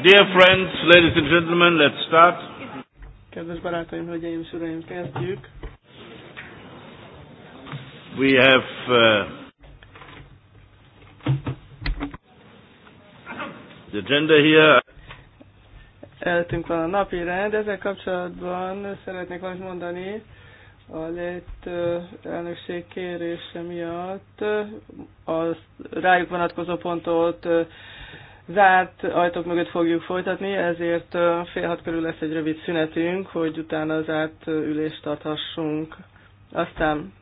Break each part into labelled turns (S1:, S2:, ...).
S1: Dear friends, ladies and gentlemen, let's start.
S2: Kedves barátaim, hölgyeim uraim, kezdjük.
S3: We have uh,
S1: the agenda here.
S2: Eltünk van a napi rend, ezzel kapcsolatban szeretnék valamit mondani a lett elnökség kérése miatt. A rájuk vonatkozó pontot zárt ajtók mögött fogjuk folytatni, ezért fél hat körül lesz egy rövid szünetünk, hogy utána az zárt ülést tarthassunk. Aztán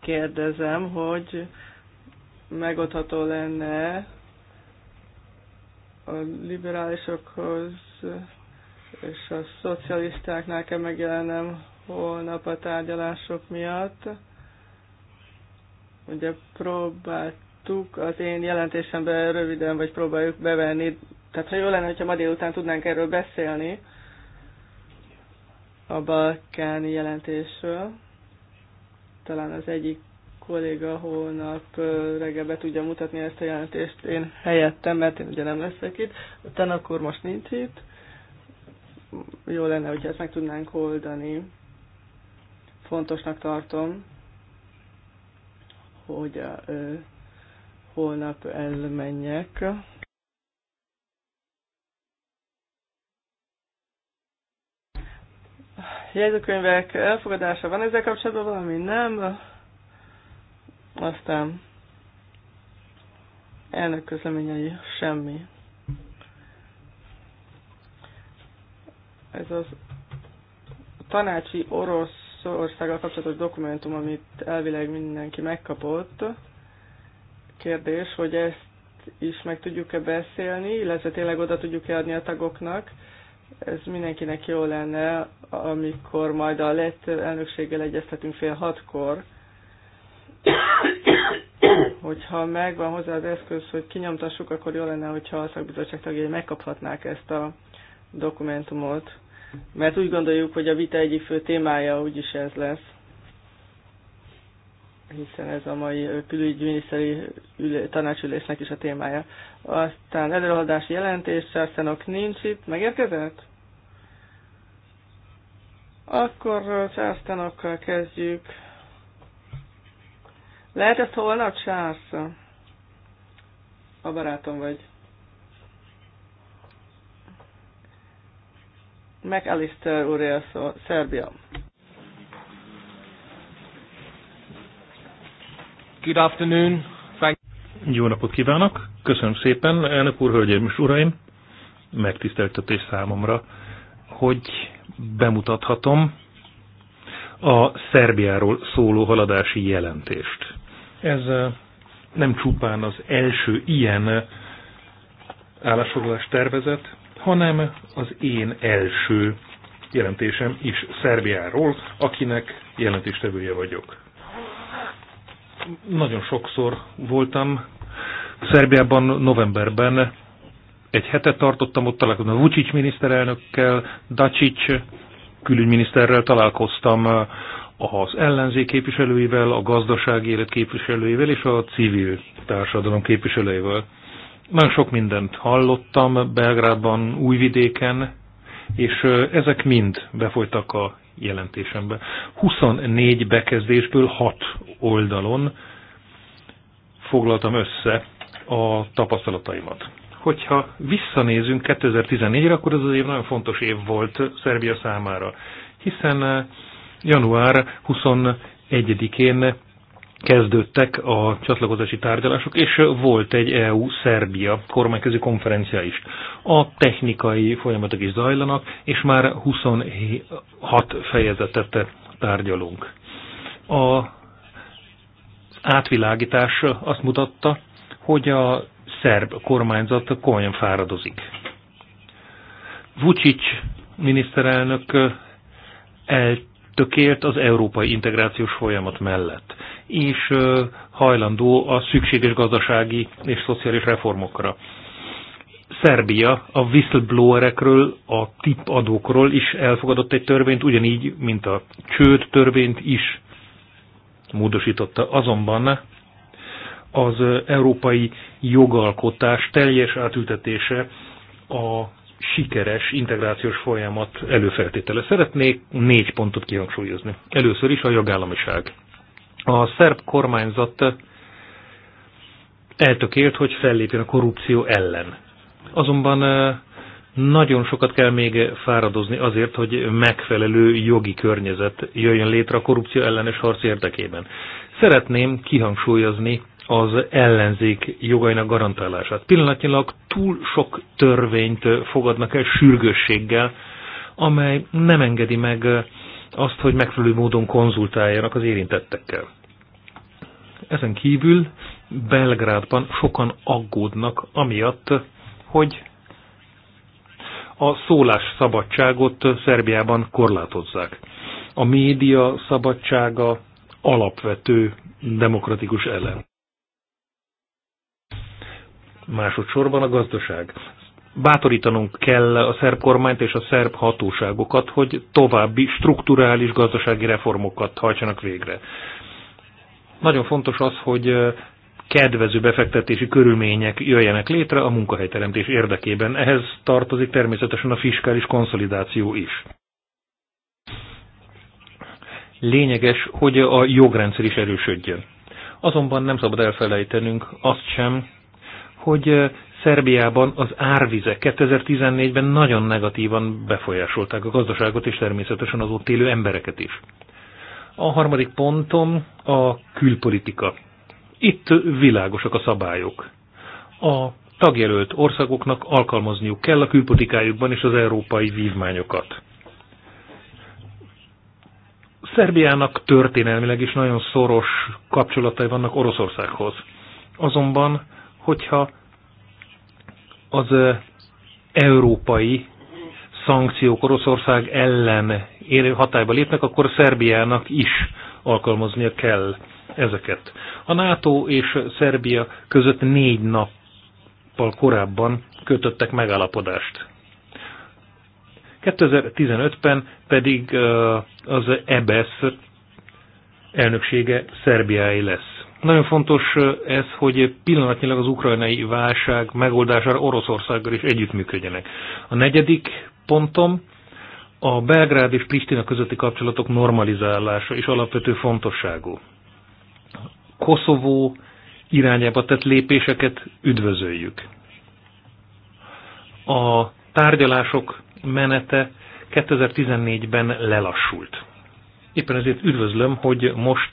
S2: kérdezem, hogy megoldható lenne a liberálisokhoz és a szocialistáknál kell megjelennem holnap a tárgyalások miatt. Ugye próbált tudtuk az én jelentésembe röviden, vagy próbáljuk bevenni. Tehát ha jó lenne, hogyha ma délután tudnánk erről beszélni, a balkáni jelentésről. Talán az egyik kolléga holnap reggel be tudja mutatni ezt a jelentést én helyettem, mert én ugye nem leszek itt. Utána akkor most nincs itt. Jó lenne, hogyha ezt meg tudnánk oldani. Fontosnak tartom, hogy a holnap elmenjek. Jegyzőkönyvek elfogadása van ezzel kapcsolatban valami? Nem. Aztán elnök közleményei semmi. Ez az tanácsi Oroszországgal kapcsolatos dokumentum, amit elvileg mindenki megkapott kérdés, hogy ezt is meg tudjuk-e beszélni, illetve tényleg oda tudjuk-e adni a tagoknak. Ez mindenkinek jó lenne, amikor majd a lett elnökséggel egyeztetünk fél hatkor, hogyha megvan hozzá az eszköz, hogy kinyomtassuk, akkor jó lenne, hogyha a szakbizottság tagjai megkaphatnák ezt a dokumentumot. Mert úgy gondoljuk, hogy a vita egyik fő témája úgyis ez lesz hiszen ez a mai külügyminiszteri tanácsülésnek is a témája. Aztán előadási jelentés, Sárszánok nincs itt, megérkezett? Akkor uh, Sárszánokkal kezdjük. Lehet ezt holnap, Sársz? A barátom vagy. Meg Alistair szó, Szerbia.
S4: Good afternoon. Thank Jó napot kívánok! Köszönöm szépen, elnök úr, hölgyeim és uraim! Megtiszteltetés számomra, hogy bemutathatom a Szerbiáról szóló haladási jelentést. Ez nem csupán az első ilyen állásfoglalás tervezet, hanem az én első jelentésem is Szerbiáról, akinek jelentéstevője vagyok. Nagyon sokszor voltam Szerbiában novemberben, egy hetet tartottam, ott találkoztam Vucic miniszterelnökkel, Dacic külügyminiszterrel találkoztam, az ellenzék képviselőivel, a gazdasági élet képviselőivel és a civil társadalom képviselőivel. Nagyon sok mindent hallottam Belgrádban, Újvidéken, és ezek mind befolytak a jelentésemben. 24 bekezdésből 6 oldalon foglaltam össze a tapasztalataimat. Hogyha visszanézünk 2014-re, akkor ez az év nagyon fontos év volt Szerbia számára, hiszen eh, január 21-én kezdődtek a csatlakozási tárgyalások, és volt egy EU-Szerbia kormányközi konferencia is. A technikai folyamatok is zajlanak, és már 26 fejezetet tárgyalunk. A átvilágítás azt mutatta, hogy a szerb kormányzat komolyan fáradozik. Vucic miniszterelnök el eltökélt az európai integrációs folyamat mellett, és hajlandó a szükséges gazdasági és szociális reformokra. Szerbia a whistleblowerekről, a tipadókról is elfogadott egy törvényt, ugyanígy, mint a csőd törvényt is módosította. Azonban az európai jogalkotás teljes átültetése a sikeres integrációs folyamat előfeltétele. Szeretnék négy pontot kihangsúlyozni. Először is a jogállamiság. A szerb kormányzat eltökélt, hogy fellépjen a korrupció ellen. Azonban eh, nagyon sokat kell még fáradozni azért, hogy megfelelő jogi környezet jöjjön létre a korrupció ellenes harc érdekében. Szeretném kihangsúlyozni az ellenzék jogainak garantálását. Pillanatnyilag túl sok törvényt fogadnak el sürgősséggel, amely nem engedi meg azt, hogy megfelelő módon konzultáljanak az érintettekkel. Ezen kívül Belgrádban sokan aggódnak amiatt, hogy a szabadságot Szerbiában korlátozzák. A média szabadsága alapvető demokratikus elem másodszorban a gazdaság. Bátorítanunk kell a szerb kormányt és a szerb hatóságokat, hogy további strukturális gazdasági reformokat hajtsanak végre. Nagyon fontos az, hogy kedvező befektetési körülmények jöjjenek létre a munkahelyteremtés érdekében. Ehhez tartozik természetesen a fiskális konszolidáció is. Lényeges, hogy a jogrendszer is erősödjön. Azonban nem szabad elfelejtenünk azt sem, hogy Szerbiában az árvizek 2014-ben nagyon negatívan befolyásolták a gazdaságot és természetesen az ott élő embereket is. A harmadik pontom a külpolitika. Itt világosak a szabályok. A tagjelölt országoknak alkalmazniuk kell a külpolitikájukban és az európai vívmányokat. Szerbiának történelmileg is nagyon szoros kapcsolatai vannak Oroszországhoz. Azonban hogyha az európai szankciók Oroszország ellen hatályba lépnek, akkor Szerbiának is alkalmaznia kell ezeket. A NATO és Szerbia között négy nappal korábban kötöttek megállapodást. 2015-ben pedig az EBS e elnöksége Szerbiái lesz. Nagyon fontos ez, hogy pillanatnyilag az ukrajnai válság megoldására Oroszországgal is együttműködjenek. A negyedik pontom a Belgrád és Pristina közötti kapcsolatok normalizálása is alapvető fontosságú. Koszovó irányába tett lépéseket üdvözöljük. A tárgyalások menete 2014-ben lelassult. Éppen ezért üdvözlöm, hogy most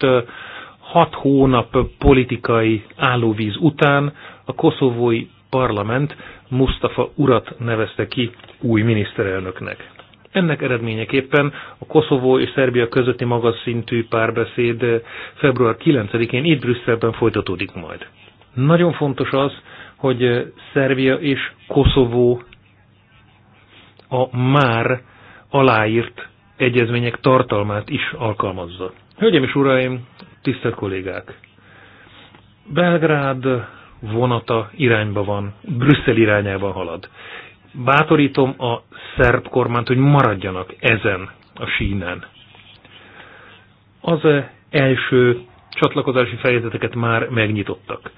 S4: hat hónap politikai állóvíz után a koszovói parlament Mustafa urat nevezte ki új miniszterelnöknek. Ennek eredményeképpen a Koszovó és Szerbia közötti magas szintű párbeszéd február 9-én itt Brüsszelben folytatódik majd. Nagyon fontos az, hogy Szerbia és Koszovó a már aláírt egyezmények tartalmát is alkalmazza. Hölgyeim és uraim, tisztelt kollégák! Belgrád vonata irányba van, Brüsszel irányában halad. Bátorítom a szerb kormányt, hogy maradjanak ezen a sínen. Az e első csatlakozási fejezeteket már megnyitottak.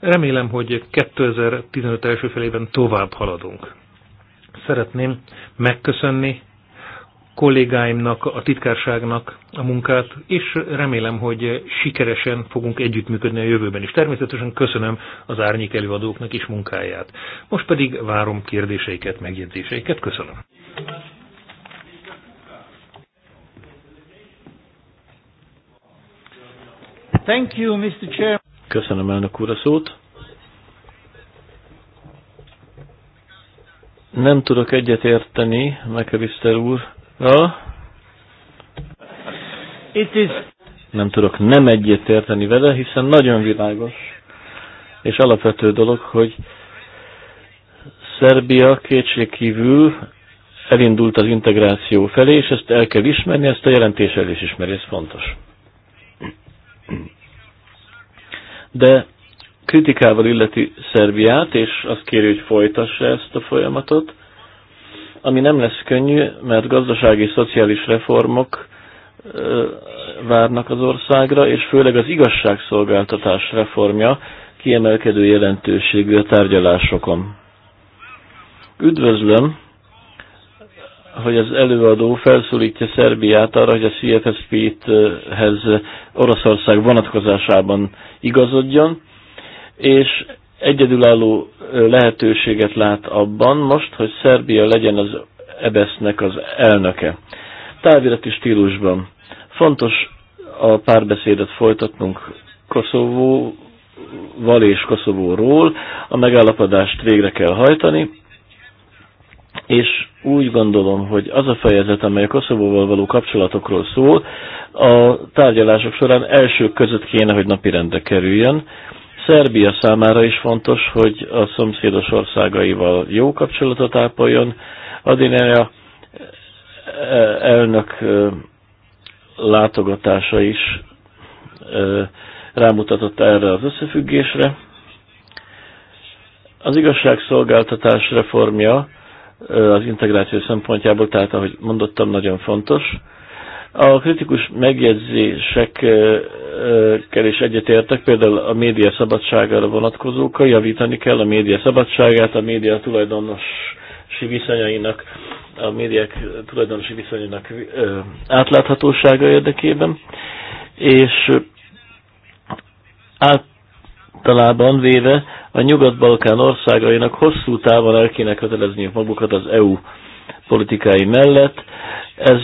S4: Remélem, hogy 2015 első felében tovább haladunk. Szeretném megköszönni kollégáimnak, a titkárságnak a munkát, és remélem, hogy sikeresen fogunk együttműködni a jövőben is. Természetesen köszönöm az árnyék előadóknak is munkáját. Most pedig várom kérdéseiket, megjegyzéseiket. Köszönöm. Thank
S5: you, Mr. Chair.
S3: Köszönöm elnök úr a szót. Nem tudok egyet érteni úr It is... Nem tudok nem egyet érteni vele, hiszen nagyon világos és alapvető dolog, hogy Szerbia kétségkívül elindult az integráció felé, és ezt el kell ismerni, ezt a jelentés el is ismeri, ez fontos. De kritikával illeti Szerbiát, és azt kéri, hogy folytassa ezt a folyamatot, ami nem lesz könnyű, mert gazdasági és szociális reformok várnak az országra, és főleg az igazságszolgáltatás reformja kiemelkedő jelentőségű a tárgyalásokon. Üdvözlöm, hogy az előadó felszólítja Szerbiát arra, hogy a CFSP-hez Oroszország vonatkozásában igazodjon, és egyedülálló lehetőséget lát abban most, hogy Szerbia legyen az ebesznek az elnöke. Távirati stílusban. Fontos a párbeszédet folytatnunk Koszovóval és Koszovóról, a megállapodást végre kell hajtani, és úgy gondolom, hogy az a fejezet, amely a Koszovóval való kapcsolatokról szól, a tárgyalások során elsők között kéne, hogy napirendre kerüljön, Szerbia számára is fontos, hogy a szomszédos országaival jó kapcsolatot ápoljon. Adinája eh, elnök eh, látogatása is eh, rámutatott erre az összefüggésre. Az igazságszolgáltatás reformja az integráció szempontjából, tehát ahogy mondottam, nagyon fontos. A kritikus megjegyzésekkel is egyetértek, például a média szabadságára vonatkozókkal javítani kell a média szabadságát, a média tulajdonosi viszonyainak, a médiák tulajdonosi viszonyainak átláthatósága érdekében, és általában véve a Nyugat-Balkán országainak hosszú távon el kéne kötelezniük magukat az EU politikái mellett. Ez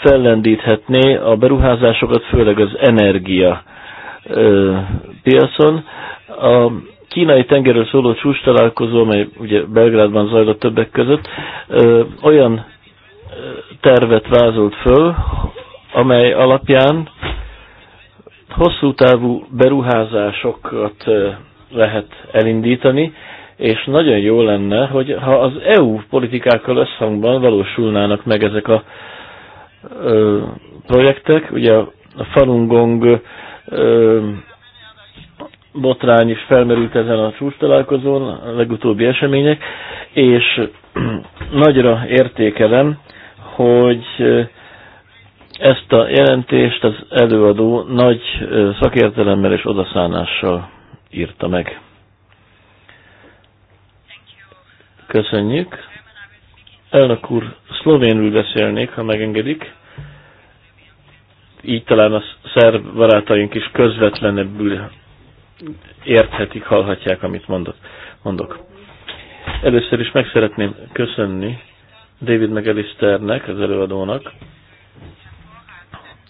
S3: fellendíthetné a beruházásokat, főleg az energia ö, piacon. A kínai tengerről szóló csúcs találkozó, amely ugye Belgrádban zajlott többek között, ö, olyan tervet vázolt föl, amely alapján hosszú távú beruházásokat lehet elindítani, és nagyon jó lenne, hogy ha az EU politikákkal összhangban valósulnának meg ezek a ö, projektek, ugye a Falun Gong ö, botrány is felmerült ezen a csúcs találkozón, a legutóbbi események, és nagyra értékelem, hogy ezt a jelentést az előadó nagy szakértelemmel és odaszánással írta meg. Köszönjük. Elnök úr, szlovénül beszélnék, ha megengedik. Így talán a szerb barátaink is közvetlenebbül érthetik, hallhatják, amit mondok. mondok. Először is meg szeretném köszönni David McAllisternek, az előadónak,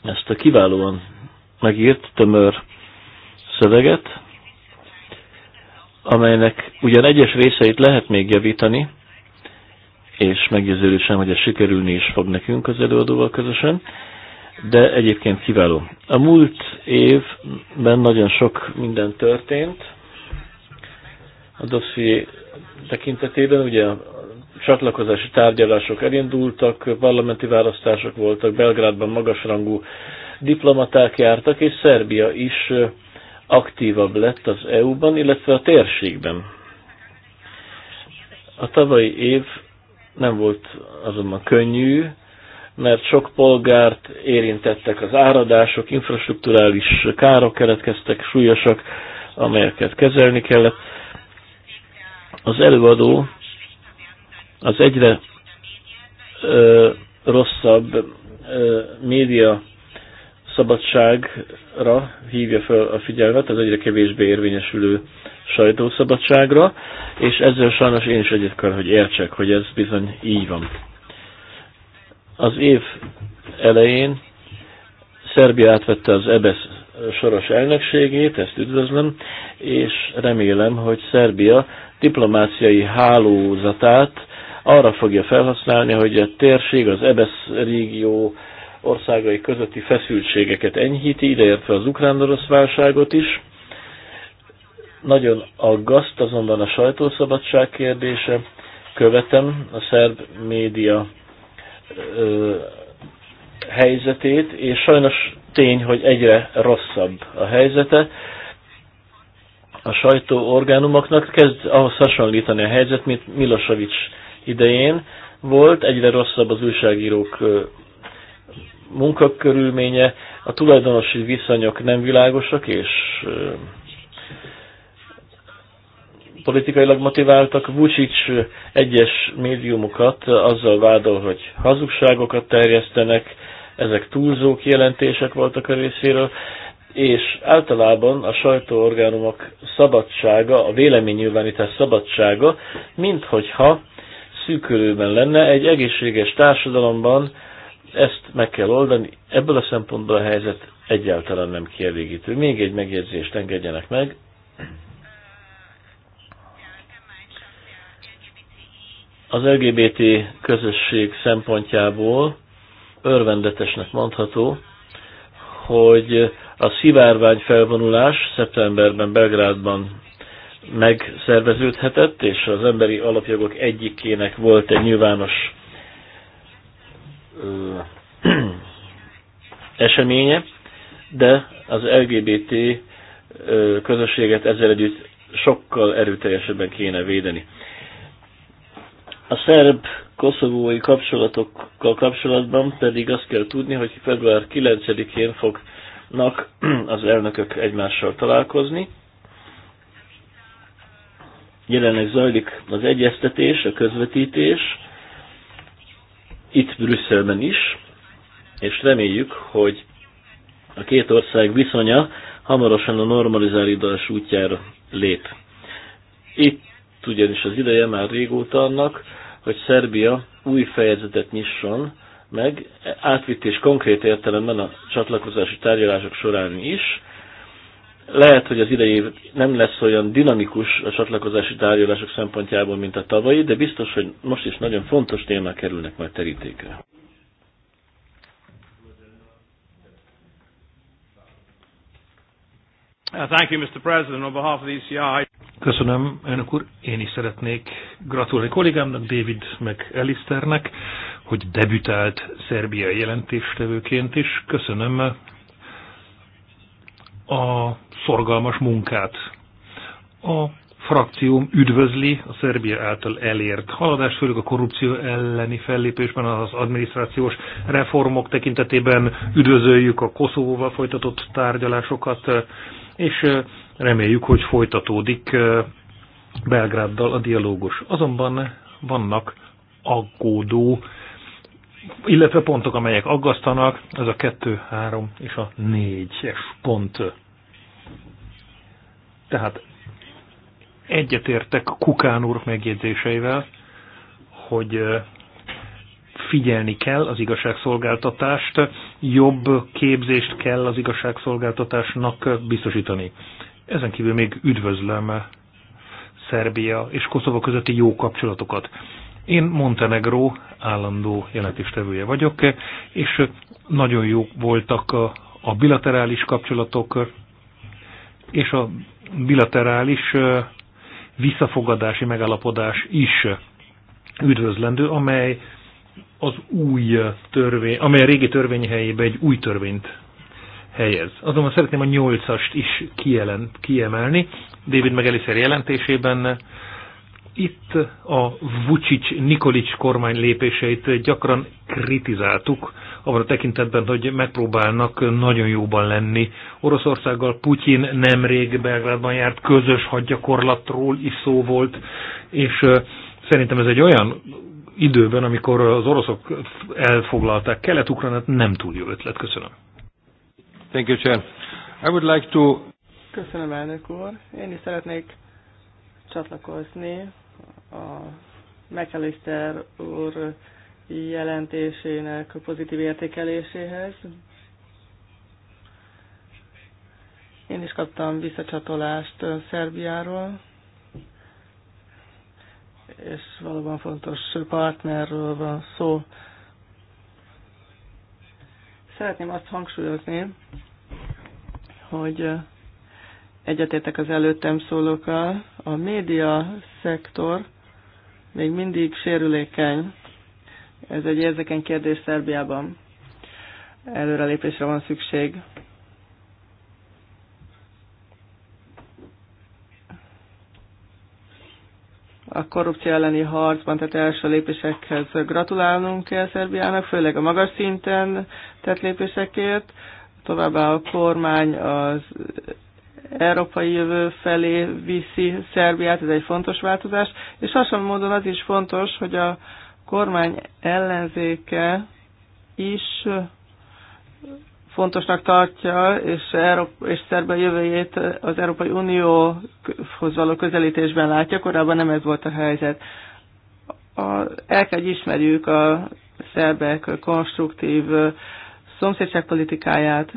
S3: ezt a kiválóan megírt tömör szöveget, amelynek ugyan egyes részeit lehet még javítani, és meggyőződésem, hogy ez sikerülni is fog nekünk az előadóval közösen, de egyébként kiváló. A múlt évben nagyon sok minden történt a dosszié tekintetében, ugye a csatlakozási tárgyalások elindultak, parlamenti választások voltak, Belgrádban magasrangú diplomaták jártak, és Szerbia is aktívabb lett az EU-ban, illetve a térségben. A tavalyi év nem volt azonban könnyű, mert sok polgárt érintettek az áradások, infrastruktúrális károk keletkeztek, súlyosak, amelyeket kezelni kellett. Az előadó az egyre ö, rosszabb ö, média szabadságra hívja fel a figyelmet, az egyre kevésbé érvényesülő sajtószabadságra, és ezzel sajnos én is egyet kell, hogy értsek, hogy ez bizony így van. Az év elején Szerbia átvette az EBSZ e soros elnökségét, ezt üdvözlöm, és remélem, hogy Szerbia diplomáciai hálózatát arra fogja felhasználni, hogy a térség, az EBSZ e régió országai közötti feszültségeket enyhíti, ideértve az ukrán-orosz válságot is. Nagyon aggaszt azonban a sajtószabadság kérdése. Követem a szerb média ö, helyzetét, és sajnos tény, hogy egyre rosszabb a helyzete. A sajtó orgánumoknak kezd ahhoz hasonlítani a helyzet, mint Milosevic idején volt, egyre rosszabb az újságírók munkakörülménye, a tulajdonosi viszonyok nem világosak, és politikailag motiváltak. Vucic egyes médiumokat azzal vádol, hogy hazugságokat terjesztenek, ezek túlzó kijelentések voltak a részéről, és általában a sajtóorgánumok szabadsága, a véleménynyilvánítás szabadsága, minthogyha szűkörőben lenne egy egészséges társadalomban, ezt meg kell oldani, ebből a szempontból a helyzet egyáltalán nem kielégítő. Még egy megjegyzést engedjenek meg. Az LGBT közösség szempontjából örvendetesnek mondható, hogy a szivárvány felvonulás szeptemberben Belgrádban megszerveződhetett, és az emberi alapjogok egyikének volt egy nyilvános eseménye, de az LGBT közösséget ezzel együtt sokkal erőteljesebben kéne védeni. A szerb-koszovói kapcsolatokkal kapcsolatban pedig azt kell tudni, hogy február 9-én fognak az elnökök egymással találkozni. Jelenleg zajlik az egyeztetés, a közvetítés, itt Brüsszelben is, és reméljük, hogy a két ország viszonya hamarosan a normalizálódás útjára lép. Itt ugyanis az ideje már régóta annak, hogy Szerbia új fejezetet nyisson meg, átvitt és konkrét értelemben a csatlakozási tárgyalások során is, lehet, hogy az idei év nem lesz olyan dinamikus a csatlakozási tárgyalások szempontjából, mint a tavalyi, de biztos, hogy most is nagyon fontos témák kerülnek majd terítékre.
S4: Uh, thank you, Mr. President, on behalf of the ECI. Köszönöm, elnök úr. Én is szeretnék gratulálni kollégámnak, David meg Elisternek, hogy debütált Szerbia jelentéstevőként, is. köszönöm a szorgalmas munkát. A frakcióm üdvözli a Szerbia által elért haladás, főleg a korrupció elleni fellépésben, az adminisztrációs reformok tekintetében üdvözöljük a Koszovóval folytatott tárgyalásokat, és reméljük, hogy folytatódik Belgráddal a dialógus. Azonban vannak aggódó illetve pontok, amelyek aggasztanak, ez a 2, 3 és a 4-es pont. Tehát egyetértek Kukán úr megjegyzéseivel, hogy figyelni kell az igazságszolgáltatást, jobb képzést kell az igazságszolgáltatásnak biztosítani. Ezen kívül még üdvözlöm Szerbia és Koszova közötti jó kapcsolatokat. Én Montenegró állandó jelentéstevője vagyok, és nagyon jó voltak a, a bilaterális kapcsolatok, és a bilaterális visszafogadási megállapodás is üdvözlendő, amely az új törvény, amely a régi törvény helyébe egy új törvényt helyez. Azonban szeretném a nyolcast is kijelent, kiemelni. David Megeliszer jelentésében itt a Vucic-Nikolic kormány lépéseit gyakran kritizáltuk, abban a tekintetben, hogy megpróbálnak nagyon jóban lenni. Oroszországgal Putyin nemrég Belgrádban járt, közös hadgyakorlatról is szó volt, és szerintem ez egy olyan időben, amikor az oroszok elfoglalták Kelet-Ukrajnát, nem túl jó ötlet. Köszönöm.
S1: Thank you, Chair. I would like to...
S2: Köszönöm, elnök úr. Én is szeretnék csatlakozni a McAllister úr jelentésének pozitív értékeléséhez. Én is kaptam visszacsatolást Szerbiáról, és valóban fontos partnerről van szó. Szeretném azt hangsúlyozni, hogy egyetértek az előttem szólókkal. A média szektor még mindig sérülékeny. Ez egy érzékeny kérdés Szerbiában. Előrelépésre van szükség. a korrupció elleni harcban tett első lépésekhez gratulálnunk kell Szerbiának, főleg a magas szinten tett lépésekért. Továbbá a kormány az európai jövő felé viszi Szerbiát, ez egy fontos változás, és hasonló módon az is fontos, hogy a kormány ellenzéke is fontosnak tartja, és, Európa, és Szerbia jövőjét az Európai Unióhoz való közelítésben látja, korábban nem ez volt a helyzet. A, el kell, ismerjük a szerbek konstruktív szomszédságpolitikáját,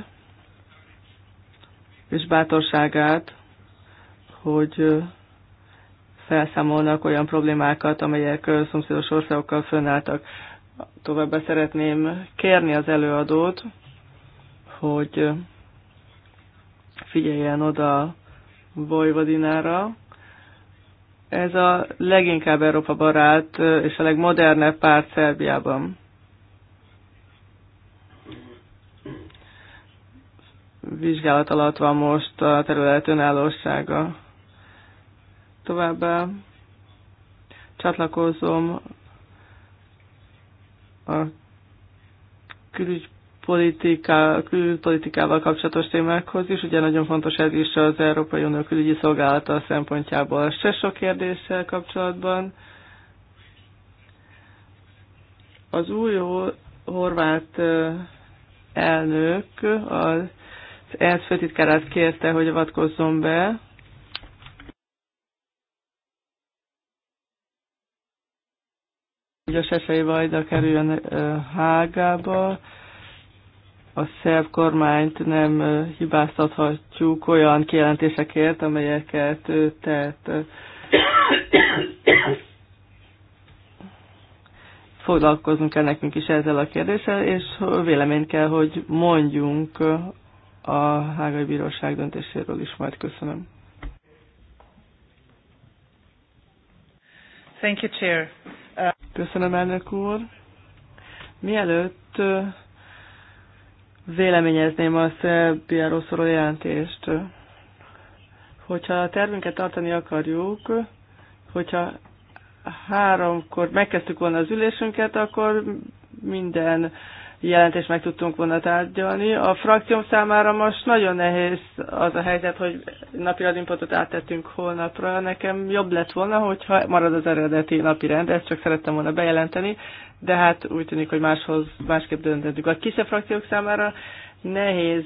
S2: és bátorságát, hogy felszámolnak olyan problémákat, amelyek szomszédos országokkal fönnálltak. Továbbá szeretném kérni az előadót, hogy figyeljen oda Vojvodinára. Ez a leginkább Európa barát és a legmodernebb párt Szerbiában. vizsgálat alatt van most a terület önállósága. Továbbá csatlakozom a külügypolitiká, külügypolitikával kapcsolatos témákhoz is. Ugye nagyon fontos ez is az Európai Unió külügyi szolgálata szempontjából. Se sok kérdéssel kapcsolatban. Az új horvát elnök az ehhez főtitkárát kérte, hogy avatkozzon be. Hogy a Sesei Vajda kerüljön Hágába. A szerb kormányt nem hibáztathatjuk olyan kijelentésekért, amelyeket ő tett Foglalkozunk kell nekünk is ezzel a kérdéssel, és véleményt kell, hogy mondjunk a Hágai Bíróság döntéséről is majd köszönöm. Thank you, Chair. Uh... Köszönöm, elnök úr. Mielőtt uh, véleményezném a Szerbiáról szóló jelentést, uh, hogyha a tervünket tartani akarjuk, hogyha háromkor megkezdtük volna az ülésünket, akkor minden jelentést meg tudtunk volna tárgyalni. A frakcióm számára most nagyon nehéz az a helyzet, hogy napi adimpotot áttettünk holnapra. Nekem jobb lett volna, hogyha marad az eredeti napi rend, ezt csak szerettem volna bejelenteni, de hát úgy tűnik, hogy máshoz, másképp döntöttük. A kisebb frakciók számára nehéz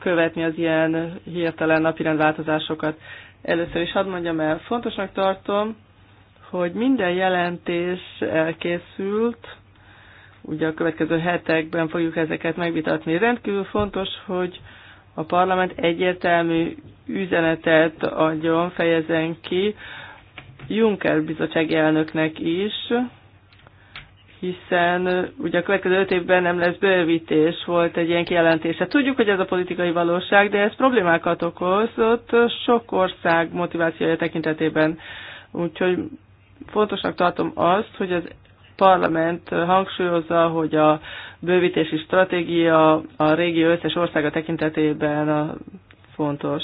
S2: követni az ilyen hirtelen változásokat. Először is hadd mondjam el, fontosnak tartom, hogy minden jelentés elkészült, ugye a következő hetekben fogjuk ezeket megvitatni. Rendkívül fontos, hogy a parlament egyértelmű üzenetet adjon, fejezen ki Juncker bizottsági elnöknek is, hiszen ugye a következő öt évben nem lesz bővítés, volt egy ilyen kijelentése. Tudjuk, hogy ez a politikai valóság, de ez problémákat okozott sok ország motivációja tekintetében. Úgyhogy fontosnak tartom azt, hogy az parlament hangsúlyozza, hogy a bővítési stratégia a régió összes országa tekintetében a fontos.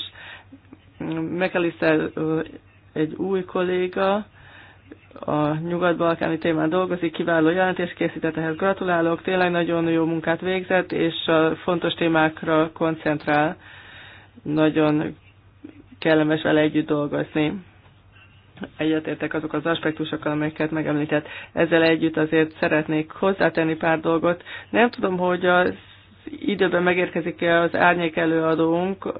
S2: McAllister egy új kolléga, a nyugat-balkáni témán dolgozik, kiváló jelentést készített, ehhez gratulálok, tényleg nagyon jó munkát végzett, és a fontos témákra koncentrál, nagyon kellemes vele együtt dolgozni egyetértek azok az aspektusokkal, amelyeket megemlített. Ezzel együtt azért szeretnék hozzátenni pár dolgot. Nem tudom, hogy az időben megérkezik-e az árnyék előadónk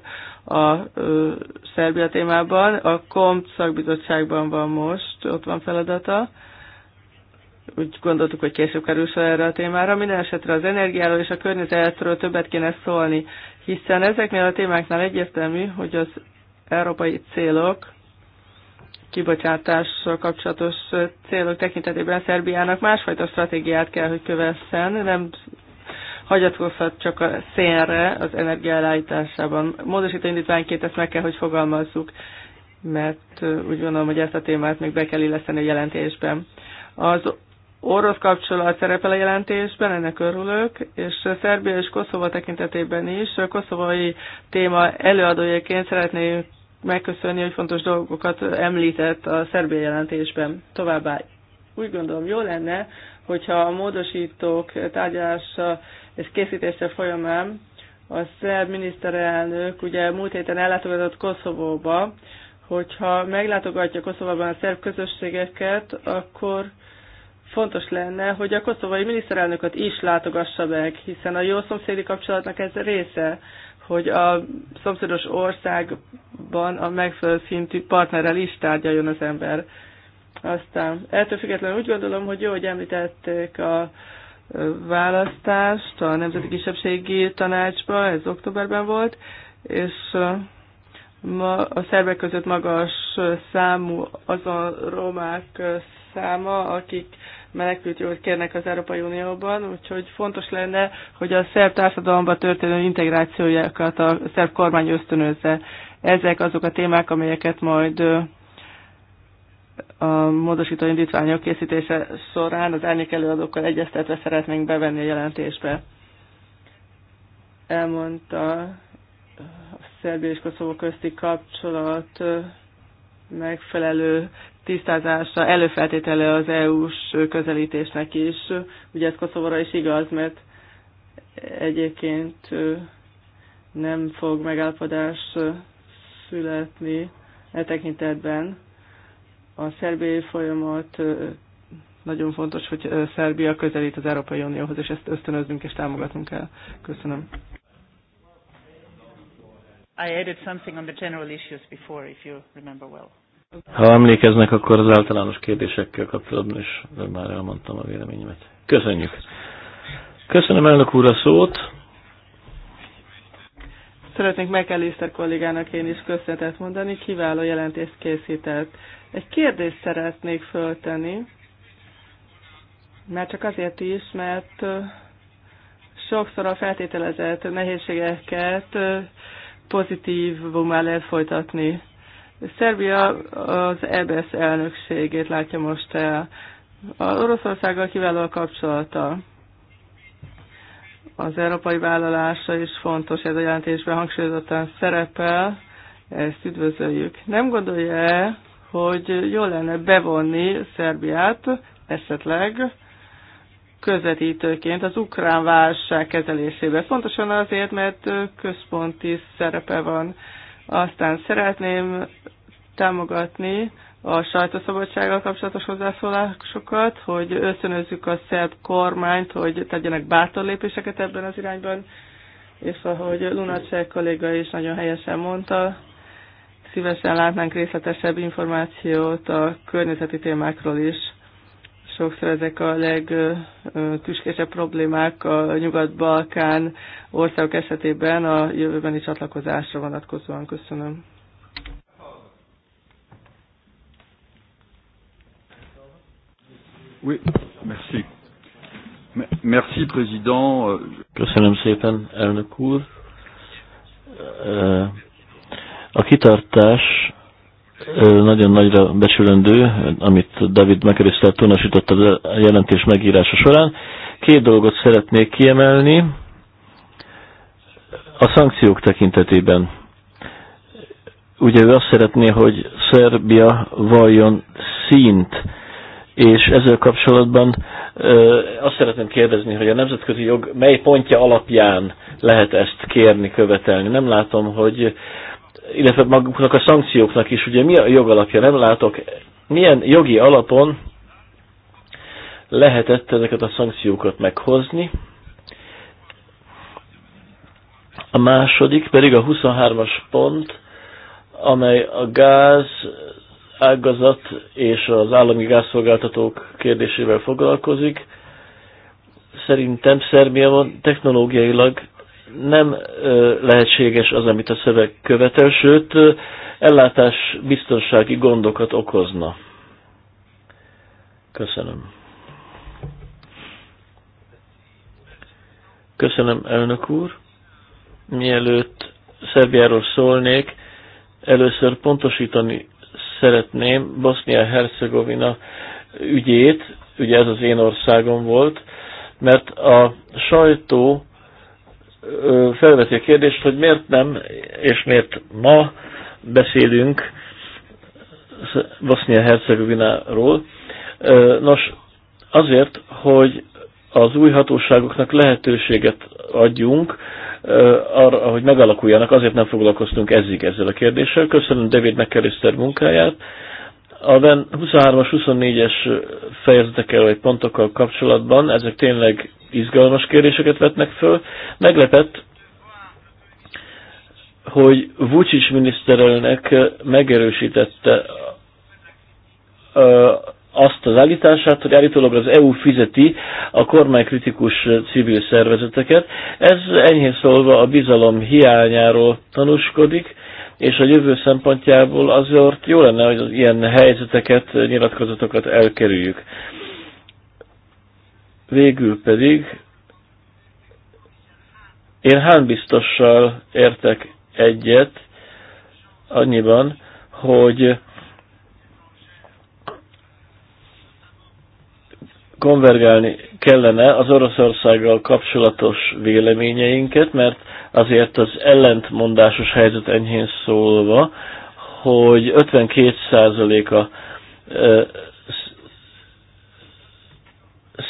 S2: a ö, Szerbia témában. A KOMT szakbizottságban van most, ott van feladata. Úgy gondoltuk, hogy később kerül sor erre a témára. Minden esetre az energiáról és a környezetről többet kéne szólni, hiszen ezeknél a témáknál egyértelmű, hogy az európai célok kibocsátással kapcsolatos célok tekintetében Szerbiának másfajta stratégiát kell, hogy kövessen, nem hagyatkozhat csak a szénre az energia Módosító indítványként ezt meg kell, hogy fogalmazzuk, mert úgy gondolom, hogy ezt a témát még be kell illeszteni a jelentésben. Az orosz kapcsolat szerepel a jelentésben, ennek örülök, és Szerbia és Koszova tekintetében is. A koszovai téma előadójaként szeretnék megköszönni, hogy fontos dolgokat említett a Szerbia jelentésben. Továbbá úgy gondolom, jó lenne, hogyha a módosítók tárgyalása és készítése folyamán a szerb miniszterelnök ugye múlt héten ellátogatott Koszovóba, hogyha meglátogatja Koszovóban a szerb közösségeket, akkor fontos lenne, hogy a koszovai miniszterelnököt is látogassa meg, hiszen a jó szomszédi kapcsolatnak ez része hogy a szomszédos országban a megfelelő szintű partnerrel is tárgyaljon az ember. Aztán ettől függetlenül úgy gondolom, hogy jó, hogy említették a választást a Nemzeti Kisebbségi Tanácsba, ez októberben volt, és ma a szervek között magas számú azon romák száma, akik menekült jogot kérnek az Európai Unióban, úgyhogy fontos lenne, hogy a szerb társadalomban történő integrációjákat a szerb kormány ösztönözze. Ezek azok a témák, amelyeket majd a módosító indítványok készítése során az árnyék előadókkal egyeztetve szeretnénk bevenni a jelentésbe. Elmondta a Szerbia és Koszovó közti kapcsolat megfelelő tisztázása előfeltétele az EU-s közelítésnek is. Ugye ez Koszovóra is igaz, mert egyébként nem fog megállapodás születni e tekintetben. A szerbiai folyamat nagyon fontos, hogy Szerbia közelít az Európai Unióhoz, és ezt ösztönöznünk és támogatnunk kell. Köszönöm.
S5: I added something on the general issues before, if you remember well.
S3: Ha emlékeznek, akkor az általános kérdésekkel kapcsolatban is már elmondtam a véleményemet. Köszönjük! Köszönöm elnök úr a szót!
S2: Szeretnék McAllister kollégának én is köszönetet mondani, kiváló jelentést készített. Egy kérdést szeretnék föltenni, mert csak azért is, mert sokszor a feltételezett nehézségeket pozitív lehet folytatni. Szerbia az EBS elnökségét látja most el. A Oroszországgal kiváló a kapcsolata. Az európai vállalása is fontos, ez a jelentésben hangsúlyozottan szerepel, ezt üdvözöljük. Nem gondolja-e, hogy jó lenne bevonni Szerbiát esetleg közvetítőként az ukrán válság kezelésébe. Pontosan azért, mert központi szerepe van aztán szeretném támogatni a sajtószabadsággal kapcsolatos hozzászólásokat, hogy összönözzük a szerb kormányt, hogy tegyenek bátor lépéseket ebben az irányban, és ahogy Lunacek kolléga is nagyon helyesen mondta, szívesen látnánk részletesebb információt a környezeti témákról is sokszor ezek a legtüskésebb problémák a Nyugat-Balkán országok esetében a jövőbeni csatlakozásra vonatkozóan. Köszönöm.
S5: Oui, merci. Merci, président.
S3: Köszönöm szépen, elnök úr. A kitartás nagyon nagyra becsülendő, amit David McAllister tunosított a jelentés megírása során. Két dolgot szeretnék kiemelni a szankciók tekintetében. Ugye ő azt szeretné, hogy Szerbia valljon szint, és ezzel kapcsolatban ö, azt szeretném kérdezni, hogy a nemzetközi jog mely pontja alapján lehet ezt kérni, követelni. Nem látom, hogy illetve maguknak a szankcióknak is, ugye mi a jogalapja, nem látok, milyen jogi alapon lehetett ezeket a szankciókat meghozni. A második pedig a 23-as pont, amely a gáz ágazat és az állami gázszolgáltatók kérdésével foglalkozik. Szerintem Szerbia van technológiailag nem lehetséges az, amit a szöveg követel, sőt, ellátás biztonsági gondokat okozna. Köszönöm. Köszönöm, elnök úr. Mielőtt Szerbiáról szólnék, először pontosítani szeretném Bosznia-Hercegovina ügyét, ugye ez az én országom volt, mert a sajtó felveti a kérdést, hogy miért nem, és miért ma beszélünk Bosznia-Hercegovináról. Nos, azért, hogy az új hatóságoknak lehetőséget adjunk arra, hogy megalakuljanak, azért nem foglalkoztunk ezzel a kérdéssel. Köszönöm David McAllister munkáját, a 23-as, 24-es fejezetekkel vagy pontokkal kapcsolatban ezek tényleg izgalmas kérdéseket vetnek föl. Meglepett, hogy Vucic miniszterelnök megerősítette azt az állítását, hogy állítólag az EU fizeti a kormánykritikus civil szervezeteket. Ez enyhén szólva a bizalom hiányáról tanúskodik, és a jövő szempontjából azért jó lenne, hogy az ilyen helyzeteket, nyilatkozatokat elkerüljük. Végül pedig én Hán biztossal értek egyet annyiban, hogy konvergálni kellene az Oroszországgal kapcsolatos véleményeinket, mert azért az ellentmondásos helyzet enyhén szólva, hogy 52%-a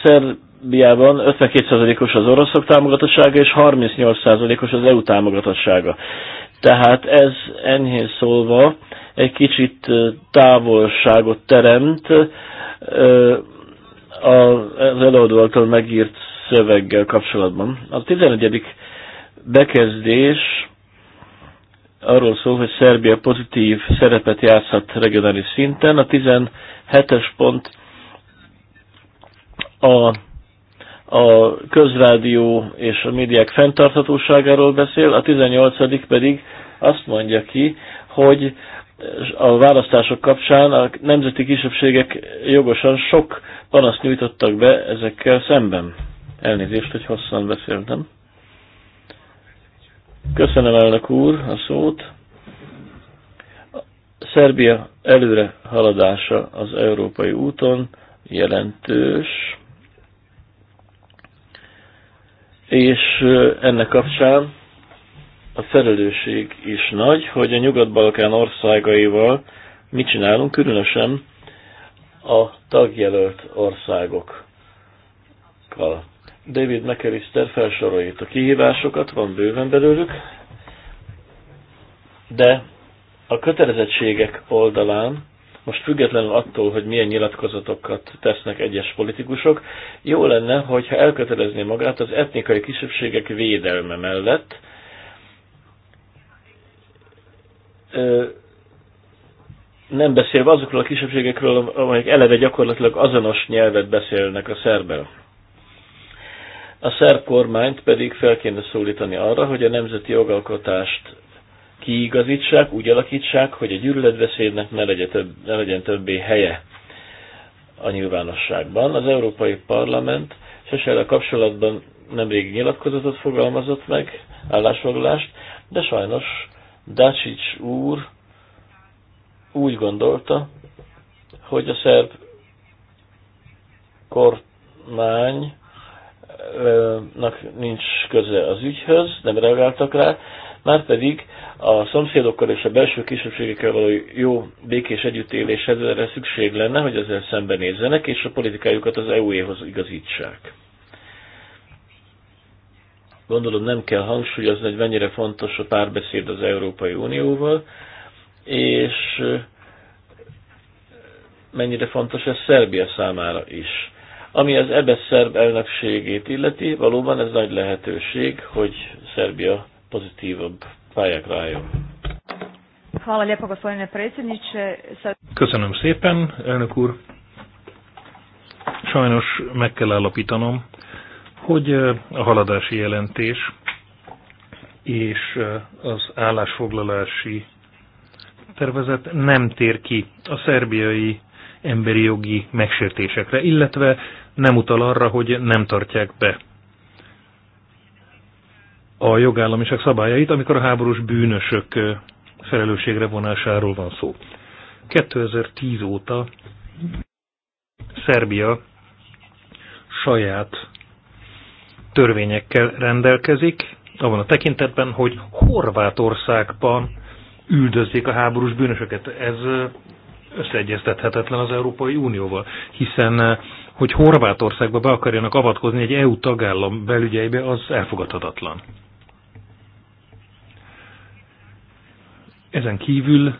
S3: Szerbiában 52%-os az oroszok támogatottsága, és 38%-os az EU támogatottsága. Tehát ez enyhén szólva egy kicsit távolságot teremt, az előadó által megírt szöveggel kapcsolatban. A 11. bekezdés arról szól, hogy Szerbia pozitív szerepet játszhat regionális szinten. A 17-es pont a, a közrádió és a médiák fenntarthatóságáról beszél, a 18. pedig azt mondja ki, hogy a választások kapcsán a nemzeti kisebbségek jogosan sok panaszt nyújtottak be ezekkel szemben. Elnézést, hogy hosszan beszéltem. Köszönöm elnök úr a szót. Szerbia előre haladása az európai úton jelentős, és ennek kapcsán a felelősség is nagy, hogy a Nyugat-Balkán országaival mit csinálunk, különösen a tagjelölt országokkal. David McAllister felsorolja a kihívásokat, van bőven belőlük, de a kötelezettségek oldalán, most függetlenül attól, hogy milyen nyilatkozatokat tesznek egyes politikusok, jó lenne, hogyha elkötelezné magát az etnikai kisebbségek védelme mellett, nem beszélve azokról a kisebbségekről, amelyek eleve gyakorlatilag azonos nyelvet beszélnek a szerbel. A szerb kormányt pedig fel kéne szólítani arra, hogy a nemzeti jogalkotást kiigazítsák, úgy alakítsák, hogy a gyűlöletbeszédnek ne legyen, több, ne legyen többé helye a nyilvánosságban. Az Európai Parlament a kapcsolatban nemrég nyilatkozatot fogalmazott meg, állásfoglalást, de sajnos Dacic úr úgy gondolta, hogy a szerb kormánynak nincs köze az ügyhöz, nem reagáltak rá, már pedig a szomszédokkal és a belső kisebbségekkel való jó békés együttéléshez erre szükség lenne, hogy ezzel szembenézzenek, és a politikájukat az EU-éhoz igazítsák. Gondolom nem kell hangsúlyozni, hogy mennyire fontos a párbeszéd az Európai Unióval, és mennyire fontos ez Szerbia számára is. Ami az EBESZ szerb elnökségét illeti, valóban ez nagy lehetőség, hogy Szerbia pozitívabb pályákra álljon.
S4: Köszönöm szépen, elnök úr. Sajnos meg kell állapítanom, hogy a haladási jelentés és az állásfoglalási tervezet nem tér ki a szerbiai emberi jogi megsértésekre, illetve nem utal arra, hogy nem tartják be a jogállamiság szabályait, amikor a háborús bűnösök felelősségre vonásáról van szó. 2010 óta Szerbia saját törvényekkel rendelkezik, abban a tekintetben, hogy Horvátországban üldözzék a háborús bűnösöket. Ez összeegyeztethetetlen az Európai Unióval, hiszen hogy Horvátországba be akarjanak avatkozni egy EU tagállam belügyeibe, az elfogadhatatlan. Ezen kívül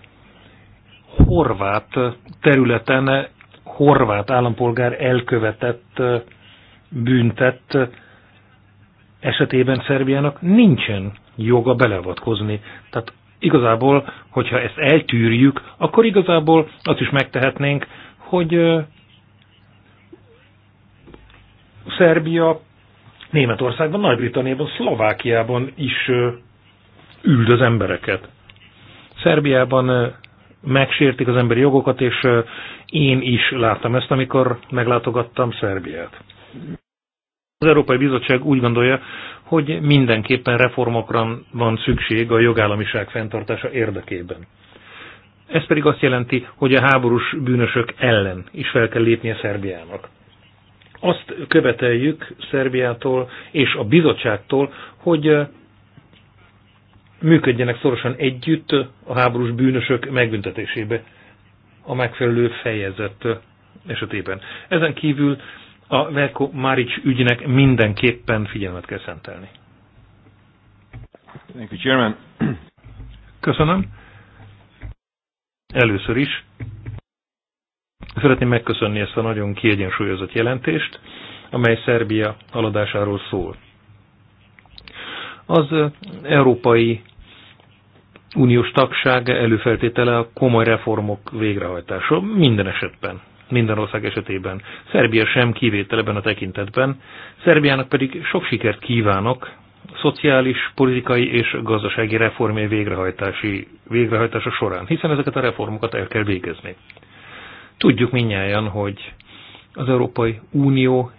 S4: horvát területen horvát állampolgár elkövetett büntett esetében Szerbiának nincsen joga beleavatkozni. Tehát Igazából, hogyha ezt eltűrjük, akkor igazából azt is megtehetnénk, hogy Szerbia, Németországban, Nagy-Britanniában, Szlovákiában is üld az embereket. Szerbiában megsértik az emberi jogokat, és én is láttam ezt, amikor meglátogattam Szerbiát. Az Európai Bizottság úgy gondolja, hogy mindenképpen reformokra van szükség a jogállamiság fenntartása érdekében. Ez pedig azt jelenti, hogy a háborús bűnösök ellen is fel kell lépnie Szerbiának. Azt követeljük Szerbiától és a bizottságtól, hogy működjenek szorosan együtt a háborús bűnösök megbüntetésébe a megfelelő fejezet esetében. Ezen kívül a Velko Marics ügynek mindenképpen figyelmet kell szentelni. Thank you, Chairman. Köszönöm. Először is szeretném megköszönni ezt a nagyon kiegyensúlyozott jelentést, amely Szerbia aladásáról szól. Az Európai Uniós tagság előfeltétele a komoly reformok végrehajtása minden esetben minden ország esetében. Szerbia sem kivétel ebben a tekintetben, Szerbiának pedig sok sikert kívánok szociális, politikai és gazdasági reformé végrehajtási, végrehajtása során, hiszen ezeket a reformokat el kell végezni. Tudjuk minnyáján, hogy az Európai Unió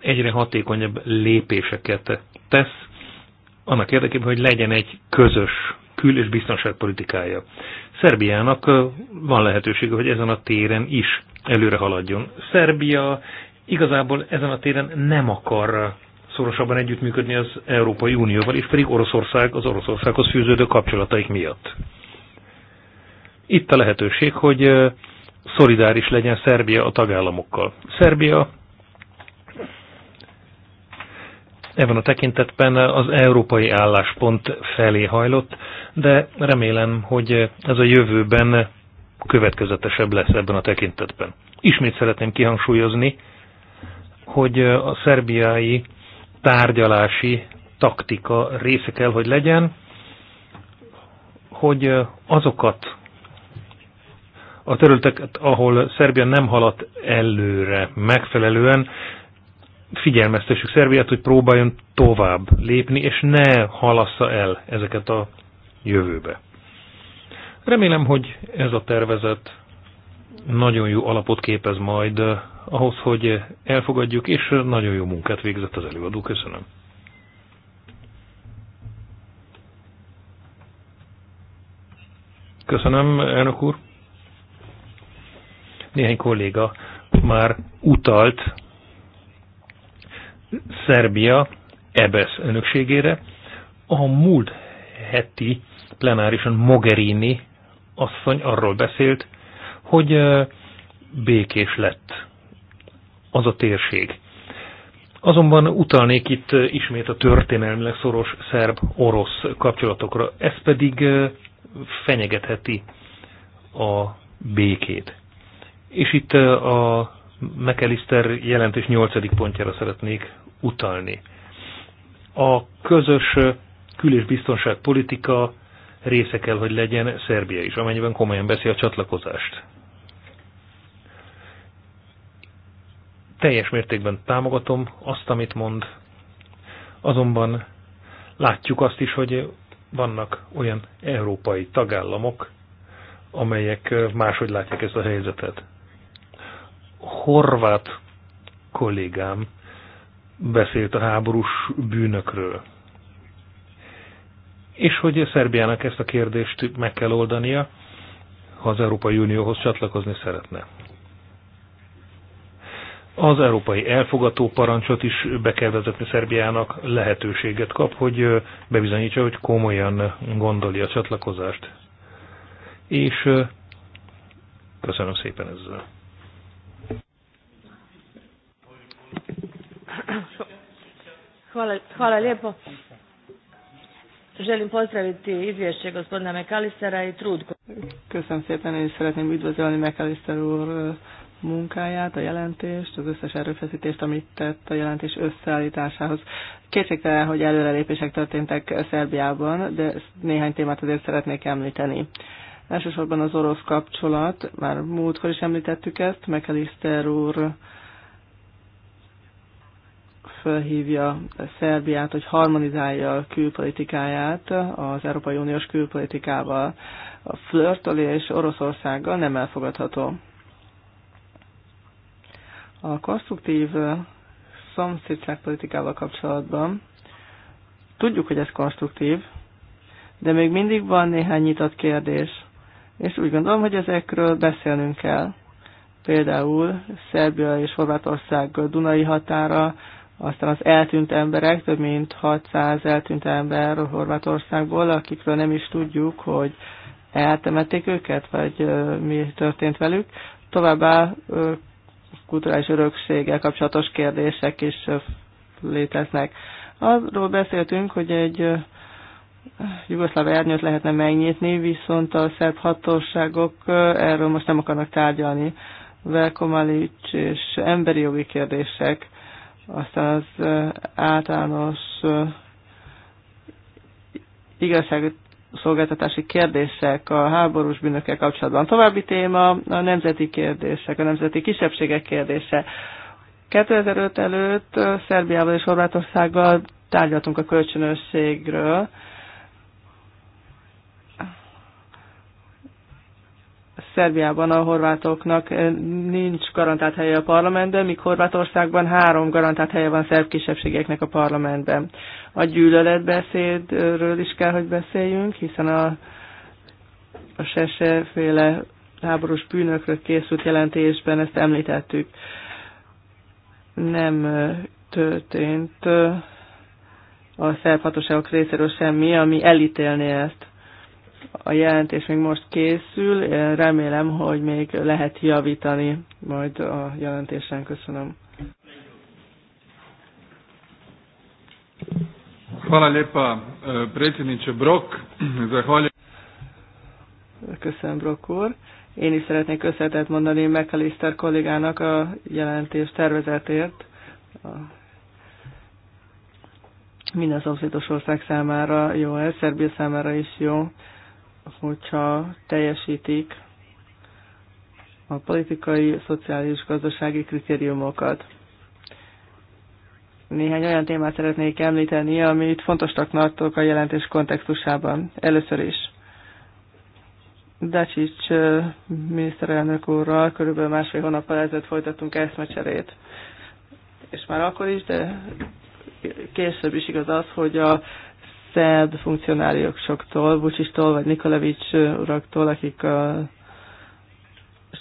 S4: egyre hatékonyabb lépéseket tesz annak érdekében, hogy legyen egy közös kül- és biztonságpolitikája. Szerbiának van lehetősége, hogy ezen a téren is előre haladjon. Szerbia igazából ezen a téren nem akar szorosabban együttműködni az Európai Unióval, és pedig Oroszország az Oroszországhoz fűződő kapcsolataik miatt. Itt a lehetőség, hogy szolidáris legyen Szerbia a tagállamokkal. Szerbia ebben a tekintetben az európai álláspont felé hajlott, de remélem, hogy ez a jövőben következetesebb lesz ebben a tekintetben. Ismét szeretném kihangsúlyozni, hogy a szerbiai tárgyalási taktika része kell, hogy legyen, hogy azokat a területeket, ahol Szerbia nem haladt előre megfelelően, figyelmeztessük Szerbiát, hogy próbáljon tovább lépni, és ne halassza el ezeket a jövőbe. Remélem, hogy ez a tervezet nagyon jó alapot képez majd eh, ahhoz, hogy elfogadjuk, és nagyon jó munkát végzett az előadó. Köszönöm. Köszönöm, elnök úr. Néhány kolléga már utalt Szerbia Ebesz önökségére. A múlt heti plenárison Mogherini asszony arról beszélt, hogy békés lett az a térség. Azonban utalnék itt ismét a történelmileg szoros szerb-orosz kapcsolatokra. Ez pedig fenyegetheti a békét. És itt a McAllister jelentés 8. pontjára szeretnék utalni. A közös kül- és biztonságpolitika része kell, hogy legyen Szerbia is, amennyiben komolyan beszél a csatlakozást. Teljes mértékben támogatom azt, amit mond, azonban látjuk azt is, hogy vannak olyan európai tagállamok, amelyek máshogy látják ezt a helyzetet. Horvát kollégám beszélt a háborús bűnökről. És hogy Szerbiának ezt a kérdést meg kell oldania, ha az Európai Unióhoz csatlakozni szeretne. Az európai elfogató parancsot is be kell vezetni Szerbiának, lehetőséget kap, hogy bebizonyítsa, hogy komolyan gondolja a csatlakozást. És köszönöm szépen ezzel.
S5: Hvala, hvala lijepo. Želim pozdraviti izvješće gospodina Mekalistera i trud.
S2: Köszönöm szépen, és szeretném üdvözölni Mekalister úr munkáját, a jelentést, az összes erőfeszítést, amit tett a jelentés összeállításához. Kétségtelen, hogy előrelépések történtek Szerbiában, de néhány témát azért szeretnék említeni. Elsősorban az orosz kapcsolat, már múltkor is említettük ezt, Mekalister úr felhívja Szerbiát, hogy harmonizálja a külpolitikáját az Európai Uniós külpolitikával. A flörtölés Oroszországgal nem elfogadható. A konstruktív szomszédságpolitikával kapcsolatban tudjuk, hogy ez konstruktív, de még mindig van néhány nyitott kérdés, és úgy gondolom, hogy ezekről beszélnünk kell például Szerbia és Horvátország Dunai határa, aztán az eltűnt emberek, több mint 600 eltűnt ember Horvátországból, akikről nem is tudjuk, hogy eltemették őket, vagy mi történt velük. Továbbá kulturális örökséggel kapcsolatos kérdések is léteznek. Arról beszéltünk, hogy egy jugoszláv ernyőt lehetne megnyitni, viszont a szerb hatóságok erről most nem akarnak tárgyalni. Velkomalics és emberi jogi kérdések aztán az általános szolgáltatási kérdések a háborús bűnökkel kapcsolatban. További téma a nemzeti kérdések, a nemzeti kisebbségek kérdése. 2005 előtt Szerbiával és Horvátországgal tárgyaltunk a kölcsönösségről, Szerbiában a horvátoknak eh, nincs garantált helye a parlamentben, míg Horvátországban három garantált helye van szerb kisebbségeknek a parlamentben. A gyűlöletbeszédről is kell, hogy beszéljünk, hiszen a, a seseféle háborús bűnökről készült jelentésben ezt említettük. Nem eh, történt eh, a szerb hatóságok részéről semmi, ami elítélné ezt a jelentés még most készül, Én remélem, hogy még lehet javítani majd a jelentésen. Köszönöm.
S1: Hvala lepa e, predsjedniče Brok. Zahvaljujem.
S2: Köszönöm, Brok úr. Én is szeretnék köszönetet mondani McAllister kollégának a jelentés tervezetért. Minden szomszédos ország számára jó, ez Szerbia számára is jó hogyha teljesítik a politikai, szociális, gazdasági kritériumokat. Néhány olyan témát szeretnék említeni, amit fontosnak tartok a jelentés kontextusában. Először is. Dacsics miniszterelnök úrral körülbelül másfél hónappal ezelőtt folytattunk eszmecserét. És már akkor is, de később is igaz az, hogy a szerb funkcionáriusoktól, Bucsistól, vagy Nikolevics uraktól, akik a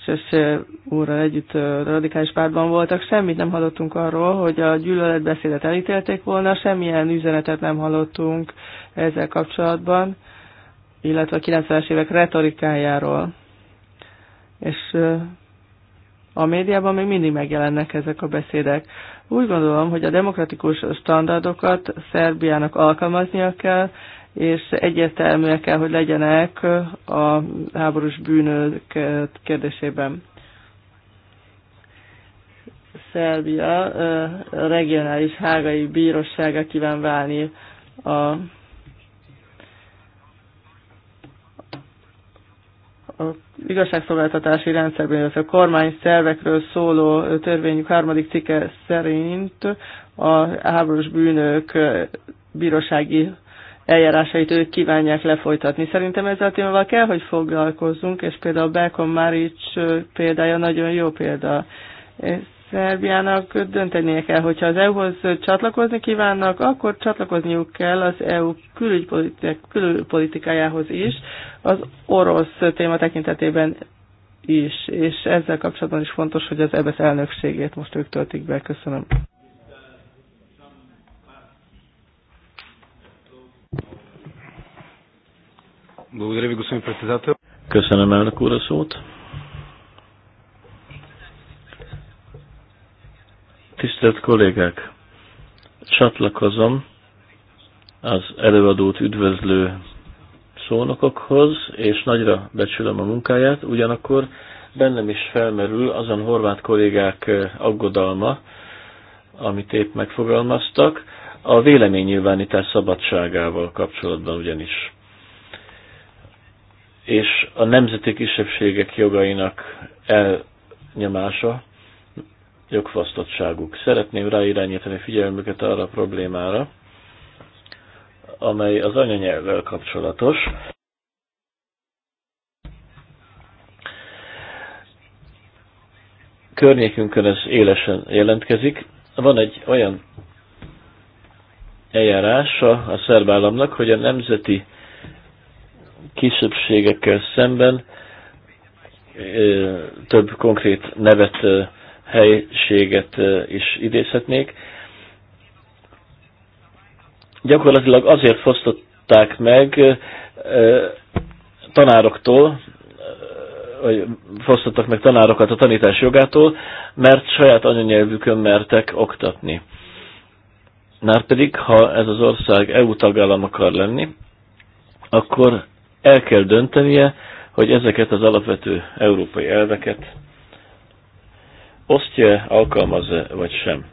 S2: Sese úrral együtt radikális pártban voltak. Semmit nem hallottunk arról, hogy a gyűlöletbeszédet elítélték volna, semmilyen üzenetet nem hallottunk ezzel kapcsolatban, illetve a 90-es évek retorikájáról. És a médiában még mindig megjelennek ezek a beszédek. Úgy gondolom, hogy a demokratikus standardokat Szerbiának alkalmaznia kell, és egyértelműek kell, hogy legyenek a háborús bűnök kérdésében. Szerbia regionális hágai bírósága kíván válni a a igazságszolgáltatási rendszerben, illetve a kormány szervekről szóló törvényük harmadik cikke szerint a háborús bűnök bírósági eljárásait ők kívánják lefolytatni. Szerintem ezzel a témával kell, hogy foglalkozzunk, és például Belkon Maric példája nagyon jó példa. Szerbiának döntenie kell, hogyha az EU-hoz csatlakozni kívánnak, akkor csatlakozniuk kell az EU külpolitikájához is, az orosz téma tekintetében is, és ezzel kapcsolatban is fontos, hogy az EBSZ e elnökségét most ők töltik be.
S3: Köszönöm. Köszönöm elnök úr a szót. Tisztelt kollégák, csatlakozom az előadót üdvözlő szónokokhoz, és nagyra becsülöm a munkáját, ugyanakkor bennem is felmerül azon horvát kollégák eh, aggodalma, amit épp megfogalmaztak, a véleménynyilvánítás szabadságával kapcsolatban ugyanis. És a nemzeti kisebbségek jogainak elnyomása jogfosztottságuk. Szeretném ráirányítani figyelmüket arra a problémára, amely az anyanyelvvel kapcsolatos. Környékünkön ez élesen jelentkezik. Van egy olyan eljárása a szerb államnak, hogy a nemzeti kisebbségekkel szemben ö, több konkrét nevet ö, helységet is idézhetnék. Gyakorlatilag azért fosztották meg tanároktól, vagy fosztottak meg tanárokat a tanítás jogától, mert saját anyanyelvükön mertek oktatni. Márpedig, ha ez az ország EU tagállam akar lenni, akkor el kell döntenie, hogy ezeket az alapvető európai elveket osztja, alkalmaz-e vagy sem.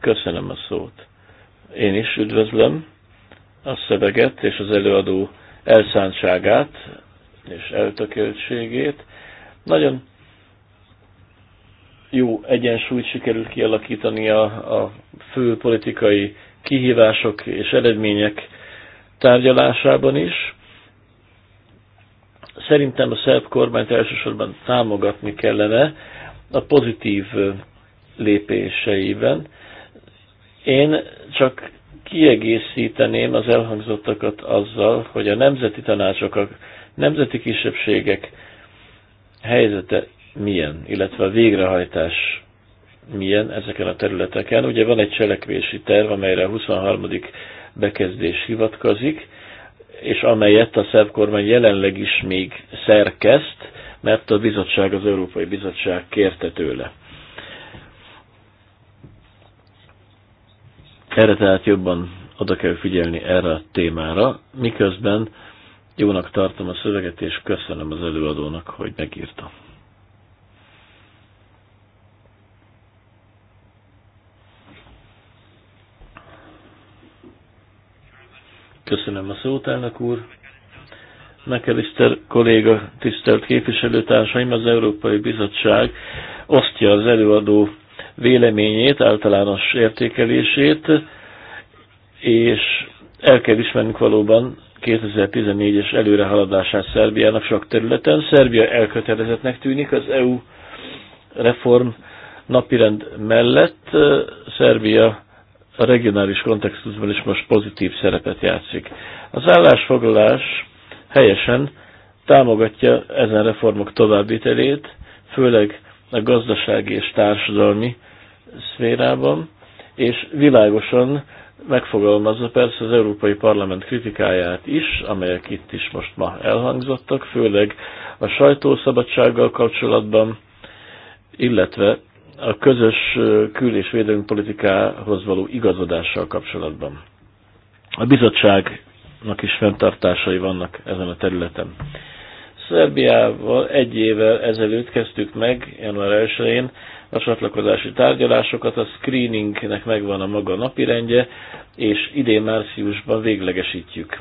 S3: Köszönöm a szót. Én is üdvözlöm a szöveget és az előadó elszántságát és eltökéltségét. Nagyon jó egyensúlyt sikerült kialakítani a, a fő politikai kihívások és eredmények tárgyalásában is. Szerintem a szerb kormányt elsősorban támogatni kellene, a pozitív lépéseiben. Én csak kiegészíteném az elhangzottakat azzal, hogy a nemzeti tanácsok, a nemzeti kisebbségek helyzete milyen, illetve a végrehajtás milyen ezeken a területeken. Ugye van egy cselekvési terv, amelyre a 23. bekezdés hivatkozik, és amelyet a szerb kormány jelenleg is még szerkeszt, mert a bizottság, az Európai Bizottság kérte tőle. Erre tehát jobban oda kell figyelni erre a témára, miközben jónak tartom a szöveget, és köszönöm az előadónak, hogy megírta. Köszönöm a szót, elnök úr. McAllister kolléga, tisztelt képviselőtársaim, az Európai Bizottság osztja az előadó véleményét, általános értékelését, és el kell ismernünk valóban 2014-es előrehaladását Szerbiának sok területen. Szerbia elkötelezettnek tűnik az EU reform napirend mellett. Szerbia a regionális kontextusban is most pozitív szerepet játszik. Az állásfoglalás helyesen támogatja ezen reformok továbbvitelét, főleg a gazdasági és társadalmi szférában, és világosan megfogalmazza persze az Európai Parlament kritikáját is, amelyek itt is most ma elhangzottak, főleg a sajtószabadsággal kapcsolatban, illetve a közös kül- és védelmi politikához való igazodással kapcsolatban. A bizottság is fenntartásai vannak ezen a területen. Szerbiával egy évvel ezelőtt kezdtük meg, január 1-én, a csatlakozási tárgyalásokat, a screeningnek megvan a maga napirendje, és idén márciusban véglegesítjük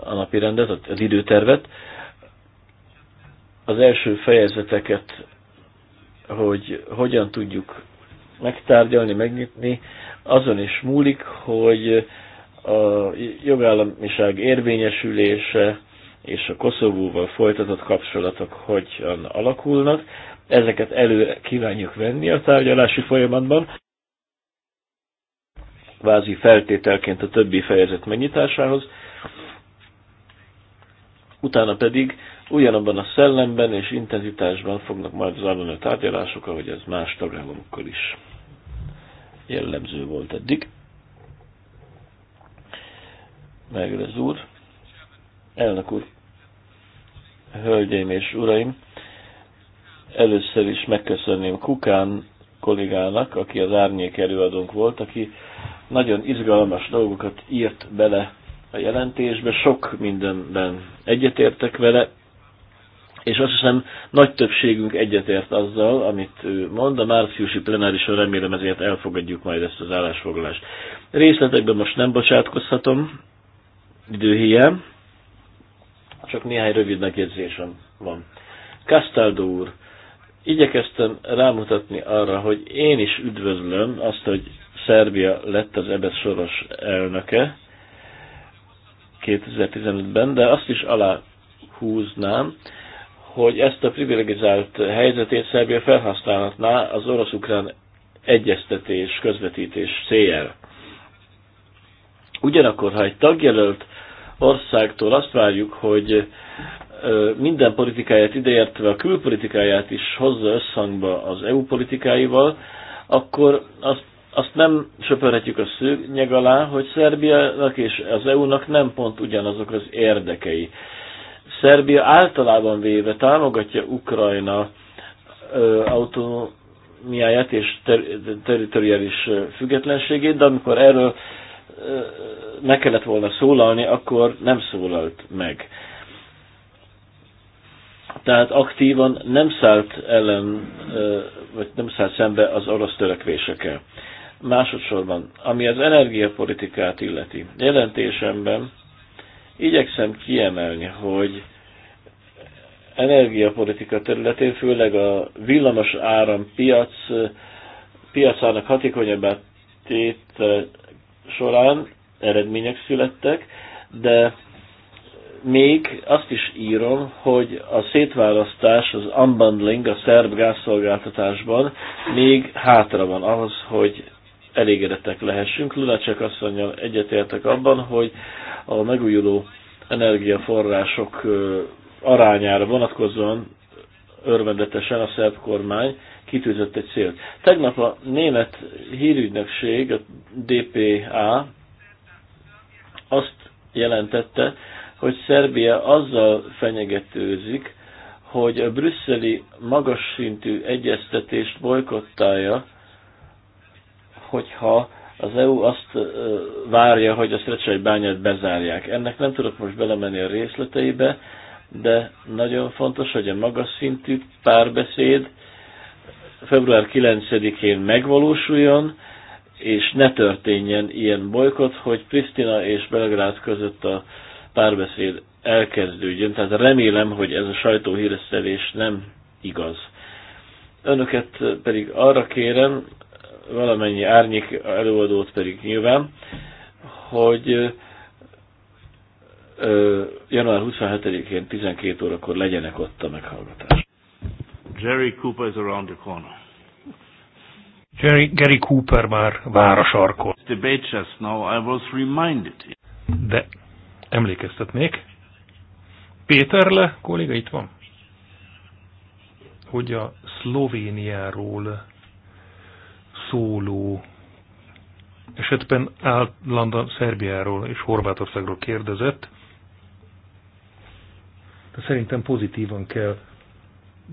S3: a napirendet, az időtervet. Az első fejezeteket, hogy hogyan tudjuk megtárgyalni, megnyitni, azon is múlik, hogy a jogállamiság érvényesülése és a Koszovóval folytatott kapcsolatok hogyan alakulnak. Ezeket elő kívánjuk venni a tárgyalási folyamatban, vázi feltételként a többi fejezet megnyitásához. Utána pedig ugyanabban a szellemben és intenzitásban fognak majd zajlani a tárgyalások, ahogy ez más tagállamokkal is jellemző volt eddig. Megelez úr, elnök úr, hölgyeim és uraim, először is megköszönném Kukán kollégának, aki az árnyék előadónk volt, aki nagyon izgalmas dolgokat írt bele a jelentésbe, sok mindenben egyetértek vele, és azt hiszem nagy többségünk egyetért azzal, amit ő mond, a márciusi plenárison remélem ezért elfogadjuk majd ezt az állásfoglalást. Részletekben most nem bocsátkozhatom, időhiány. Csak néhány rövid megjegyzésem van. Castaldo úr, igyekeztem rámutatni arra, hogy én is üdvözlöm azt, hogy Szerbia lett az EBSZ soros elnöke 2015-ben, de azt is aláhúznám, hogy ezt a privilegizált helyzetét Szerbia felhasználhatná az orosz-ukrán egyeztetés, közvetítés céljára. Ugyanakkor, ha egy tagjelölt országtól azt várjuk, hogy minden politikáját ideértve a külpolitikáját is hozza összhangba az EU politikáival, akkor azt, azt nem söpörhetjük a szőnyeg alá, hogy Szerbiának és az EU-nak nem pont ugyanazok az érdekei. Szerbia általában véve támogatja Ukrajna autonómiáját és ter- ter- ter- ter- ter- ter- ter- ter- függetlenségét, de amikor erről meg kellett volna szólalni, akkor nem szólalt meg. Tehát aktívan nem szállt ellen, vagy nem szállt szembe az orosz törekvésekkel. Másodszorban, ami az energiapolitikát illeti, jelentésemben igyekszem kiemelni, hogy energiapolitika területén, főleg a villamos áram piac, piacának hatékonyabbá tét, során eredmények születtek, de még azt is írom, hogy a szétválasztás, az unbundling a szerb gázszolgáltatásban még hátra van ahhoz, hogy elégedettek lehessünk. Lunacek asszonynal egyetértek abban, hogy a megújuló energiaforrások arányára vonatkozóan örvendetesen a szerb kormány kitűzött egy célt. Tegnap a német hírügynökség, a DPA azt jelentette, hogy Szerbia azzal fenyegetőzik, hogy a brüsszeli magas szintű egyeztetést bolykottálja, hogyha az EU azt várja, hogy a bányát bezárják. Ennek nem tudok most belemenni a részleteibe, de nagyon fontos, hogy a magas szintű párbeszéd február 9-én megvalósuljon, és ne történjen ilyen bolykot, hogy Pristina és Belgrád között a párbeszéd elkezdődjön. Tehát remélem, hogy ez a sajtóhíresztelés nem igaz. Önöket pedig arra kérem, valamennyi árnyék előadót pedig nyilván, hogy január 27-én 12 órakor legyenek ott a meghallgatás. Jerry Cooper is around the corner.
S4: Jerry, Gary Cooper már vár a sarkon. Debate just now, I was reminded. De emlékeztetnék. Péter Le, kolléga itt van? Hogy a Szlovéniáról szóló esetben Állandon Szerbiáról és Horvátországról kérdezett, de szerintem pozitívan kell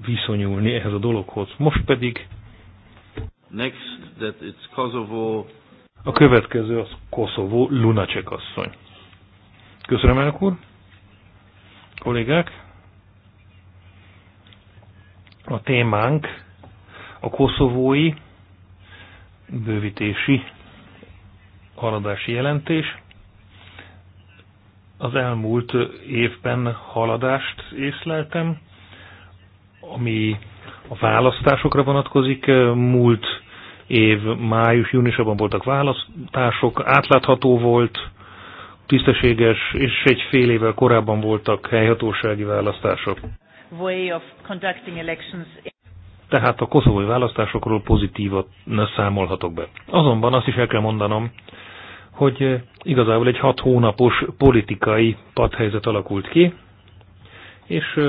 S4: viszonyulni ehhez a dologhoz. Most pedig
S1: Next, that it's Kosovo.
S4: A következő az Koszovó Lunacek asszony. Köszönöm, elnök úr. Kollégák, a témánk a koszovói bővítési haladási jelentés. Az elmúlt évben haladást észleltem, ami a választásokra vonatkozik. Múlt év május-júniusban voltak választások, átlátható volt, tisztességes, és egy fél évvel korábban voltak helyhatósági választások. Tehát a koszovói választásokról pozitívat számolhatok be. Azonban azt is el kell mondanom, hogy igazából egy hat hónapos politikai padhelyzet alakult ki, és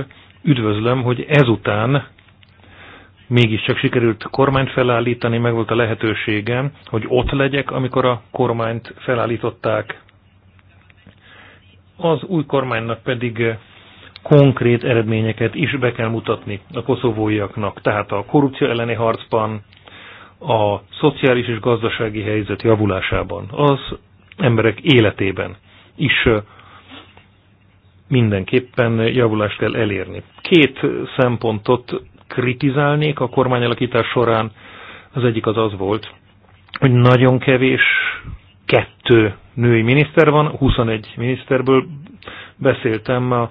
S4: üdvözlöm, hogy ezután mégiscsak sikerült kormányt felállítani, meg volt a lehetőségem, hogy ott legyek, amikor a kormányt felállították. Az új kormánynak pedig konkrét eredményeket is be kell mutatni a koszovóiaknak, tehát a korrupció elleni harcban, a szociális és gazdasági helyzet javulásában, az emberek életében is mindenképpen javulást kell elérni. Két szempontot kritizálnék a kormányalakítás során. Az egyik az az volt, hogy nagyon kevés kettő női miniszter van, 21 miniszterből beszéltem a,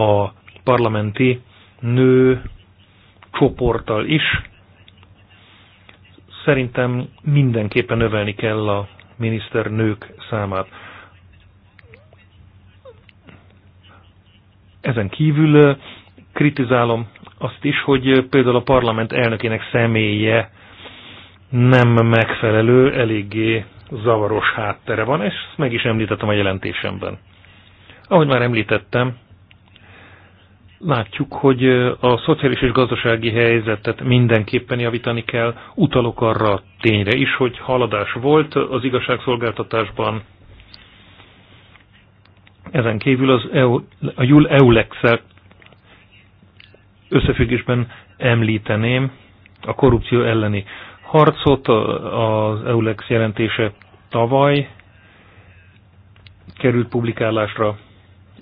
S4: a parlamenti nő csoporttal is. Szerintem mindenképpen növelni kell a miniszter nők számát. Ezen kívül kritizálom azt is, hogy például a parlament elnökének személye nem megfelelő, eléggé zavaros háttere van, és ezt meg is említettem a jelentésemben. Ahogy már említettem, látjuk, hogy a szociális és gazdasági helyzetet mindenképpen javítani kell. Utalok arra tényre is, hogy haladás volt az igazságszolgáltatásban, ezen kívül az EU, a Jul eulex összefüggésben említeném a korrupció elleni harcot, az EULEX jelentése tavaly került publikálásra.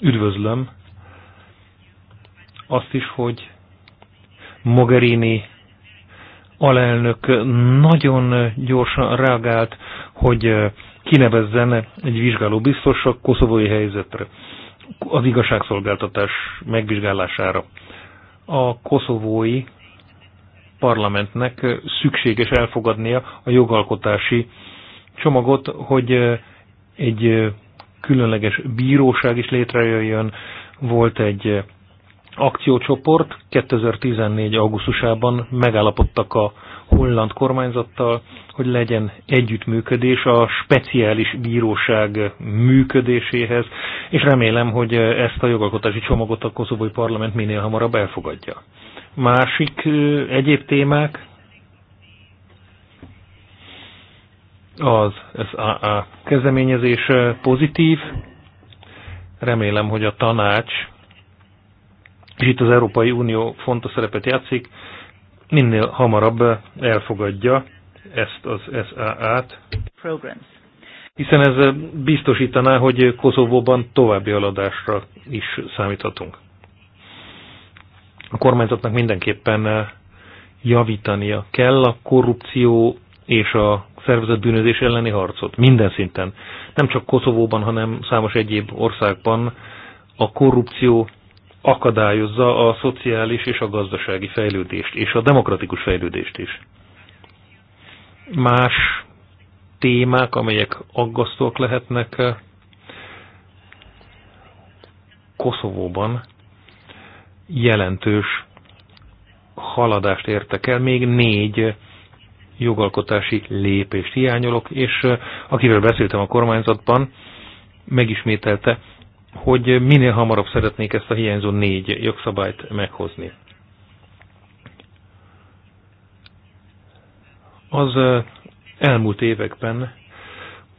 S4: Üdvözlöm azt is, hogy Mogherini alelnök nagyon gyorsan reagált, hogy kinevezzen egy vizsgáló biztos a koszovói helyzetre, az igazságszolgáltatás megvizsgálására. A koszovói parlamentnek szükséges elfogadnia a jogalkotási csomagot, hogy egy különleges bíróság is létrejöjjön. Volt egy akciócsoport, 2014. augusztusában megállapodtak a holland kormányzattal, hogy legyen együttműködés a speciális bíróság működéséhez, és remélem, hogy ezt a jogalkotási csomagot a koszovói parlament minél hamarabb elfogadja. Másik egyéb témák az SAA kezdeményezés pozitív. Remélem, hogy a tanács, és itt az Európai Unió fontos szerepet játszik, minél hamarabb elfogadja ezt az SAA-t, hiszen ez biztosítaná, hogy Koszovóban további haladásra is számíthatunk. A kormányzatnak mindenképpen javítania kell a korrupció és a szervezett bűnözés elleni harcot minden szinten. Nem csak Koszovóban, hanem számos egyéb országban a korrupció akadályozza a szociális és a gazdasági fejlődést, és a demokratikus fejlődést is. Más témák, amelyek aggasztók lehetnek Koszovóban jelentős haladást értek el, még négy jogalkotási lépést hiányolok, és akivel beszéltem a kormányzatban, megismételte, hogy minél hamarabb szeretnék ezt a hiányzó négy jogszabályt meghozni. Az elmúlt években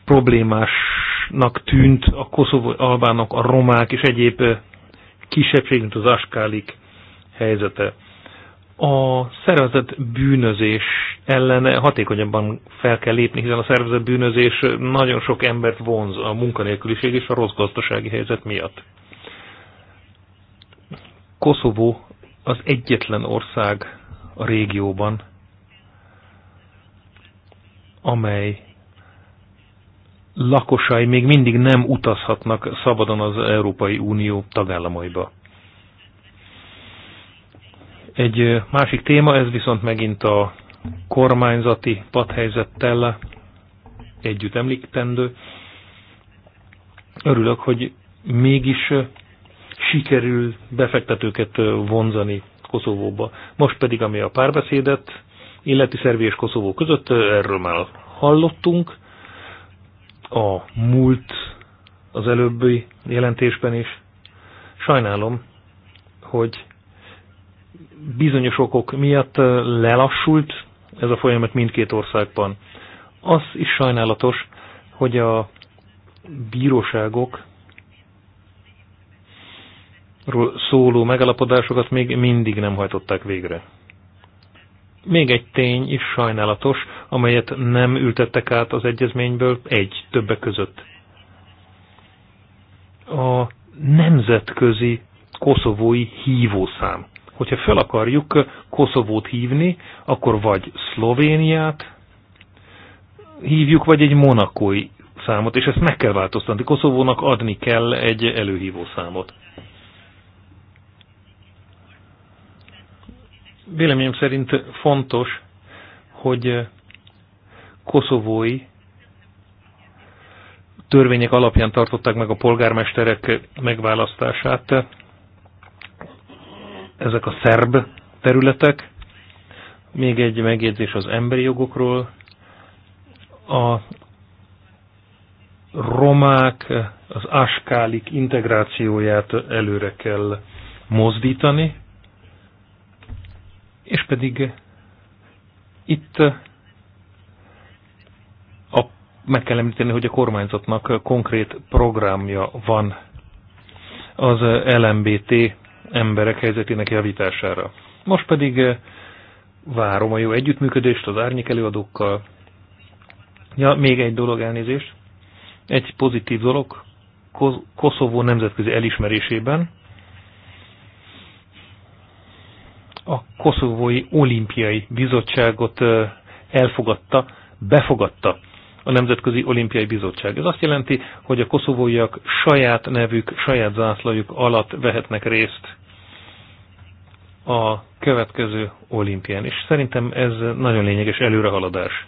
S4: problémásnak tűnt a koszovói albánok, a romák és egyéb kisebbség, mint az askálik helyzete a szervezet bűnözés ellen hatékonyabban fel kell lépni, hiszen a szervezet bűnözés nagyon sok embert vonz a munkanélküliség és a rossz gazdasági helyzet miatt. Koszovó az egyetlen ország a régióban, amely lakosai még mindig nem utazhatnak szabadon az Európai Unió tagállamaiba. Egy másik téma, ez viszont megint a kormányzati padhelyzettel együtt említendő. Örülök, hogy mégis sikerül befektetőket vonzani Koszovóba. Most pedig, ami a párbeszédet illeti Szerbia és Koszovó között, erről már hallottunk. A múlt az előbbi jelentésben is. Sajnálom, hogy bizonyos okok miatt lelassult ez a folyamat mindkét országban. Az is sajnálatos, hogy a bíróságok szóló megalapodásokat még mindig nem hajtották végre. Még egy tény is sajnálatos, amelyet nem ültettek át az egyezményből, egy többek között. A nemzetközi koszovói hívószám. Hogyha fel akarjuk Koszovót hívni, akkor vagy Szlovéniát hívjuk, vagy egy monakói számot, és ezt meg kell változtatni. Koszovónak adni kell egy előhívó számot. Véleményem szerint fontos, hogy koszovói törvények alapján tartották meg a polgármesterek megválasztását, ezek a szerb területek. Még egy megjegyzés az emberi jogokról. A romák az askálik integrációját előre kell mozdítani, és pedig itt a, meg kell említeni, hogy a kormányzatnak konkrét programja van az LMBT emberek helyzetének javítására. Most pedig eh, várom a jó együttműködést az árnyék előadókkal. Ja, még egy dolog elnézést. Egy pozitív dolog, Koszovó nemzetközi elismerésében a Koszovói Olimpiai Bizottságot eh, elfogadta, befogadta a Nemzetközi Olimpiai Bizottság. Ez azt jelenti, hogy a koszovóiak saját nevük, saját zászlajuk alatt vehetnek részt a következő olimpián, és szerintem ez nagyon lényeges előrehaladás.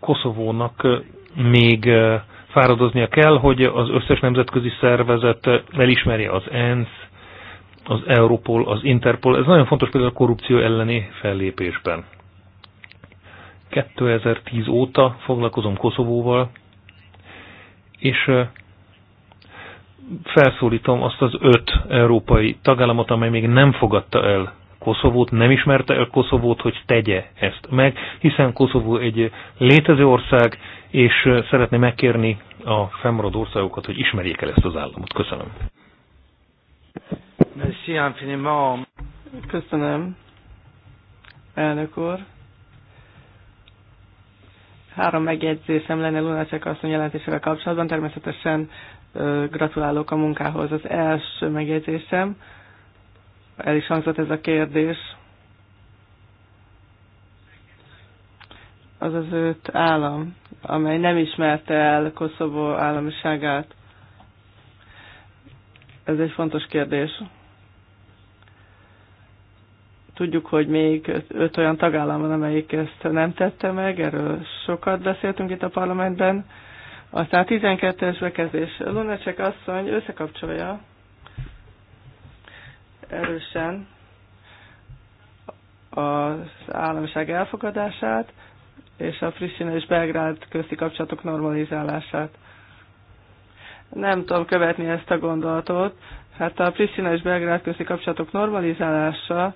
S4: Koszovónak még fáradoznia kell, hogy az összes nemzetközi szervezet elismerje az ENSZ, az Europol, az Interpol. Ez nagyon fontos például a korrupció elleni fellépésben. 2010 óta foglalkozom Koszovóval, és felszólítom azt az öt európai tagállamot, amely még nem fogadta el Koszovót, nem ismerte el Koszovót, hogy tegye ezt meg, hiszen Koszovó egy létező ország, és szeretné megkérni a fennmaradó országokat, hogy ismerjék el ezt az államot. Köszönöm.
S2: Köszönöm, elnök úr. Három megjegyzésem lenne Lunacek asszony jelentésével kapcsolatban. Természetesen gratulálok a munkához. Az első megjegyzésem, el is hangzott ez a kérdés, az az öt állam, amely nem ismerte el Koszovó államiságát. Ez egy fontos kérdés. Tudjuk, hogy még öt olyan tagállam van, amelyik ezt nem tette meg, erről sokat beszéltünk itt a parlamentben. Aztán a 12-es bekezdés. Lunacek asszony összekapcsolja erősen az államiság elfogadását és a Pristina és Belgrád közti kapcsolatok normalizálását. Nem tudom követni ezt a gondolatot. Hát a Pristina és Belgrád közti kapcsolatok normalizálása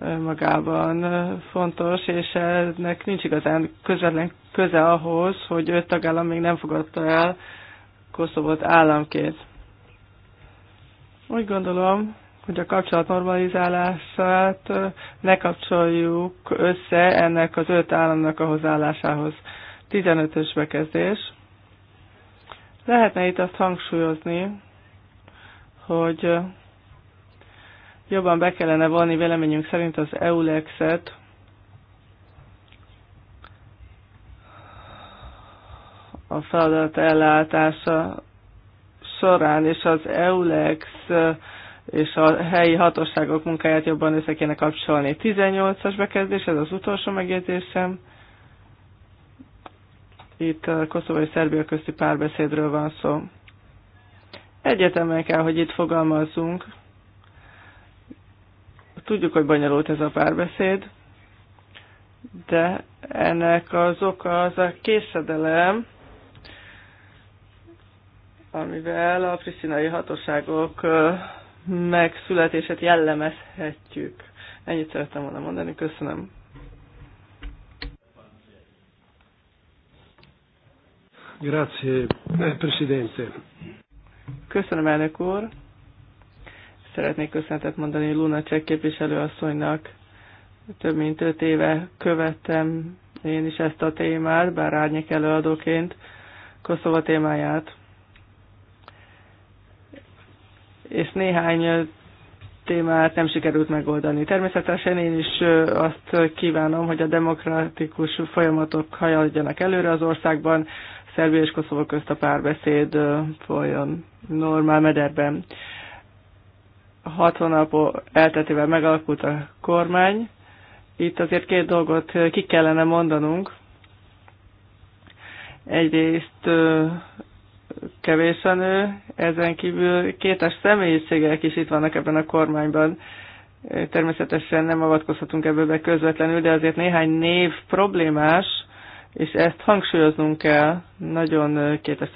S2: magában fontos, és ennek nincs igazán közvetlen köze ahhoz, hogy öt tagállam még nem fogadta el koszovot államként. Úgy gondolom, hogy a kapcsolat normalizálását ne kapcsoljuk össze ennek az öt államnak a hozzáállásához. 15-ös bekezdés. Lehetne itt azt hangsúlyozni, hogy Jobban be kellene vonni véleményünk szerint az EULEX-et a feladat ellátása során, és az EULEX és a helyi hatóságok munkáját jobban össze kéne kapcsolni. 18-as bekezdés, ez az utolsó megjegyzésem. Itt a Koszovó és Szerbia közti párbeszédről van szó. Egyetemen kell, hogy itt fogalmazzunk. Tudjuk, hogy bonyolult ez a párbeszéd, de ennek az oka az a készedelem, amivel a priszinai hatóságok megszületését jellemezhetjük. Ennyit szerettem volna mondani, köszönöm.
S4: Grazie, eh, Presidente.
S2: Köszönöm, elnök úr. Szeretnék köszönetet mondani Luna Cseh képviselőasszonynak. Több mint öt éve követtem én is ezt a témát, bár árnyék előadóként, Koszova témáját. És néhány témát nem sikerült megoldani. Természetesen én is azt kívánom, hogy a demokratikus folyamatok hajadjanak előre az országban, Szerbia és Koszova közt a párbeszéd folyjon normál mederben hat hónap elteltével megalakult a kormány. Itt azért két dolgot eh, ki kellene mondanunk. Egyrészt eh, kevés a nő, ezen kívül kétes személyiségek is itt vannak ebben a kormányban. Eh, természetesen nem avatkozhatunk ebből be közvetlenül, de azért néhány név problémás, és ezt hangsúlyoznunk kell. Nagyon kétes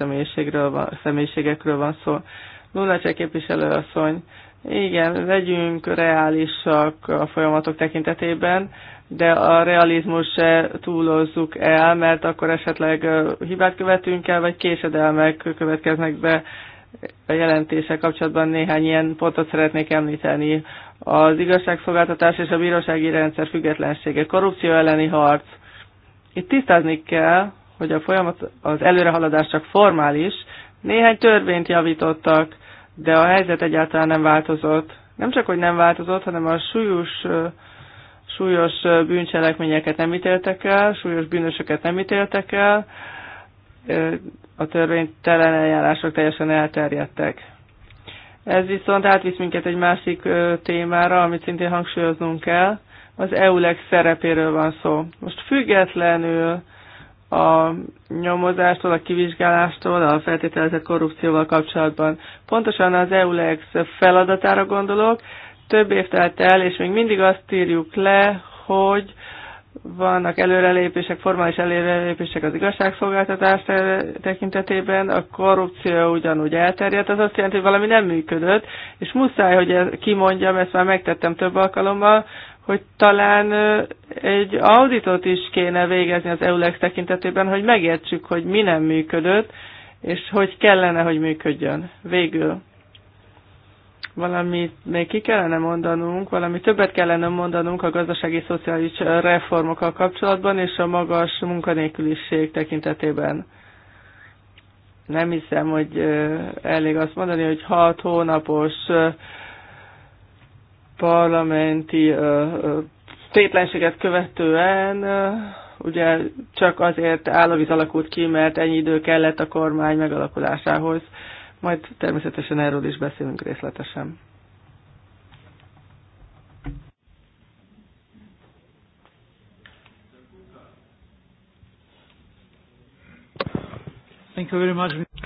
S2: van, személyiségekről van szó. képviselő asszony, igen, legyünk reálisak a folyamatok tekintetében, de a realizmus se túlozzuk el, mert akkor esetleg hibát követünk el, vagy késedelmek következnek be a jelentése kapcsolatban néhány ilyen pontot szeretnék említeni. Az igazságszolgáltatás és a bírósági rendszer függetlensége, korrupció elleni harc. Itt tisztázni kell, hogy a folyamat, az előrehaladás csak formális, néhány törvényt javítottak, de a helyzet egyáltalán nem változott. Nem csak, hogy nem változott, hanem a súlyos, súlyos bűncselekményeket nem ítéltek el, súlyos bűnösöket nem ítéltek el, a törvénytelen eljárások teljesen elterjedtek. Ez viszont átvisz minket egy másik témára, amit szintén hangsúlyoznunk kell. Az EULEX szerepéről van szó. Most függetlenül a nyomozástól, a kivizsgálástól, a feltételezett korrupcióval kapcsolatban. Pontosan az EULEX feladatára gondolok, több év telt el, és még mindig azt írjuk le, hogy vannak előrelépések, formális előrelépések az igazságszolgáltatás tekintetében, a korrupció ugyanúgy elterjedt, az azt jelenti, hogy valami nem működött, és muszáj, hogy kimondjam, ezt már megtettem több alkalommal, hogy talán egy auditot is kéne végezni az EULEX tekintetében, hogy megértsük, hogy mi nem működött, és hogy kellene, hogy működjön. Végül valamit még ki kellene mondanunk, valami többet kellene mondanunk a gazdasági szociális reformokkal kapcsolatban és a magas munkanélküliség tekintetében. Nem hiszem, hogy elég azt mondani, hogy hat hónapos parlamenti tétlenséget követően ugye csak azért államvit alakult ki, mert ennyi idő kellett a kormány megalakulásához. Majd természetesen erről is beszélünk részletesen.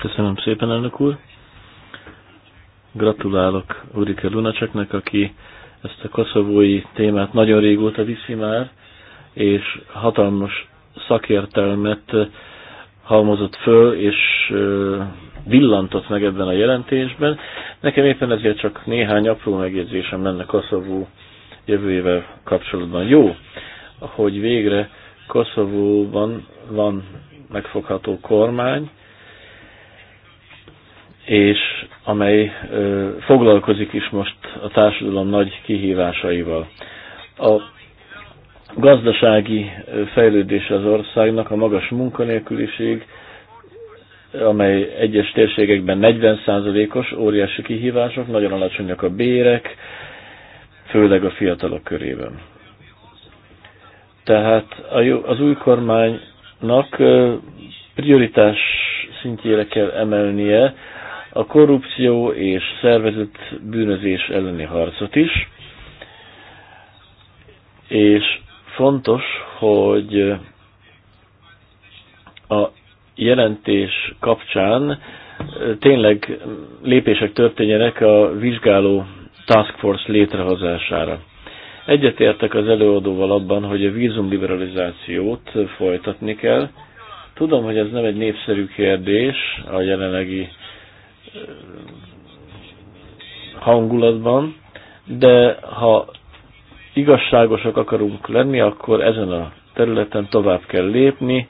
S3: Köszönöm szépen, elnök úr. Gratulálok Urike Lunacseknek, aki ezt a koszovói témát nagyon régóta viszi már, és hatalmas szakértelmet halmozott föl, és villantott meg ebben a jelentésben. Nekem éppen ezért csak néhány apró megjegyzésem lenne Koszovó jövőjével kapcsolatban. Jó, hogy végre Koszovóban van megfogható kormány, és amely ö, foglalkozik is most a társadalom nagy kihívásaival. A gazdasági fejlődése az országnak, a magas munkanélküliség, amely egyes térségekben 40%-os, óriási kihívások, nagyon alacsonyak a bérek, főleg a fiatalok körében. Tehát az új kormánynak prioritás szintjére kell emelnie a korrupció és szervezett bűnözés elleni harcot is, és fontos, hogy a jelentés kapcsán tényleg lépések történjenek a vizsgáló task force létrehozására. Egyetértek az előadóval abban, hogy a vízumliberalizációt folytatni kell. Tudom, hogy ez nem egy népszerű kérdés a jelenlegi hangulatban, de ha igazságosak akarunk lenni, akkor ezen a területen tovább kell lépni,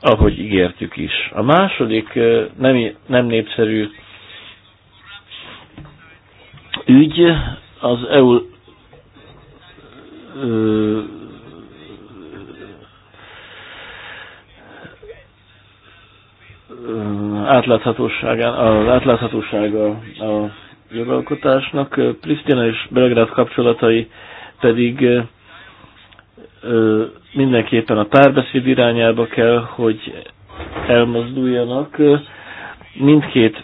S3: ahogy ígértük is. A második nem, nem népszerű ügy az EU átláthatóságán, az átláthatósága a jogalkotásnak. Prisztina és Belgrád kapcsolatai pedig mindenképpen a párbeszéd irányába kell, hogy elmozduljanak. Mindkét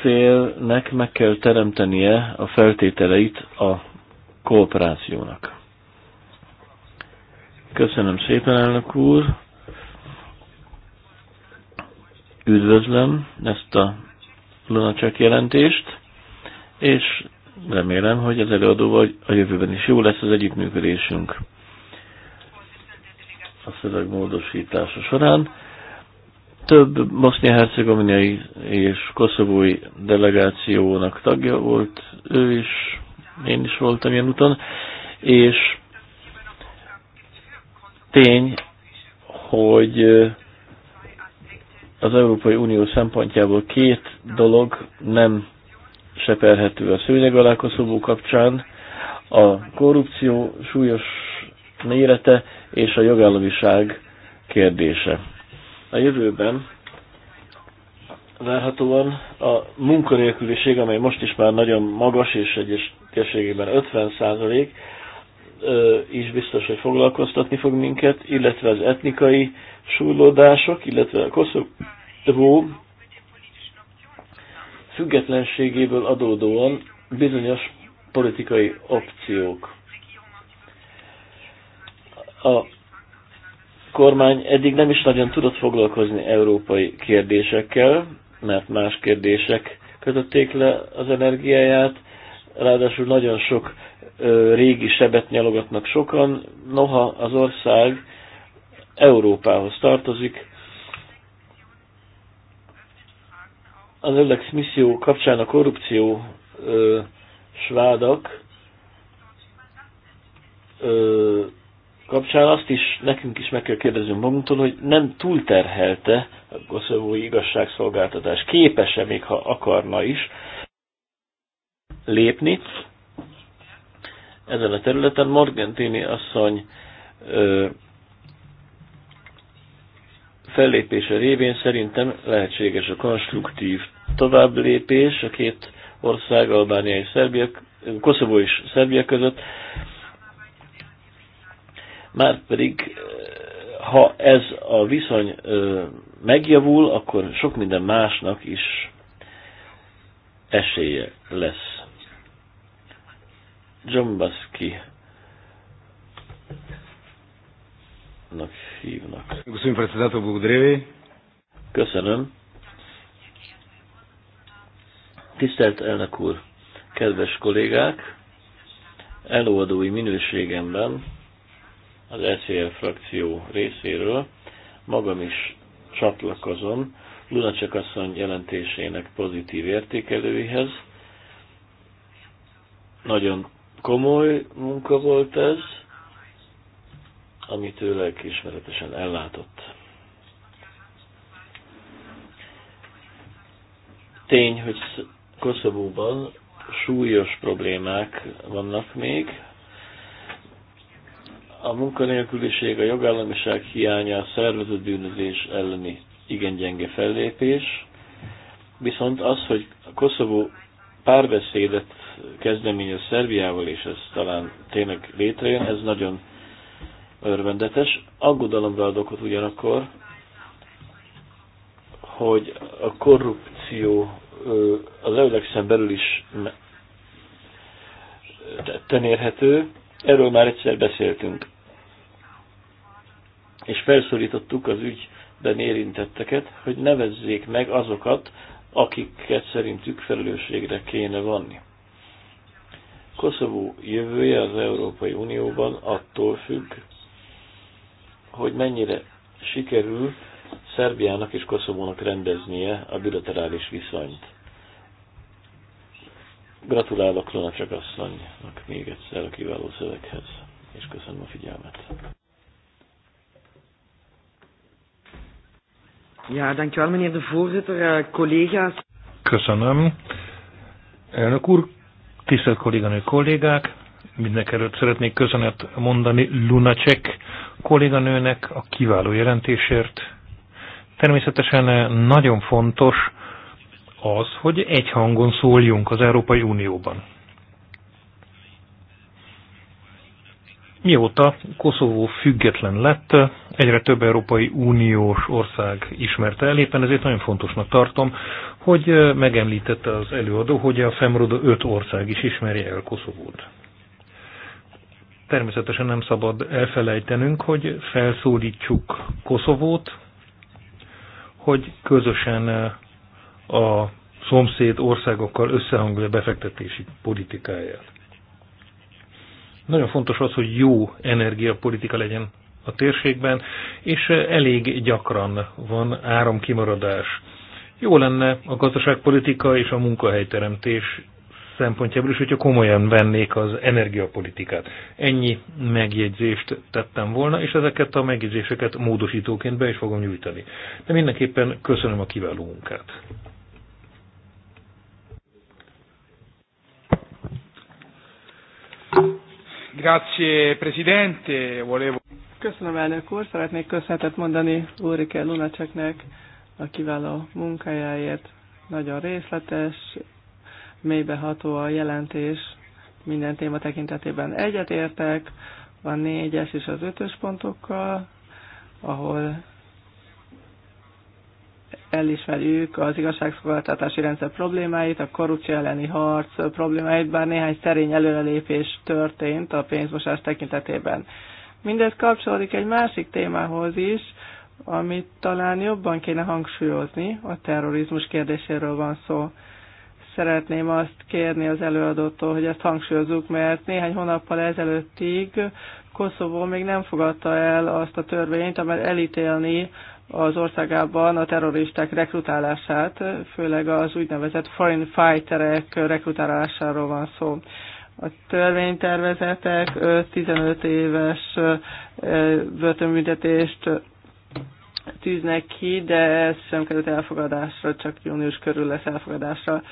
S3: félnek meg kell teremtenie a feltételeit a kooperációnak. Köszönöm szépen, elnök úr! Üdvözlöm ezt a Lunacek jelentést, és remélem, hogy az vagy, a jövőben is jó lesz az együttműködésünk a szöveg módosítása során. Több bosznia-hercegovinai és koszovói delegációnak tagja volt, ő is, én is voltam ilyen úton, és tény, hogy az Európai Unió szempontjából két dolog nem seperhető a szőnyeg alá Koszovó kapcsán, a korrupció súlyos mérete és a jogállamiság kérdése. A jövőben várhatóan a munkanélküliség, amely most is már nagyon magas és egyes térségében 50 százalék, is biztos, hogy foglalkoztatni fog minket, illetve az etnikai súlódások, illetve a Koszovó függetlenségéből adódóan bizonyos politikai opciók. A kormány eddig nem is nagyon tudott foglalkozni európai kérdésekkel, mert más kérdések kötötték le az energiáját, ráadásul nagyon sok régi sebet nyalogatnak sokan, noha az ország Európához tartozik. Az Ölex misszió kapcsán a korrupció ö, svádak ö, kapcsán azt is nekünk is meg kell kérdeznünk magunktól, hogy nem túlterhelte a koszovói igazságszolgáltatás. Képes-e még, ha akarna is lépni, ezen a területen. Morgentini asszony ö, fellépése révén szerintem lehetséges a konstruktív lépés a két ország, Albánia és Szerbia, Koszovó és Szerbia között. pedig ha ez a viszony megjavul, akkor sok minden másnak is esélye lesz. Dzsombaszki nak hívnak. Köszönöm, председател, благодаря Köszönöm. Tisztelt elnök úr, kedves kollégák, előadói minőségemben az SZL frakció részéről magam is csatlakozom Lunacek asszony jelentésének pozitív értékelőihez. Nagyon Komoly munka volt ez, amit ő lelkiismeretesen ellátott. Tény, hogy Koszovóban súlyos problémák vannak még. A munkanélküliség, a jogállamiság hiánya, a szervezett bűnözés elleni igen gyenge fellépés. Viszont az, hogy a Koszovó párbeszédet kezdeményez Szerbiával, és ez talán tényleg létrejön, ez nagyon örvendetes. Aggodalomra ad okot ugyanakkor, hogy a korrupció az előlegszem belül is tetten érhető. Erről már egyszer beszéltünk. És felszólítottuk az ügyben érintetteket, hogy nevezzék meg azokat, akiket szerintük felelősségre kéne vanni. Koszovó jövője az Európai Unióban attól függ, hogy mennyire sikerül Szerbiának és Koszovónak rendeznie a bilaterális viszonyt. Gratulálok Lona Csakasszonynak még egyszer a kiváló szöveghez, és köszönöm a figyelmet.
S5: Ja, dankjewel meneer de voorzitter, eh, collega's.
S4: Köszönöm. Elnök úr, Tisztelt kolléganő kollégák, mindenek előtt szeretnék köszönet mondani Lunacek kolléganőnek a kiváló jelentésért. Természetesen nagyon fontos az, hogy egy hangon szóljunk az Európai Unióban. Mióta Koszovó független lett, egyre több Európai Uniós ország ismerte el, éppen ezért nagyon fontosnak tartom, hogy megemlítette az előadó, hogy a Femrodo öt ország is ismerje el Koszovót. Természetesen nem szabad elfelejtenünk, hogy felszólítsuk Koszovót, hogy közösen a szomszéd országokkal összehangolja befektetési politikáját. Nagyon fontos az, hogy jó energiapolitika legyen a térségben, és elég gyakran van áramkimaradás. Jó lenne a gazdaságpolitika és a munkahelyteremtés szempontjából is, hogyha komolyan vennék az energiapolitikát. Ennyi megjegyzést tettem volna, és ezeket a megjegyzéseket módosítóként be is fogom nyújtani. De mindenképpen köszönöm a kiváló munkát.
S5: Grazie Presidente, volevo...
S2: Köszönöm elnök úr, szeretnék köszönetet mondani Ulrike Lunacseknek a kiváló munkájáért. Nagyon részletes, mélybeható a jelentés minden téma tekintetében egyetértek, van négyes és az ötös pontokkal, ahol elismerjük az igazságszolgáltatási rendszer problémáit, a korrupció elleni harc problémáit, bár néhány szerény előrelépés történt a pénzmosás tekintetében. Mindez kapcsolódik egy másik témához is, amit talán jobban kéne hangsúlyozni, a terrorizmus kérdéséről van szó. Szeretném azt kérni az előadótól, hogy ezt hangsúlyozzuk, mert néhány hónappal ezelőttig Koszovó még nem fogadta el azt a törvényt, amely elítélni az országában a terroristák rekrutálását, főleg az úgynevezett foreign fighterek rekrutálásáról van szó. A törvénytervezetek 15 éves börtönbüntetést tűznek ki, de ez sem került elfogadásra, csak június körül lesz elfogadásra.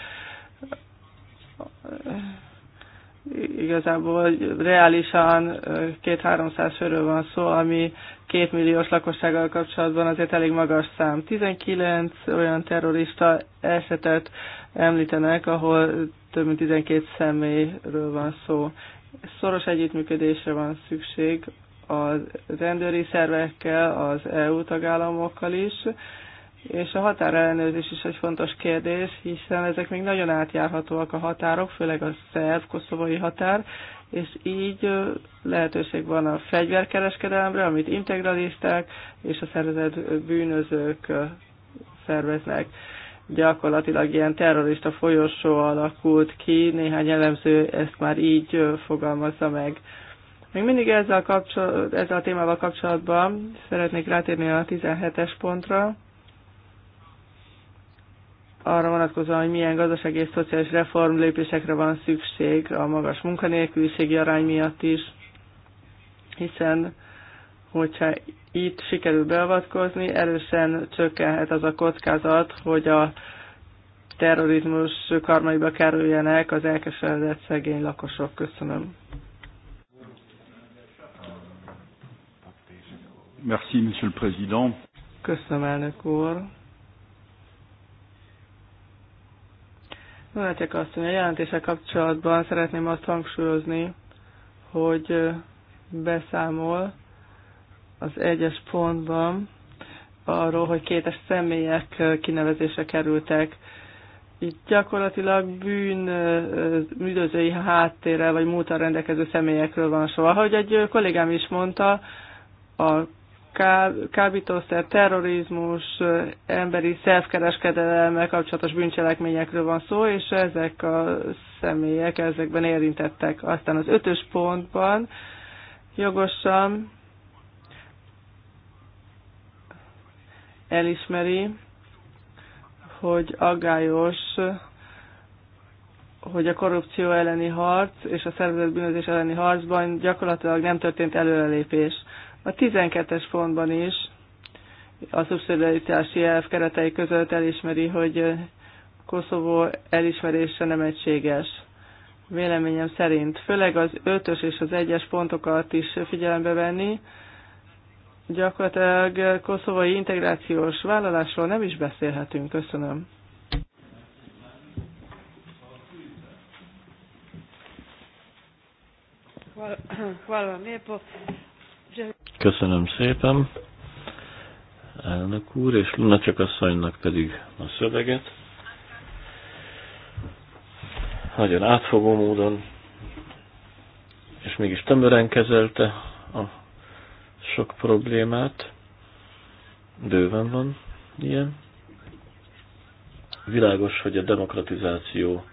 S2: Igazából reálisan 2-300 főről van szó, ami két milliós lakossággal kapcsolatban azért elég magas szám. 19 olyan terrorista esetet említenek, ahol több mint 12 személyről van szó. Szoros együttműködésre van szükség a rendőri szervekkel, az EU tagállamokkal is, és a határellenőrzés is egy fontos kérdés, hiszen ezek még nagyon átjárhatóak a határok, főleg a szerv-koszovai határ, és így lehetőség van a fegyverkereskedelemre, amit integralisták és a szervezet bűnözők szerveznek. Gyakorlatilag ilyen terrorista folyosó alakult ki, néhány elemző ezt már így fogalmazza meg. Még mindig ezzel, kapcsol- ezzel a témával kapcsolatban szeretnék rátérni a 17-es pontra, arra vonatkozóan, hogy milyen gazdasági és szociális reform lépésekre van szükség a magas munkanélküliségi arány miatt is, hiszen hogyha itt sikerül beavatkozni, erősen csökkenhet az a kockázat, hogy a terrorizmus karmaiba kerüljenek az elkeseredett szegény lakosok. Köszönöm. Merci, Monsieur le Président. Köszönöm, elnök úr. Veletek azt mondja, a jelentése kapcsolatban szeretném azt hangsúlyozni, hogy beszámol az egyes pontban arról, hogy kétes személyek kinevezése kerültek. Itt gyakorlatilag bűn üldözői háttérrel vagy múltal rendelkező személyekről van szó. Ahogy egy kollégám is mondta, a kábítószer, terrorizmus, emberi szervkereskedelemmel kapcsolatos bűncselekményekről van szó, és ezek a személyek ezekben érintettek. Aztán az ötös pontban jogosan elismeri, hogy aggályos, hogy a korrupció elleni harc és a szervezett bűnözés elleni harcban gyakorlatilag nem történt előrelépés a 12-es pontban is a szubszidiaritási elv keretei között elismeri, hogy Koszovó elismerése nem egységes. Véleményem szerint főleg az 5-ös és az 1-es pontokat is figyelembe venni, gyakorlatilag koszovai integrációs vállalásról nem is beszélhetünk. Köszönöm.
S5: Hvala vam lijepo.
S3: Köszönöm szépen elnök úr, és csak asszonynak pedig a szöveget. Nagyon átfogó módon, és mégis tömören kezelte a sok problémát. Bőven van ilyen. Világos, hogy a demokratizáció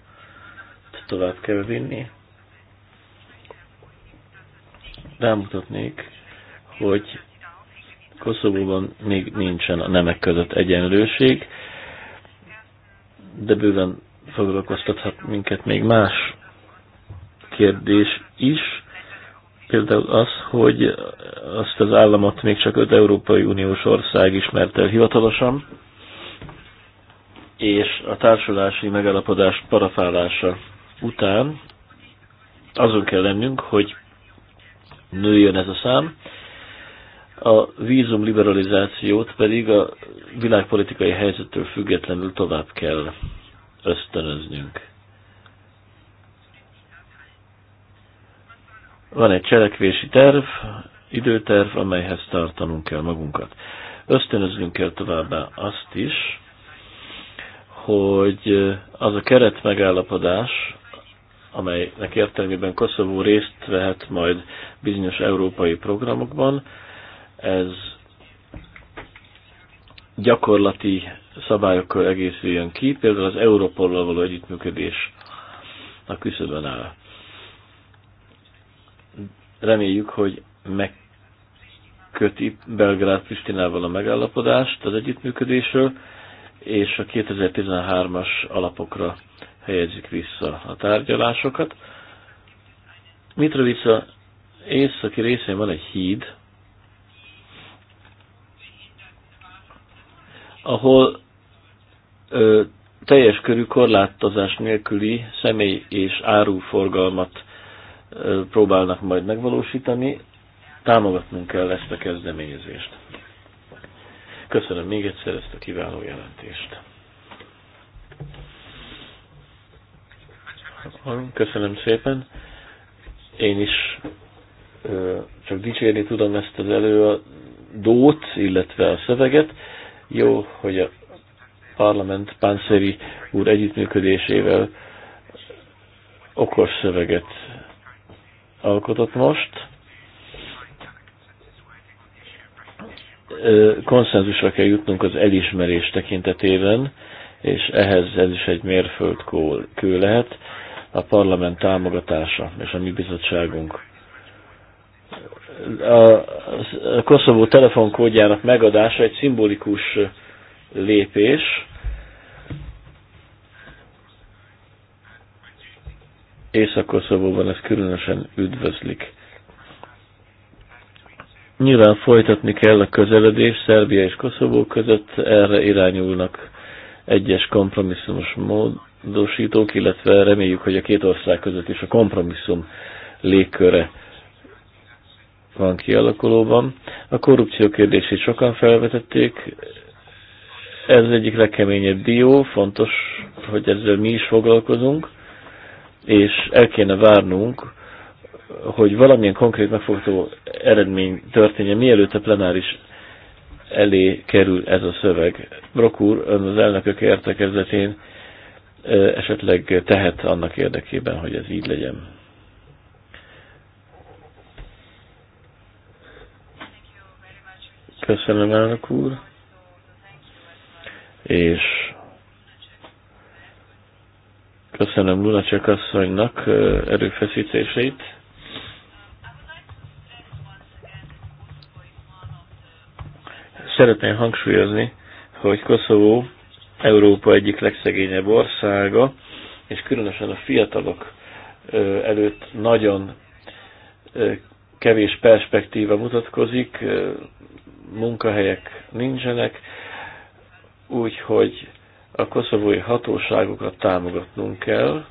S3: tovább kell vinni. Rámutatnék hogy Koszovóban még nincsen a nemek között egyenlőség, de bőven foglalkoztathat minket még más kérdés is, például az, hogy azt az államot még csak öt Európai Uniós ország ismert el hivatalosan, és a társulási megállapodás parafálása után azon kell lennünk, hogy nőjön ez a szám, a vízum liberalizációt pedig a világpolitikai helyzettől függetlenül tovább kell ösztönöznünk. Van egy cselekvési terv, időterv, amelyhez tartanunk kell magunkat. Ösztönöznünk kell továbbá azt is, hogy az a keret megállapodás, amelynek értelmében Koszovó részt vehet majd bizonyos európai programokban, ez gyakorlati szabályokkal egészüljön ki, például az Europollal való együttműködés a küszöbön áll. Reméljük, hogy megköti Belgrád Pristinával a megállapodást az együttműködésről, és a 2013-as alapokra helyezik vissza a tárgyalásokat. Mitrovica északi részén van egy híd, ahol ö, teljes körű korlátozás nélküli személy és áruforgalmat ö, próbálnak majd megvalósítani. Támogatnunk kell ezt a kezdeményezést. Köszönöm még egyszer ezt a kiváló jelentést. Köszönöm szépen. Én is ö, csak dicsérni tudom ezt az előadót, illetve a szöveget. Jó, hogy a parlament Pánszeri úr együttműködésével okos szöveget alkotott most. Konszenzusra kell jutnunk az elismerés tekintetében, és ehhez ez is egy mérföldkő lehet, a parlament támogatása és a mi bizottságunk a Koszovó telefonkódjának megadása egy szimbolikus lépés, Észak-Koszovóban ezt különösen üdvözlik. Nyilván folytatni kell a közeledés Szerbia és Koszovó között, erre irányulnak egyes kompromisszumos módosítók, illetve reméljük, hogy a két ország között is a kompromisszum légköre van kialakulóban. A korrupció kérdését sokan felvetették. Ez egyik legkeményebb dió, fontos, hogy ezzel mi is foglalkozunk, és el kéne várnunk, hogy valamilyen konkrét megfogható eredmény történjen, mielőtt a plenáris elé kerül ez a szöveg. Brok úr, ön az elnökök értekezletén esetleg tehet annak érdekében, hogy ez így legyen. Köszönöm, elnök úr. És köszönöm Lunacek asszonynak erőfeszítéseit. Szeretném hangsúlyozni, hogy Koszovó Európa egyik legszegényebb országa, és különösen a fiatalok előtt nagyon kevés perspektíva mutatkozik, munkahelyek nincsenek, úgyhogy a koszovói hatóságokat támogatnunk kell,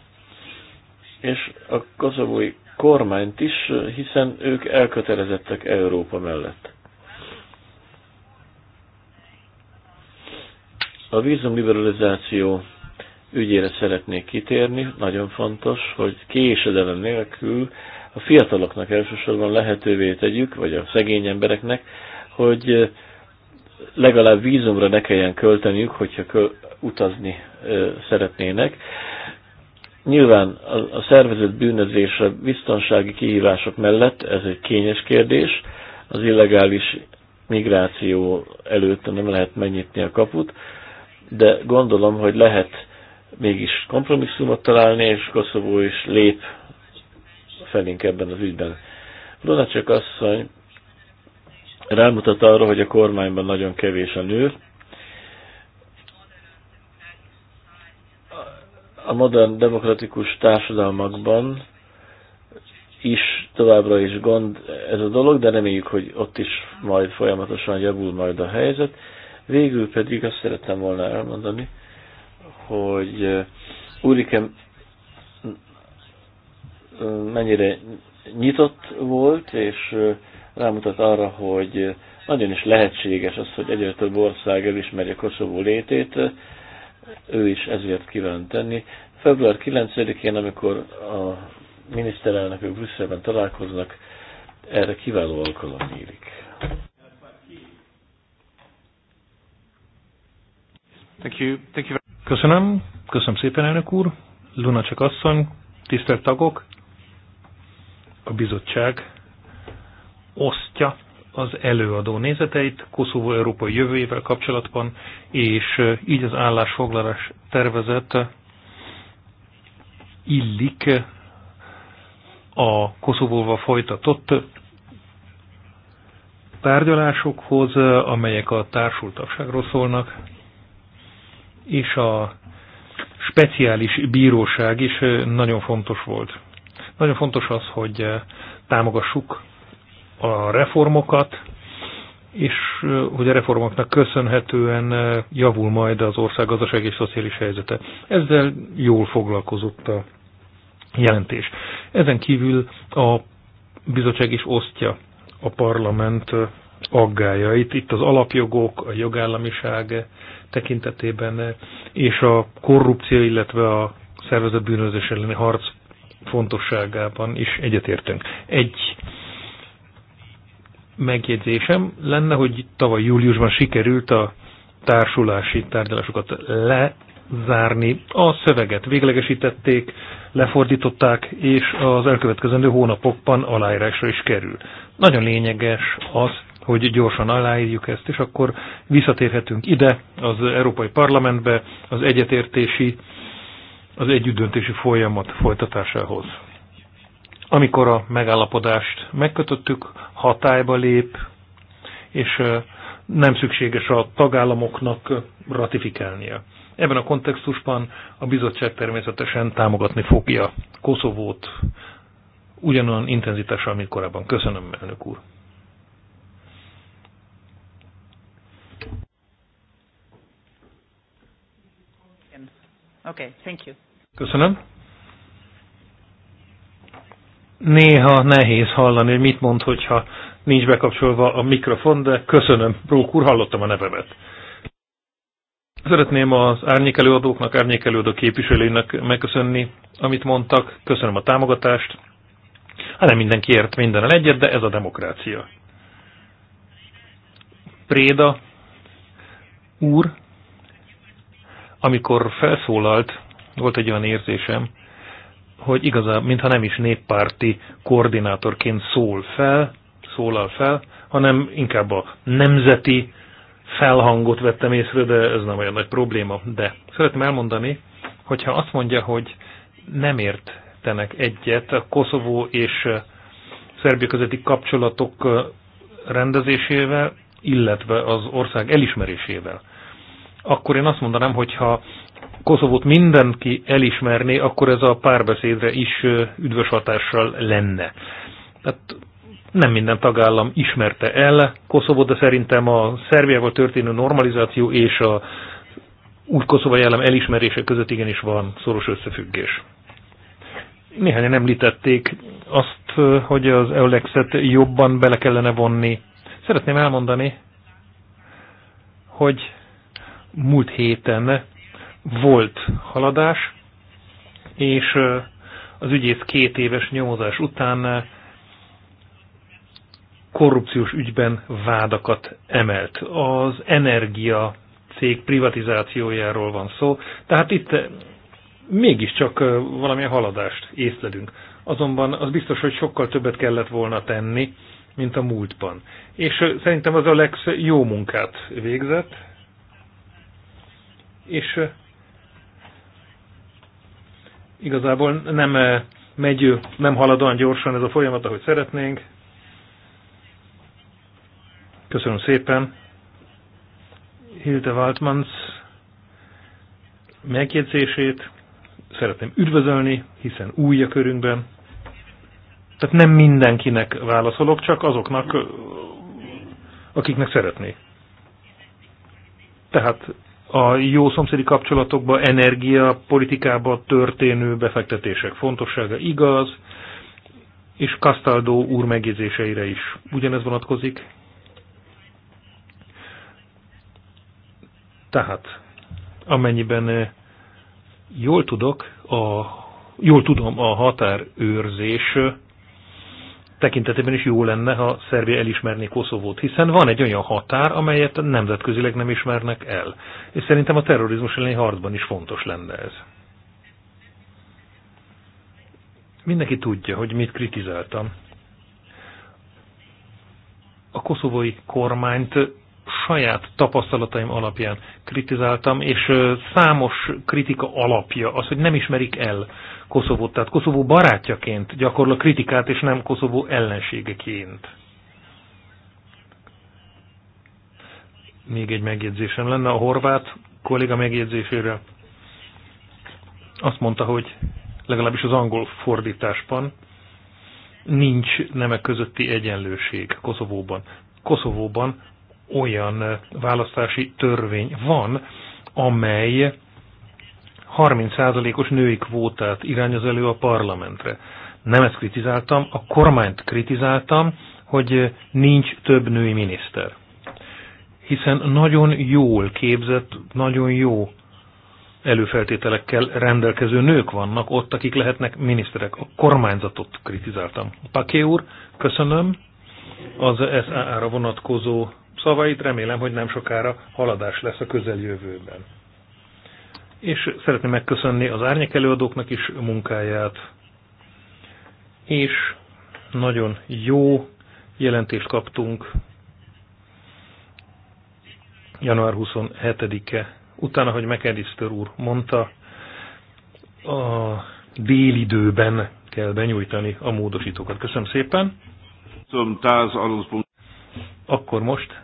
S3: és a koszovói kormányt is, hiszen ők elkötelezettek Európa mellett. A vízumliberalizáció ügyére szeretnék kitérni. Nagyon fontos, hogy késedelem nélkül a fiataloknak elsősorban lehetővé tegyük, vagy a szegény embereknek, hogy legalább vízumra ne kelljen költeniük, hogyha utazni szeretnének. Nyilván a, szervezet bűnözése biztonsági kihívások mellett ez egy kényes kérdés. Az illegális migráció előtt nem lehet megnyitni a kaput, de gondolom, hogy lehet mégis kompromisszumot találni, és Koszovó is lép felénk ebben az ügyben. Lunacek asszony rámutat arra, hogy a kormányban nagyon kevés a nő. A modern demokratikus társadalmakban is továbbra is gond ez a dolog, de reméljük, hogy ott is majd folyamatosan javul majd a helyzet. Végül pedig azt szerettem volna elmondani, hogy úrikem uh, mennyire nyitott volt, és uh, rámutat arra, hogy nagyon is lehetséges az, hogy egyre több ország a Koszovó létét, ő is ezért kíván tenni. Február 9-én, amikor a miniszterelnökök Brüsszelben találkoznak, erre kiváló alkalom nyílik. Thank you. Thank you.
S4: Köszönöm. Köszönöm szépen, elnök úr. Luna csak asszony, tisztelt tagok, a bizottság osztja az előadó nézeteit Koszovó európai jövőjével kapcsolatban, és így az állásfoglalás tervezet illik a Koszovóval folytatott tárgyalásokhoz, amelyek a társultagságról szólnak, és a speciális bíróság is nagyon fontos volt. Nagyon fontos az, hogy támogassuk a reformokat, és hogy a reformoknak köszönhetően javul majd az ország gazdasági és szociális helyzete. Ezzel jól foglalkozott a jelentés. Ezen kívül a bizottság is osztja a parlament aggájait. Itt az alapjogok, a jogállamiság tekintetében és a korrupció, illetve a szervezetbűnözés elleni harc fontosságában is egyetértünk. Egy megjegyzésem lenne, hogy tavaly júliusban sikerült a társulási tárgyalásokat lezárni. A szöveget véglegesítették, lefordították, és az elkövetkezendő hónapokban aláírásra is kerül. Nagyon lényeges az, hogy gyorsan aláírjuk ezt, és akkor visszatérhetünk ide, az Európai Parlamentbe, az egyetértési, az együttdöntési folyamat folytatásához. Amikor a megállapodást megkötöttük, hatályba lép, és nem szükséges a tagállamoknak ratifikálnia. Ebben a kontextusban a bizottság természetesen támogatni fogja Koszovót ugyanolyan intenzitással, mint korábban. Köszönöm, elnök úr. Okay, thank you. Köszönöm néha nehéz hallani, hogy mit mond, hogyha nincs bekapcsolva a mikrofon, de köszönöm, Brók úr, hallottam a nevemet. Szeretném az árnyékelőadóknak, árnyékelőadó képviselőinek megköszönni, amit mondtak. Köszönöm a támogatást. Hát nem mindenki ért mindenen egyet, de ez a demokrácia. Préda úr, amikor felszólalt, volt egy olyan érzésem, hogy igazán, mintha nem is néppárti koordinátorként szól fel, szólal fel, hanem inkább a nemzeti felhangot vettem észre, de ez nem olyan nagy probléma. De szeretném elmondani, hogyha azt mondja, hogy nem értenek egyet a Koszovó és Szerbia közötti kapcsolatok rendezésével, illetve az ország elismerésével, akkor én azt mondanám, hogyha Koszovót mindenki elismerné, akkor ez a párbeszédre is üdvös hatással lenne. Tehát nem minden tagállam ismerte el Koszovót, de szerintem a Szerbiával történő normalizáció és a úgy koszovai állam elismerése között igenis van szoros összefüggés. Néhányan említették azt, hogy az Eulexet jobban bele kellene vonni. Szeretném elmondani, hogy múlt héten volt haladás, és az ügyész két éves nyomozás után korrupciós ügyben vádakat emelt. Az energia cég privatizációjáról van szó, tehát itt mégiscsak valamilyen haladást észlelünk. Azonban az biztos, hogy sokkal többet kellett volna tenni, mint a múltban. És szerintem az Alex jó munkát végzett, és Igazából nem eh, megy, nem halad olyan gyorsan ez a folyamat, ahogy szeretnénk. Köszönöm szépen. Hilde Waltmans megjegyzését szeretném üdvözölni, hiszen új a körünkben. Tehát nem mindenkinek válaszolok, csak azoknak, eh, akiknek szeretné. Tehát a jó szomszédi kapcsolatokba, energiapolitikába történő befektetések fontossága igaz, és Castaldo úr megjegyzéseire is ugyanez vonatkozik. Tehát, amennyiben eh, jól tudok, a, jól tudom, a határőrzés eh, tekintetében is jó lenne, ha Szerbia elismerné Koszovót, hiszen van egy olyan határ, amelyet nemzetközileg nem ismernek el. És szerintem a terrorizmus elleni harcban is fontos lenne ez. Mindenki tudja, hogy mit kritizáltam. A koszovói kormányt saját tapasztalataim alapján kritizáltam, és számos kritika alapja az, hogy nem ismerik el Koszovót, tehát Koszovó barátjaként gyakorol kritikát, és nem Koszovó ellenségeként. Még egy megjegyzésem lenne a horvát kolléga megjegyzésére. Azt mondta, hogy legalábbis az angol fordításban nincs nemek közötti egyenlőség Koszovóban. Koszovóban olyan választási törvény van, amely 30%-os női kvótát irányoz elő a parlamentre. Nem ezt kritizáltam, a kormányt kritizáltam, hogy nincs több női miniszter. Hiszen nagyon jól képzett, nagyon jó előfeltételekkel rendelkező nők vannak ott, akik lehetnek miniszterek. A kormányzatot kritizáltam. Paké úr, köszönöm. Az SAA-ra vonatkozó szavait, remélem, hogy nem sokára haladás lesz a közeljövőben. És szeretném megköszönni az árnyek előadóknak is munkáját, és nagyon jó jelentést kaptunk január 27-e. Utána, hogy McAllister úr mondta, a délidőben kell benyújtani a módosítókat. Köszönöm szépen! Akkor most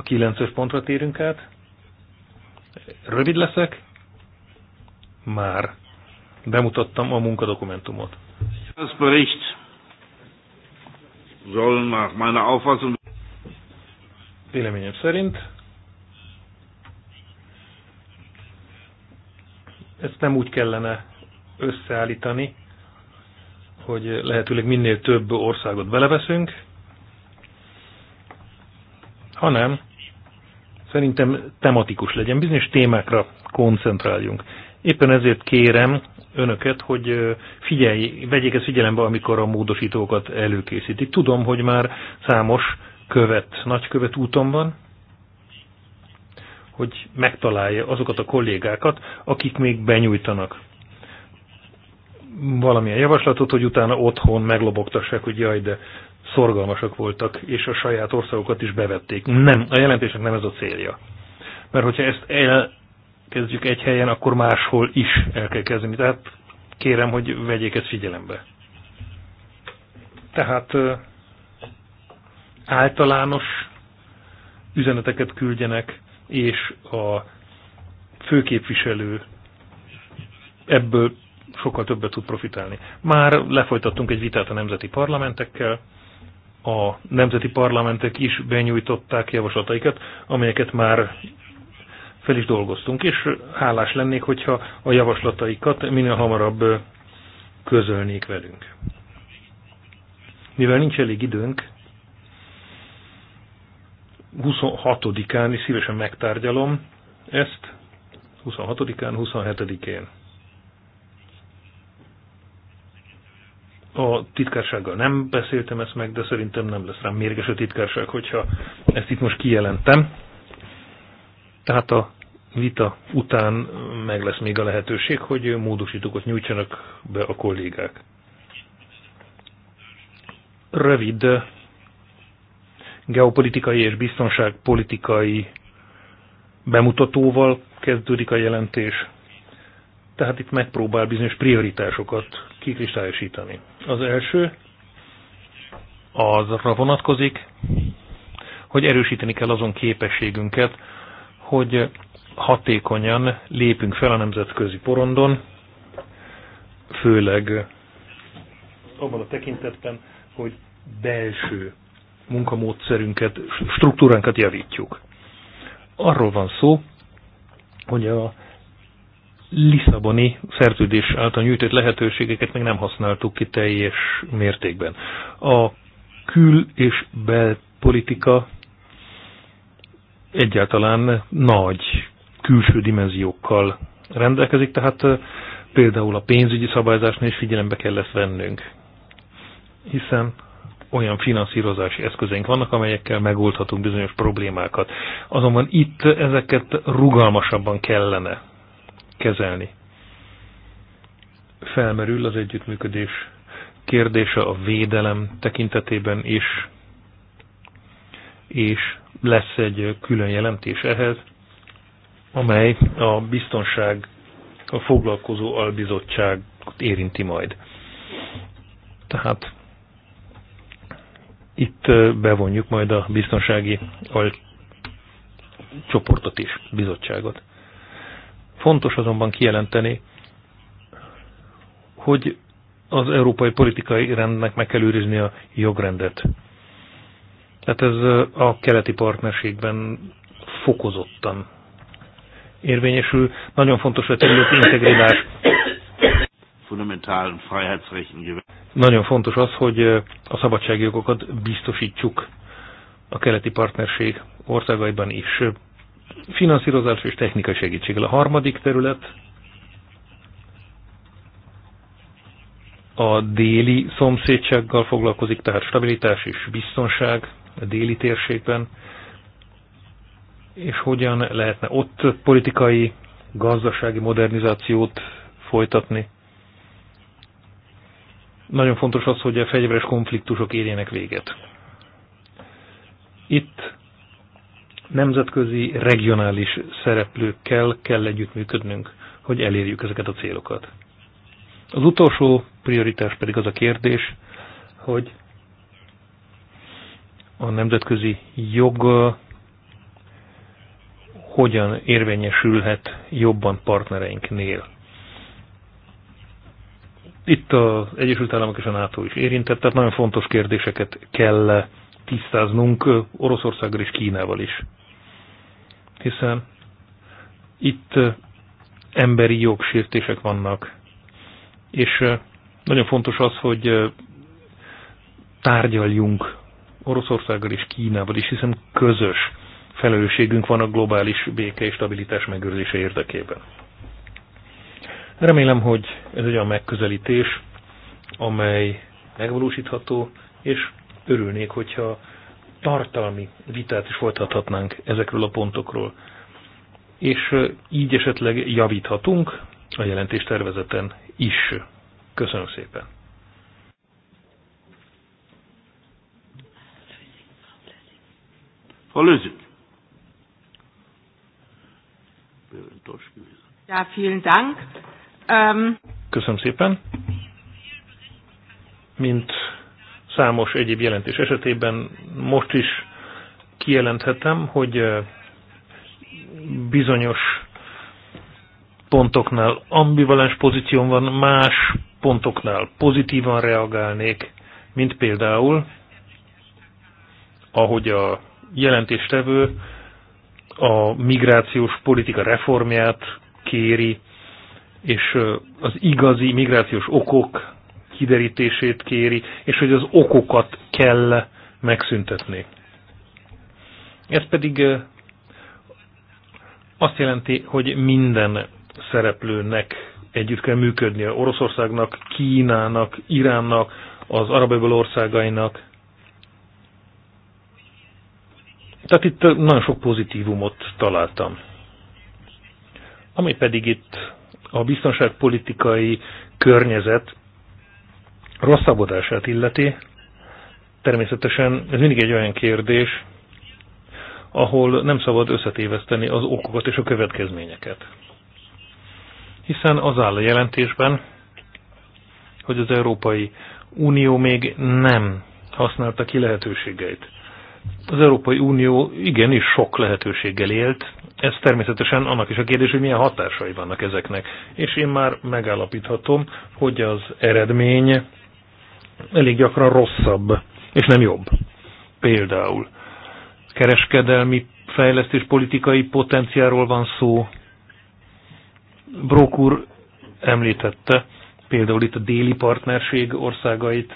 S4: a kilences pontra térünk át. Rövid leszek. Már bemutattam a munkadokumentumot. Az bericht soll nach meiner Auffassung Véleményem szerint ezt nem úgy kellene összeállítani, hogy lehetőleg minél több országot beleveszünk, hanem szerintem tematikus legyen, bizonyos témákra koncentráljunk. Éppen ezért kérem önöket, hogy figyelj, vegyék ezt figyelembe, amikor a módosítókat előkészítik. Tudom, hogy már számos követ, nagykövet úton van, hogy megtalálja azokat a kollégákat, akik még benyújtanak valamilyen javaslatot, hogy utána otthon meglobogtassák, hogy jaj, de szorgalmasak voltak, és a saját országokat is bevették. Nem, a jelentésnek nem ez a célja. Mert hogyha ezt elkezdjük egy helyen, akkor máshol is el kell kezdeni. Tehát kérem, hogy vegyék ezt figyelembe. Tehát általános üzeneteket küldjenek, és a főképviselő ebből sokkal többet tud profitálni. Már lefolytattunk egy vitát a nemzeti parlamentekkel, a nemzeti parlamentek is benyújtották javaslataikat, amelyeket már fel is dolgoztunk, és hálás lennék, hogyha a javaslataikat minél hamarabb közölnék velünk. Mivel nincs elég időnk, 26-án is szívesen megtárgyalom ezt, 26-án, 27-én. a titkársággal nem beszéltem ezt meg, de szerintem nem lesz rám mérges a titkárság, hogyha ezt itt most kijelentem. Tehát a vita után meg lesz még a lehetőség, hogy módosítókat nyújtsanak be a kollégák. Rövid geopolitikai és biztonságpolitikai bemutatóval kezdődik a jelentés tehát itt megpróbál bizonyos prioritásokat kikristályosítani. Az első azra vonatkozik, hogy erősíteni kell azon képességünket, hogy hatékonyan lépünk fel a nemzetközi porondon, főleg abban a tekintetben, hogy belső munkamódszerünket, struktúránkat javítjuk. Arról van szó, hogy a Lisszaboni szerződés által nyújtott lehetőségeket még nem használtuk ki teljes mértékben. A kül- és belpolitika egyáltalán nagy külső dimenziókkal rendelkezik, tehát például a pénzügyi szabályzásnál is figyelembe kell lesz vennünk, hiszen olyan finanszírozási eszközeink vannak, amelyekkel megoldhatunk bizonyos problémákat. Azonban itt ezeket rugalmasabban kellene kezelni. Felmerül az együttműködés kérdése a védelem tekintetében is, és lesz egy külön jelentés ehhez, amely a biztonság a foglalkozó albizottságot érinti majd. Tehát itt bevonjuk majd a biztonsági csoportot is, bizottságot. Fontos azonban kijelenteni, hogy az európai politikai rendnek meg kell őrizni a jogrendet. Tehát ez a keleti partnerségben
S1: fokozottan
S4: érvényesül. Nagyon fontos a területi integrálás. Nagyon fontos az, hogy a szabadságjogokat biztosítsuk a keleti partnerség országaiban is finanszírozás és technikai segítség A harmadik terület a déli szomszédsággal foglalkozik, tehát stabilitás és biztonság a déli térségben, és hogyan lehetne ott politikai, gazdasági modernizációt folytatni. Nagyon fontos az, hogy a fegyveres konfliktusok érjenek véget. Itt nemzetközi, regionális szereplőkkel kell együttműködnünk, hogy elérjük ezeket a célokat. Az utolsó prioritás pedig az a kérdés, hogy a nemzetközi jog hogyan érvényesülhet jobban partnereinknél. Itt az Egyesült Államok és a NATO is érintett, tehát nagyon fontos kérdéseket kell tisztáznunk Oroszországgal és Kínával is hiszen itt emberi jogsértések vannak. És nagyon fontos az, hogy tárgyaljunk Oroszországgal és Kínával is, hiszen közös felelősségünk van a globális béke és stabilitás megőrzése érdekében. Remélem, hogy ez egy olyan megközelítés, amely megvalósítható, és örülnék, hogyha tartalmi vitát is folytathatnánk ezekről a pontokról. És így esetleg javíthatunk a jelentés tervezeten is. Köszönöm szépen!
S1: Frau
S5: Ja, vielen Dank. Um...
S4: Köszönöm szépen. Mint számos egyéb jelentés esetében most is kijelenthetem, hogy bizonyos pontoknál ambivalens pozíción van, más pontoknál pozitívan reagálnék, mint például, ahogy a jelentéstevő a migrációs politika reformját kéri, és az igazi migrációs okok kiderítését kéri, és hogy az okokat kell megszüntetni. Ez pedig azt jelenti, hogy minden szereplőnek együtt kell a Oroszországnak, Kínának, Iránnak, az arab országainak. Tehát itt nagyon sok pozitívumot találtam. Ami pedig itt a biztonságpolitikai környezet, rosszabbodását illeti, természetesen ez mindig egy olyan kérdés, ahol nem szabad összetéveszteni az okokat és a következményeket. Hiszen az áll a jelentésben, hogy az Európai Unió még nem használta ki lehetőségeit. Az Európai Unió igenis sok lehetőséggel élt, ez természetesen annak is a kérdés, hogy milyen hatásai vannak ezeknek. És én már megállapíthatom, hogy az eredmény elég gyakran rosszabb, és nem jobb. Például kereskedelmi fejlesztés politikai potenciáról van szó. Brok úr említette például itt a déli partnerség országait.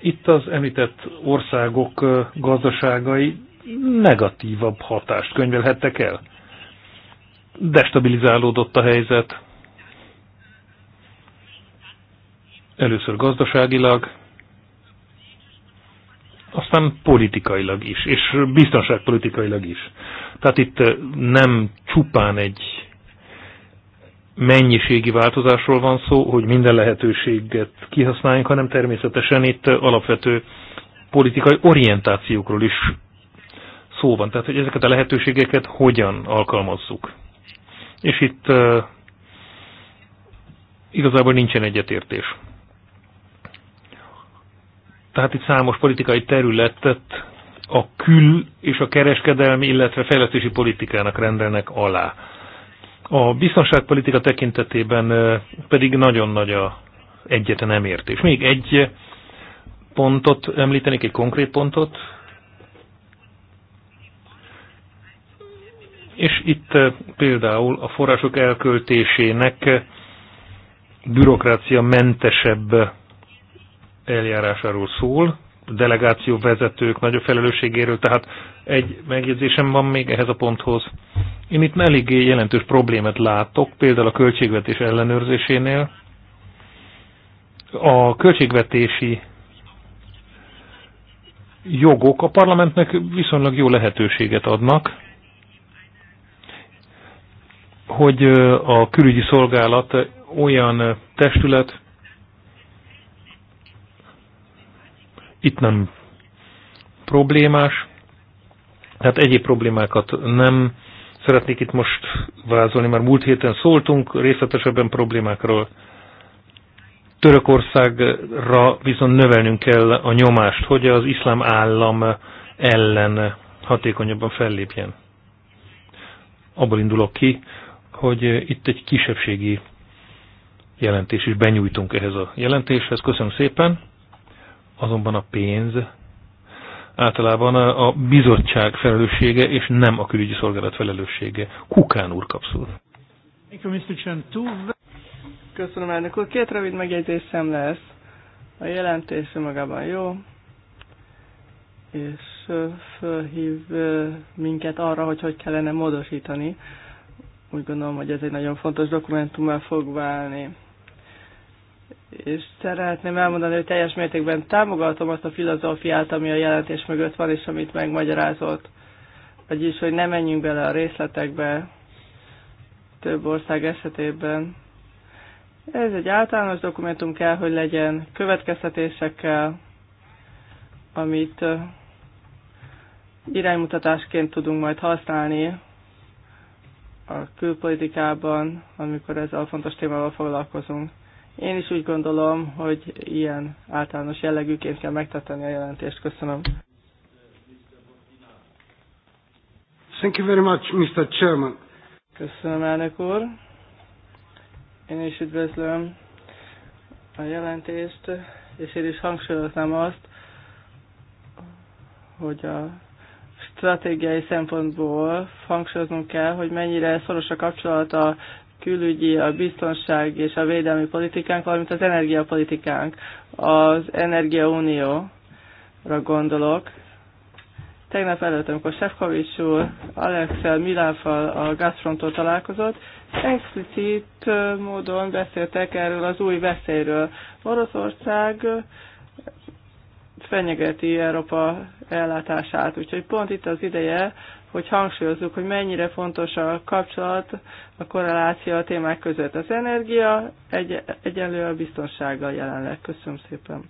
S4: Itt az említett országok gazdaságai negatívabb hatást könyvelhettek el. Destabilizálódott a helyzet, Először gazdaságilag, aztán politikailag is, és biztonságpolitikailag is. Tehát itt nem csupán egy mennyiségi változásról van szó, hogy minden lehetőséget kihasználjunk, hanem természetesen itt alapvető politikai orientációkról is szó van. Tehát, hogy ezeket a lehetőségeket hogyan alkalmazzuk. És itt uh, igazából nincsen egyetértés. Tehát itt számos politikai területet a kül és a kereskedelmi, illetve fejlesztési politikának rendelnek alá. A biztonságpolitika tekintetében pedig nagyon nagy a egyetlen nem értés. Még egy pontot említenék, egy konkrét pontot. És itt például a források elköltésének bürokrácia mentesebb eljárásáról szól, delegáció vezetők nagyobb felelősségéről, tehát egy megjegyzésem van még ehhez a ponthoz. Én itt eléggé jelentős problémát látok, például a költségvetés ellenőrzésénél. A költségvetési jogok a parlamentnek viszonylag jó lehetőséget adnak, hogy a külügyi szolgálat olyan testület, itt nem problémás, tehát egyéb problémákat nem szeretnék itt most vázolni, már múlt héten szóltunk részletesebben problémákról. Törökországra viszont növelnünk kell a nyomást, hogy az iszlám állam ellen hatékonyabban fellépjen. Abból indulok ki, hogy itt egy kisebbségi jelentés is benyújtunk ehhez a jelentéshez. Köszönöm szépen! Azonban a pénz általában a bizottság felelőssége, és nem a külügyi szolgálat felelőssége. Kukán úr kapszul.
S2: Köszönöm, elnök úr. Két rövid megjegyzésem lesz. A jelentés magában jó, és fölhív minket arra, hogy hogy kellene módosítani. Úgy gondolom, hogy ez egy nagyon fontos dokumentummal fog válni és szeretném elmondani, hogy teljes mértékben támogatom azt a filozófiát, ami a jelentés mögött van, és amit megmagyarázott. Vagyis, hogy ne menjünk bele a részletekbe több ország esetében. Ez egy általános dokumentum kell, hogy legyen következtetésekkel, amit iránymutatásként tudunk majd használni a külpolitikában, amikor ezzel a fontos témával foglalkozunk. Én is úgy gondolom, hogy ilyen általános jellegűként kell megtartani a jelentést. Köszönöm. Thank you very much, Mr. Chairman. Köszönöm, elnök úr. Én is üdvözlöm a jelentést, és én is hangsúlyoznám azt, hogy a stratégiai szempontból hangsúlyoznunk kell, hogy mennyire szoros a kapcsolat a külügyi, a biztonság és a védelmi politikánk, valamint az energiapolitikánk, az Energiaunióra gondolok. Tegnap előtt, amikor Sefcovics úr Alexel Miláfal a Gazpromtól találkozott, explicit módon beszéltek erről az új veszélyről. Oroszország fenyegeti Európa ellátását, úgyhogy pont itt az ideje, hogy hangsúlyozzuk, hogy mennyire fontos a kapcsolat, a korreláció a témák között. Az energia egy, egyenlő a biztonsággal jelenleg. Köszönöm szépen.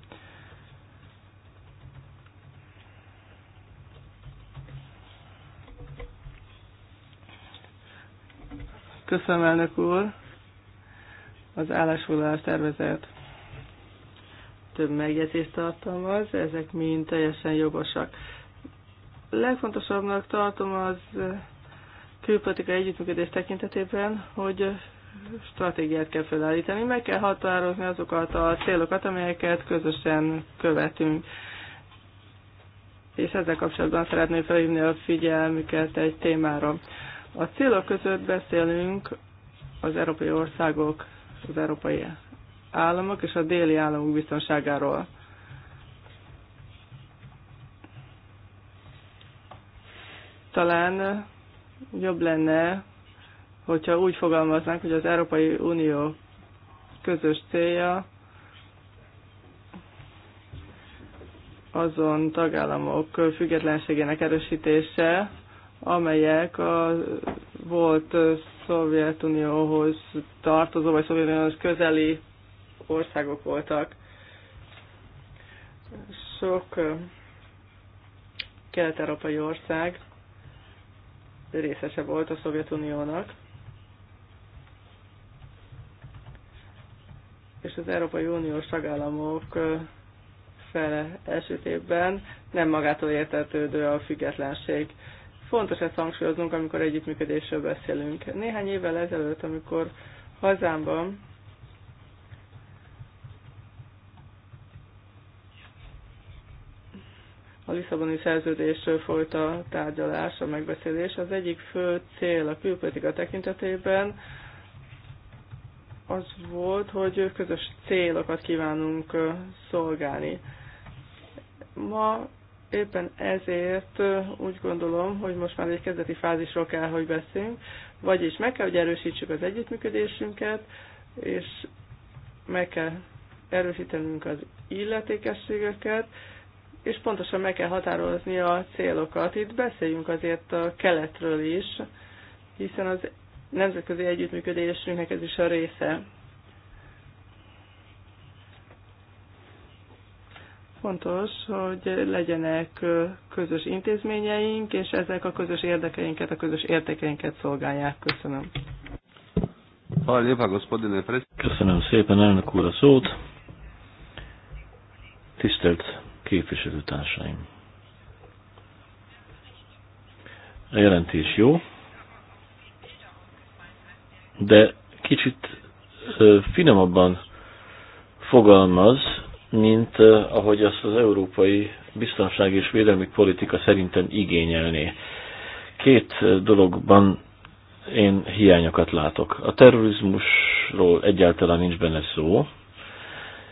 S2: Köszönöm, elnök úr, az állásfoglalás tervezet. Több megjegyzést tartalmaz, ezek mind teljesen jogosak legfontosabbnak tartom az eh, külpolitika együttműködés tekintetében, hogy eh, stratégiát kell felállítani, meg kell határozni azokat a célokat, amelyeket közösen követünk. És ezzel kapcsolatban szeretném felhívni a figyelmüket egy témára. A célok között beszélünk az európai országok, az európai államok és a déli államok biztonságáról. talán jobb lenne, hogyha úgy fogalmaznánk, hogy az Európai Unió közös célja azon tagállamok függetlenségének erősítése, amelyek a volt Szovjetunióhoz tartozó, vagy Szovjetunióhoz közeli országok voltak. Sok kelet-európai ország részese volt a Szovjetuniónak. És az Európai Uniós tagállamok fele esetében nem magától értetődő a függetlenség. Fontos ezt hangsúlyoznunk, amikor együttműködésről beszélünk. Néhány évvel ezelőtt, amikor hazámban Lisszaboni szerződésről folyt a tárgyalás, a megbeszélés. Az egyik fő cél a külpolitika tekintetében az volt, hogy közös célokat kívánunk szolgálni. Ma éppen ezért úgy gondolom, hogy most már egy kezdeti fázisról kell, hogy beszéljünk, vagyis meg kell, hogy erősítsük az együttműködésünket, és meg kell erősítenünk az illetékességeket, és pontosan meg kell határozni a célokat. Itt beszéljünk azért a keletről is, hiszen az nemzetközi együttműködésünknek ez is a része. Fontos, hogy legyenek közös intézményeink, és ezek a közös érdekeinket, a közös értékeinket szolgálják. Köszönöm.
S3: Köszönöm szépen elnök úr a szót. Tisztelt képviselőtársaim. A jelentés jó, de kicsit finomabban fogalmaz, mint ahogy azt az európai biztonság és védelmi politika szerintem igényelné. Két dologban én hiányokat látok. A terrorizmusról egyáltalán nincs benne szó,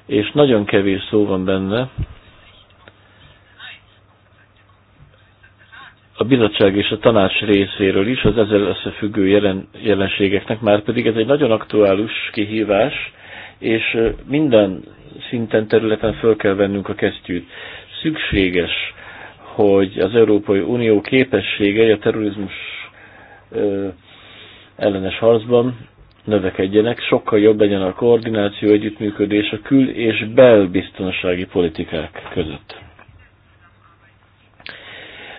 S3: és nagyon kevés szó van benne a bizottság és a tanács részéről is az ezzel összefüggő jelen, jelenségeknek, már pedig ez egy nagyon aktuális kihívás, és minden szinten, területen föl kell vennünk a kesztyűt. Szükséges, hogy az Európai Unió képességei a terrorizmus ö, ellenes harcban növekedjenek, sokkal jobb legyen a koordináció, együttműködés a kül- és belbiztonsági politikák között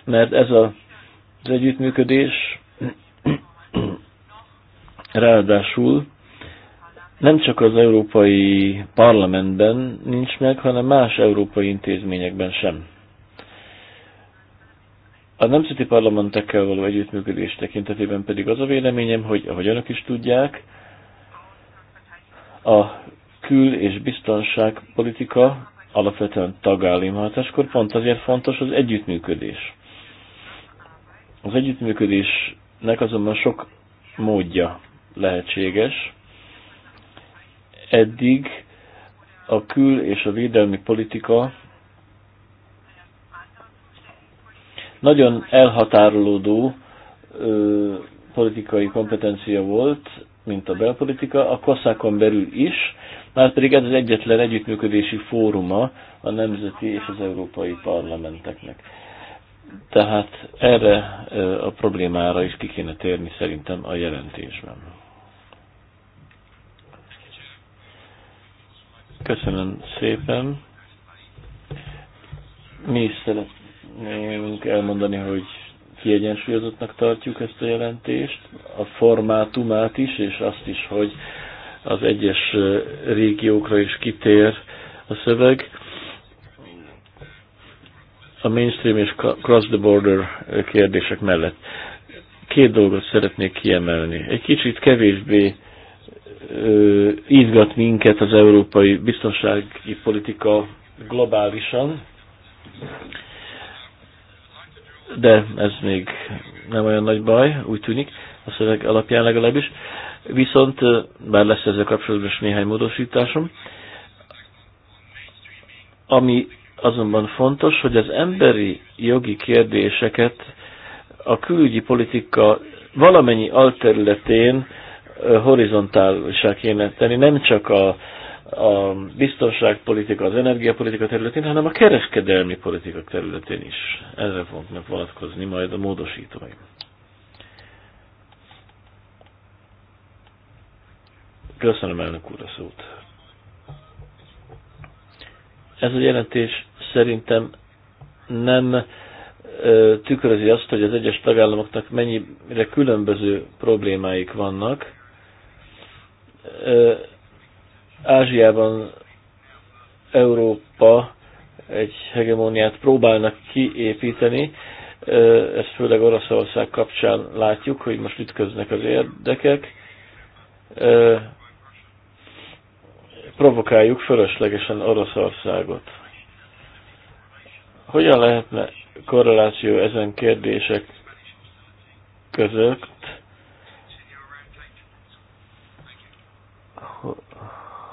S3: mert ez a, az együttműködés ráadásul nem csak az Európai Parlamentben nincs meg, hanem más európai intézményekben sem. A nemzeti parlamentekkel való együttműködés tekintetében pedig az a véleményem, hogy ahogy önök is tudják, a kül- és biztonságpolitika alapvetően tagállami hatáskor pont azért fontos az együttműködés. Az együttműködésnek azonban sok módja lehetséges. Eddig a kül- és a védelmi politika nagyon elhatárolódó ö, politikai kompetencia volt, mint a belpolitika, a kosszákon belül is, már pedig ez az egyetlen együttműködési fóruma a nemzeti és az európai parlamenteknek. Tehát erre a problémára is ki kéne térni szerintem a jelentésben. Köszönöm szépen. Mi is szeretnénk elmondani, hogy kiegyensúlyozottnak tartjuk ezt a jelentést, a formátumát is, és azt is, hogy az egyes régiókra is kitér a szöveg a mainstream és cross the border eh, kérdések mellett. Két dolgot szeretnék kiemelni. Egy kicsit kevésbé eh, izgat minket az európai biztonsági politika globálisan, de ez még nem olyan nagy baj, úgy tűnik, a szöveg alapján legalábbis. Viszont, eh, bár lesz ezzel kapcsolatban is néhány módosításom, ami Azonban fontos, hogy az emberi jogi kérdéseket a külügyi politika valamennyi alterületén horizontálisá kéne tenni, nem csak a, a biztonságpolitika, az energiapolitika területén, hanem a kereskedelmi politika területén is. Erre fognak vonatkozni majd a módosítóim. Köszönöm elnök úr a szót. Ez a jelentés szerintem nem tükrözi azt, hogy az egyes tagállamoknak mennyire különböző problémáik vannak. Ázsiában Európa egy hegemóniát próbálnak kiépíteni, ezt főleg Oroszország kapcsán látjuk, hogy most ütköznek az érdekek. Provokáljuk fölöslegesen Oroszországot. Hogyan lehetne korreláció ezen kérdések között,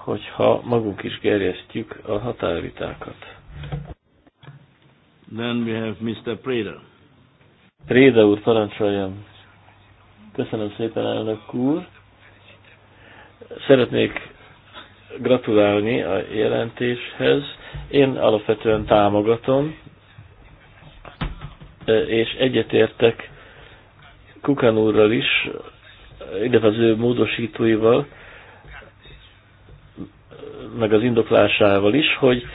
S3: hogyha magunk is gerjesztjük a határvitákat? Then we have Mr. Preda. Préda úr, parancsoljam. Köszönöm szépen, elnök úr. Szeretnék gratulálni a jelentéshez. Én alapvetően támogatom és egyetértek Kukan úrral is, illetve az ő módosítóival, meg az indoklásával is, hogy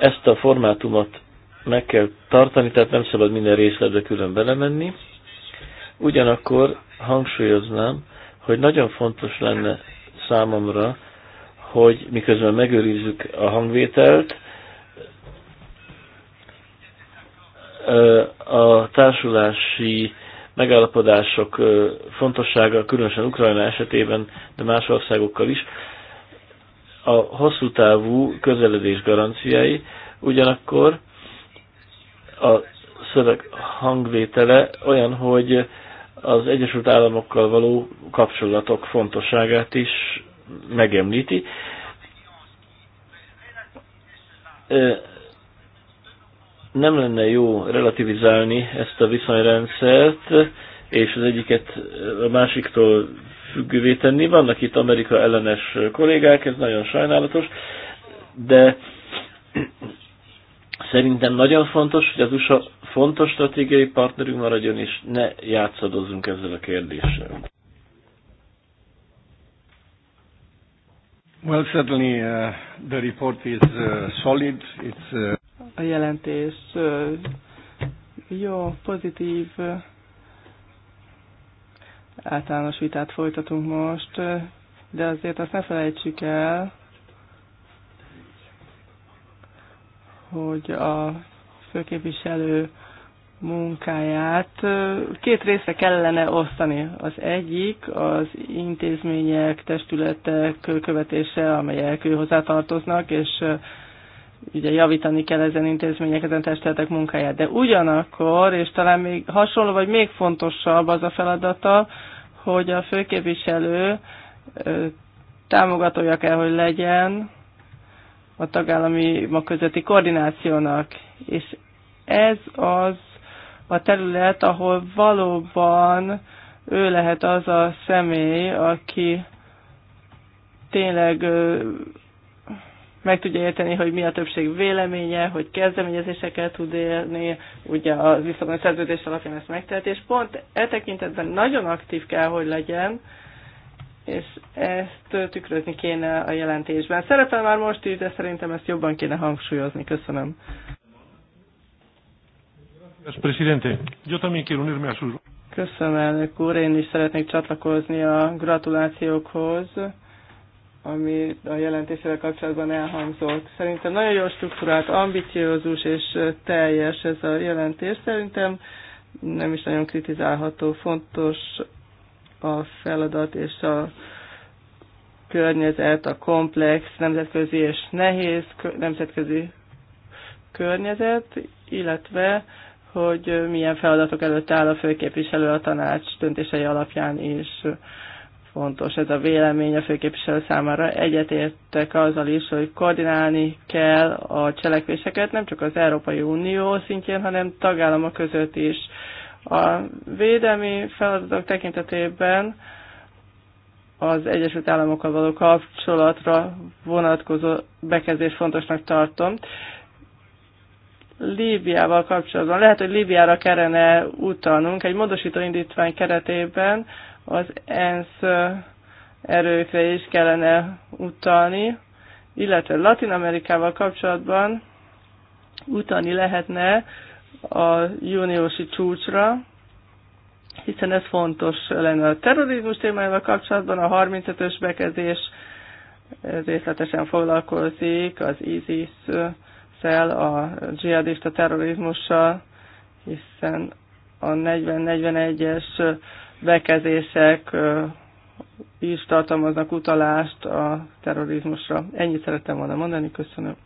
S3: ezt a formátumot meg kell tartani, tehát nem szabad minden részletbe külön belemenni. Ugyanakkor hangsúlyoznám, hogy nagyon fontos lenne számomra, hogy miközben megőrizzük a hangvételt, a társulási megállapodások fontossága, különösen Ukrajna esetében, de más országokkal is, a hosszú távú közeledés garanciái, ugyanakkor a szöveg hangvétele olyan, hogy az Egyesült Államokkal való kapcsolatok fontosságát is megemlíti nem lenne jó relativizálni ezt a viszonyrendszert, és az egyiket a másiktól függővé tenni. Vannak itt Amerika ellenes kollégák, ez nagyon sajnálatos, de szerintem nagyon fontos, hogy az USA fontos stratégiai partnerünk maradjon, és ne játszadozzunk ezzel a kérdéssel.
S4: Well, certainly uh, the report is uh, solid. It's uh
S2: a jelentés. Jó, pozitív általános vitát folytatunk most, de azért azt ne felejtsük el, hogy a főképviselő munkáját két részre kellene osztani. Az egyik az intézmények, testületek követése, amelyek hozzátartoznak, és ugye javítani kell ezen intézmények, ezen testületek munkáját. De ugyanakkor, és talán még hasonló, vagy még fontosabb az a feladata, hogy a főképviselő támogatója kell, hogy legyen a tagállami ma közötti koordinációnak. És ez az a terület, ahol valóban ő lehet az a személy, aki tényleg meg tudja érteni, hogy mi a többség véleménye, hogy kezdeményezésekkel tud élni, ugye a Lisszaboni szerződés alapján ezt megteheti, és pont e tekintetben nagyon aktív kell, hogy legyen, és ezt tükrözni kéne a jelentésben. Szerepel már most is, de szerintem ezt jobban kéne hangsúlyozni. Köszönöm. Köszönöm, elnök úr. Én is szeretnék csatlakozni a gratulációkhoz ami a jelentésével kapcsolatban elhangzott. Szerintem nagyon jó struktúrált, ambiciózus és teljes ez a jelentés. Szerintem nem is nagyon kritizálható. Fontos a feladat és a környezet, a komplex, nemzetközi és nehéz nemzetközi környezet, illetve hogy milyen feladatok előtt áll a főképviselő a tanács döntései alapján is. És fontos ez a vélemény a főképviselő számára. Egyetértek azzal is, hogy koordinálni kell a cselekvéseket nem csak az Európai Unió szintjén, hanem tagállamok között is. A védelmi feladatok tekintetében az Egyesült Államokkal való kapcsolatra vonatkozó bekezdést fontosnak tartom. Líbiával kapcsolatban, lehet, hogy Líbiára kellene utalnunk, egy módosító indítvány keretében az ENSZ erőkre is kellene utalni, illetve Latin Amerikával kapcsolatban utalni lehetne a júniusi csúcsra, hiszen ez fontos lenne a terrorizmus témájával kapcsolatban, a 35-ös bekezdés részletesen foglalkozik az ISIS-szel, a dzsihadista terrorizmussal, hiszen a 40-41-es bekezések is tartalmaznak utalást a terrorizmusra. Ennyit szerettem volna mondani, köszönöm.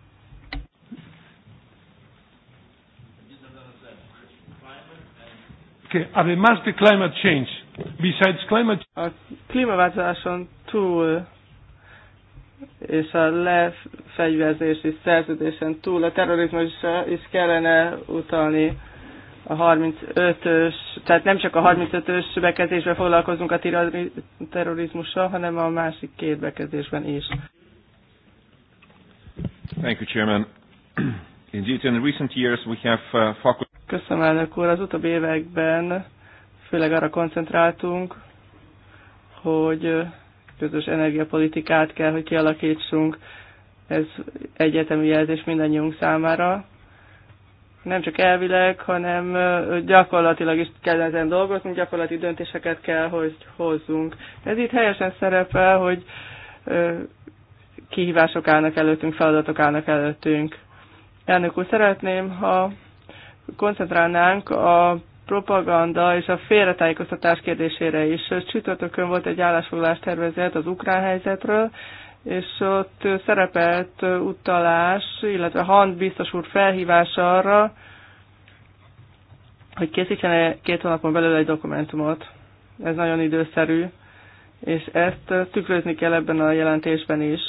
S2: Además
S5: de climate change, besides climate
S2: a klímaváltozáson túl és a lefegyverzési szerződésen túl a terrorizmusra is kellene utalni a 35-ös, tehát nem csak a 35-ös bekezdésben foglalkozunk a terrorizmussal, hanem a másik két bekezdésben is.
S1: Thank you, Chairman.
S3: Indeed, in recent years we have uh, focused...
S2: Köszönöm, elnök úr. Az utóbbi években főleg arra koncentráltunk, hogy uh, közös energiapolitikát kell, hogy kialakítsunk. Ez egyetemű jelzés mindannyiunk számára nem csak elvileg, hanem gyakorlatilag is kell ezen dolgozni, gyakorlati döntéseket kell, hogy hozzunk. Ez itt helyesen szerepel, hogy kihívások állnak előttünk, feladatok állnak előttünk. Elnök úr, szeretném, ha koncentrálnánk a propaganda és a félretájékoztatás kérdésére is. Csütörtökön volt egy állásfoglalás tervezet az ukrán helyzetről, és ott szerepelt utalás, illetve Hand biztos úr felhívása arra, hogy készítsen -e két hónapon belül egy dokumentumot. Ez nagyon időszerű, és ezt tükrözni kell ebben a jelentésben is.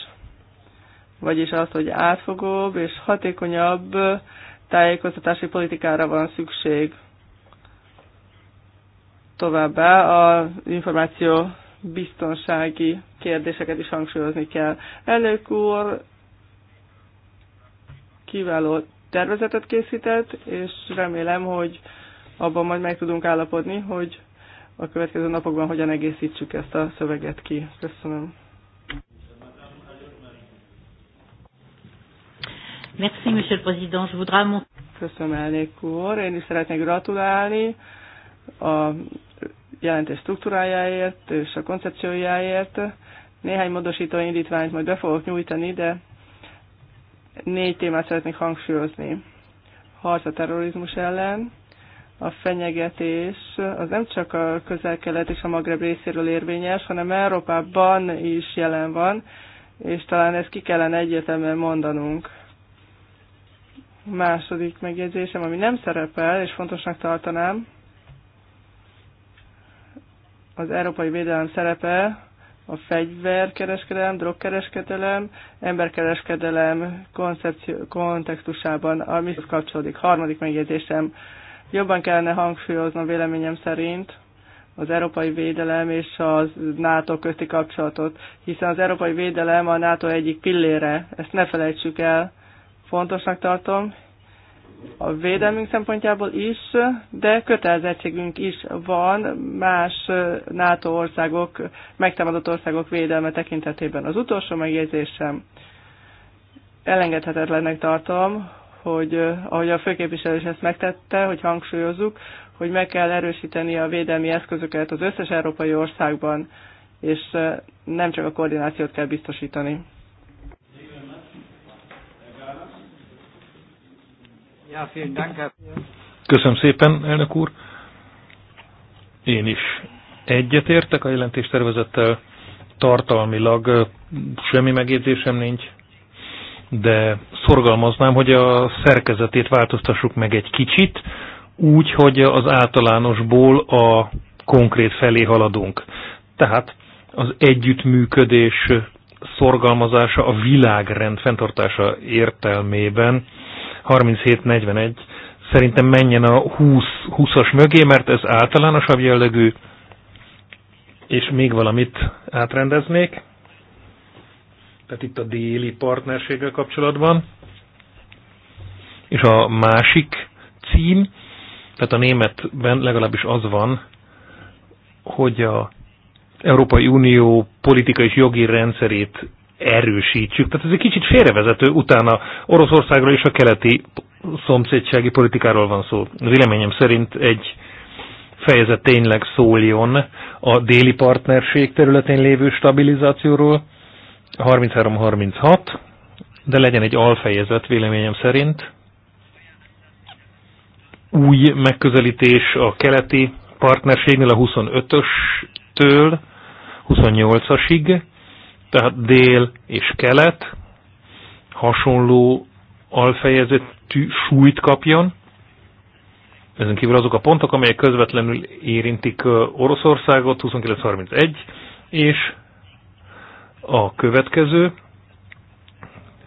S2: Vagyis az, hogy átfogóbb és hatékonyabb tájékoztatási politikára van szükség. Továbbá az információ biztonsági kérdéseket is hangsúlyozni kell. Előkúr úr kiváló tervezetet készített, és remélem, hogy abban majd meg tudunk állapodni, hogy a következő napokban hogyan egészítsük ezt a szöveget ki. Köszönöm. Merci, Monsieur le Président. Je voudrais mon... Köszönöm, elnök úr. Én is szeretnék gratulálni a jelentés struktúrájáért és a koncepciójáért. Néhány módosító indítványt majd be fogok nyújtani, de négy témát szeretnék hangsúlyozni. Harc a terrorizmus ellen, a fenyegetés az nem csak a közel-kelet és a Magreb részéről érvényes, hanem Európában is jelen van, és talán ezt ki kellene egyértelműen mondanunk. Második megjegyzésem, ami nem szerepel, és fontosnak tartanám, az európai védelem szerepe a fegyverkereskedelem, drogkereskedelem, emberkereskedelem kontextusában, ami kapcsolódik. Harmadik megjegyzésem, jobban kellene hangsúlyoznom véleményem szerint az európai védelem és a NATO közti kapcsolatot, hiszen az európai védelem a NATO egyik pillére, ezt ne felejtsük el, fontosnak tartom, a védelmünk szempontjából is, de kötelezettségünk is van más NATO országok, megtámadott országok védelme tekintetében. Az utolsó megjegyzésem elengedhetetlennek tartom, hogy ahogy a főképviselő is ezt megtette, hogy hangsúlyozzuk, hogy meg kell erősíteni a védelmi eszközöket az összes európai országban, és nem csak a koordinációt kell biztosítani.
S4: Köszönöm szépen, elnök úr. Én is egyetértek a jelentéstervezettel, tartalmilag semmi megjegyzésem nincs, de szorgalmaznám, hogy a szerkezetét változtassuk meg egy kicsit, úgy, hogy az általánosból a konkrét felé haladunk. Tehát az együttműködés szorgalmazása a világrend fenntartása értelmében 37-41 szerintem menjen a 20-20-as mögé, mert ez általánosabb jellegű, és még valamit átrendeznék. Tehát itt a déli partnerséggel kapcsolatban. És a másik cím, tehát a németben legalábbis az van, hogy a Európai Unió politikai és jogi rendszerét erősítsük. Tehát ez egy kicsit félrevezető, utána Oroszországról és a keleti szomszédsági politikáról van szó. Véleményem szerint egy fejezet tényleg szóljon a déli partnerség területén lévő stabilizációról, 33-36, de legyen egy alfejezet véleményem szerint, új megközelítés a keleti partnerségnél a 25-östől 28-asig, tehát dél és kelet hasonló alfejezetű súlyt kapjon. Ezen kívül azok a pontok, amelyek közvetlenül érintik Oroszországot, 2931, és a következő,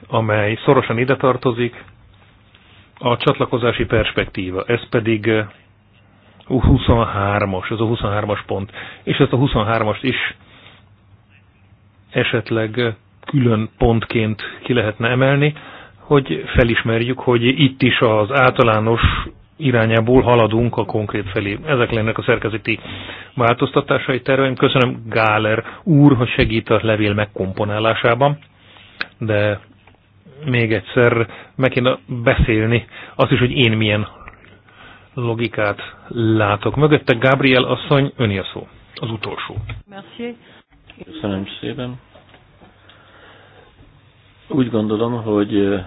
S4: amely szorosan ide tartozik, a csatlakozási perspektíva, ez pedig 23-as, ez a 23-as pont, és ezt a 23-ast is esetleg külön pontként ki lehetne emelni, hogy felismerjük, hogy itt is az általános irányából haladunk a konkrét felé. Ezek lennek a szerkezeti változtatásai terveim. Köszönöm Gáler úr, hogy segít a levél megkomponálásában, de még egyszer meg kéne beszélni azt is, hogy én milyen logikát látok mögötte. Gabriel asszony, öni a szó. Az utolsó.
S5: Merci. Köszönöm
S4: szépen.
S3: Úgy gondolom, hogy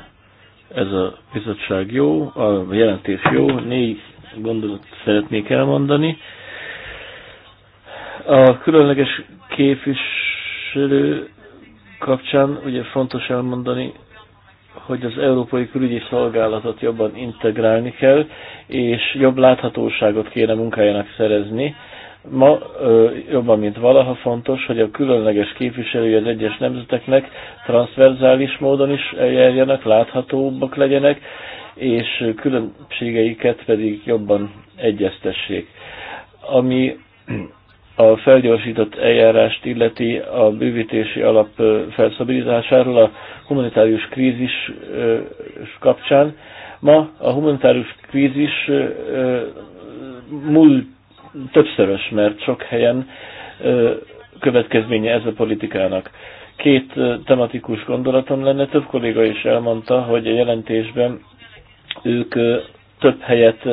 S3: ez a bizottság jó, a jelentés jó, négy gondolat szeretnék elmondani. A különleges képviselő kapcsán ugye fontos elmondani, hogy az Európai Külügyi Szolgálatot jobban integrálni kell, és jobb láthatóságot kéne munkájának szerezni. Ma jobban, mint valaha fontos, hogy a különleges képviselői az egyes nemzeteknek transzverzális módon is eljárjanak, láthatóbbak legyenek, és különbségeiket pedig jobban egyeztessék. Ami a felgyorsított eljárást illeti a bővítési alap felszabadításáról a humanitárius krízis kapcsán. Ma a humanitárius krízis múlt többszörös, mert sok helyen következménye ez a politikának. Két tematikus gondolatom lenne, több kolléga is elmondta, hogy a jelentésben ők több helyet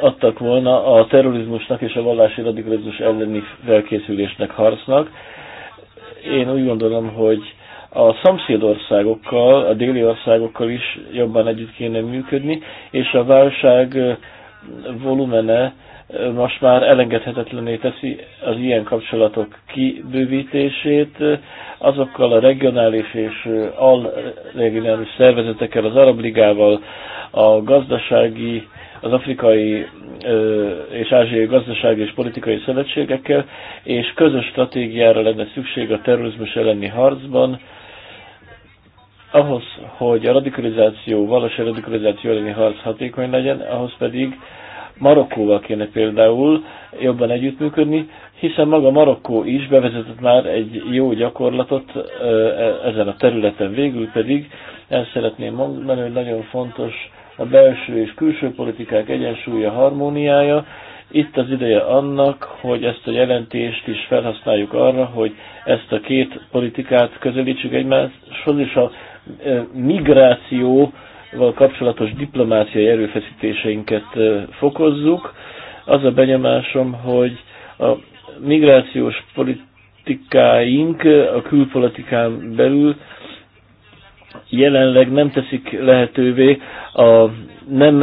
S3: adtak volna a terrorizmusnak és a vallási radikalizmus elleni felkészülésnek, harcnak. Én úgy gondolom, hogy a szomszédországokkal, a déli országokkal is jobban együtt kéne működni, és a válság volumene most már elengedhetetlené teszi az ilyen kapcsolatok kibővítését eh, azokkal a regionális és eh, alregionális szervezetekkel, az Arab Ligával, a gazdasági, az afrikai eh, és ázsiai gazdasági és politikai szövetségekkel, és közös stratégiára lenne szükség a terrorizmus elleni harcban, ahhoz, hogy a radikalizáció, valós radikalizáció elleni harc hatékony legyen, ahhoz pedig Marokkóval kéne például jobban együttműködni, hiszen maga Marokkó is bevezetett már egy jó gyakorlatot e, ezen a területen. Végül pedig el szeretném mondani, hogy nagyon fontos a belső és külső politikák egyensúlya, harmóniája. Itt az ideje annak, hogy ezt a jelentést is felhasználjuk arra, hogy ezt a két politikát közelítsük egymáshoz, és a migráció kapcsolatos diplomáciai erőfeszítéseinket fokozzuk. Az a benyomásom, hogy a migrációs politikáink a külpolitikán belül jelenleg nem teszik lehetővé a nem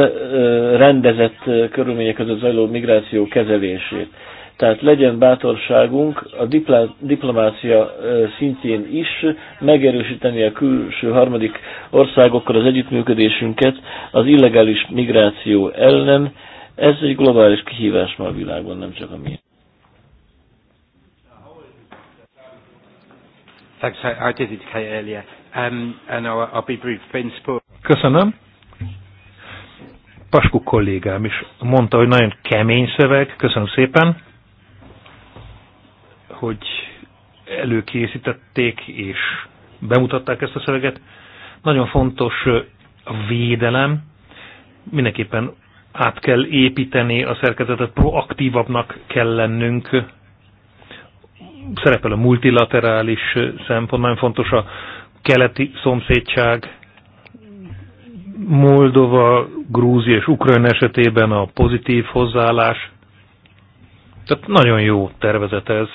S3: rendezett körülmények között zajló migráció kezelését. Tehát legyen bátorságunk a diplá, diplomácia szintjén is megerősíteni a külső harmadik országokkal az együttműködésünket az illegális migráció ellen. Ez egy globális kihívás ma a világban, nem csak a mi.
S5: Um,
S4: köszönöm. Pasku kollégám is mondta, hogy nagyon kemény szöveg, köszönöm szépen hogy előkészítették és bemutatták ezt a szöveget. Nagyon fontos a védelem, mindenképpen át kell építeni a szerkezetet, proaktívabbnak kell lennünk. Szerepel a multilaterális szempont, nagyon fontos a keleti szomszédság, Moldova, Grúzia és Ukrajna esetében a pozitív hozzáállás. Tehát nagyon jó tervezet ez.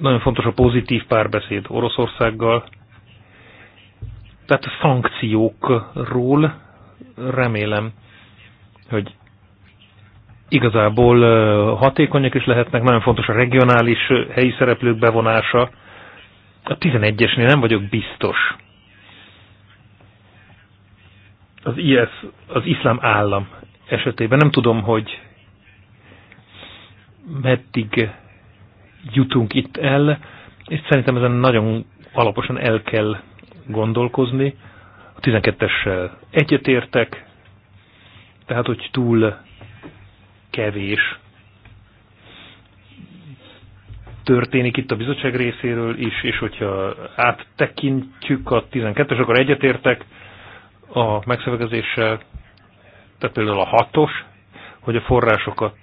S4: Nagyon fontos a pozitív párbeszéd Oroszországgal. Tehát a szankciókról remélem, hogy igazából hatékonyak is lehetnek, nagyon fontos a regionális helyi szereplők bevonása. A 11-esnél nem vagyok biztos. Az IS, az iszlám állam esetében nem tudom, hogy meddig jutunk itt el, és szerintem ezen nagyon alaposan el kell gondolkozni. A 12-essel egyetértek, tehát hogy túl kevés történik itt a bizottság részéről is, és hogyha áttekintjük a 12-es, akkor egyetértek a megszövegezéssel, tehát például a 6-os, hogy a forrásokat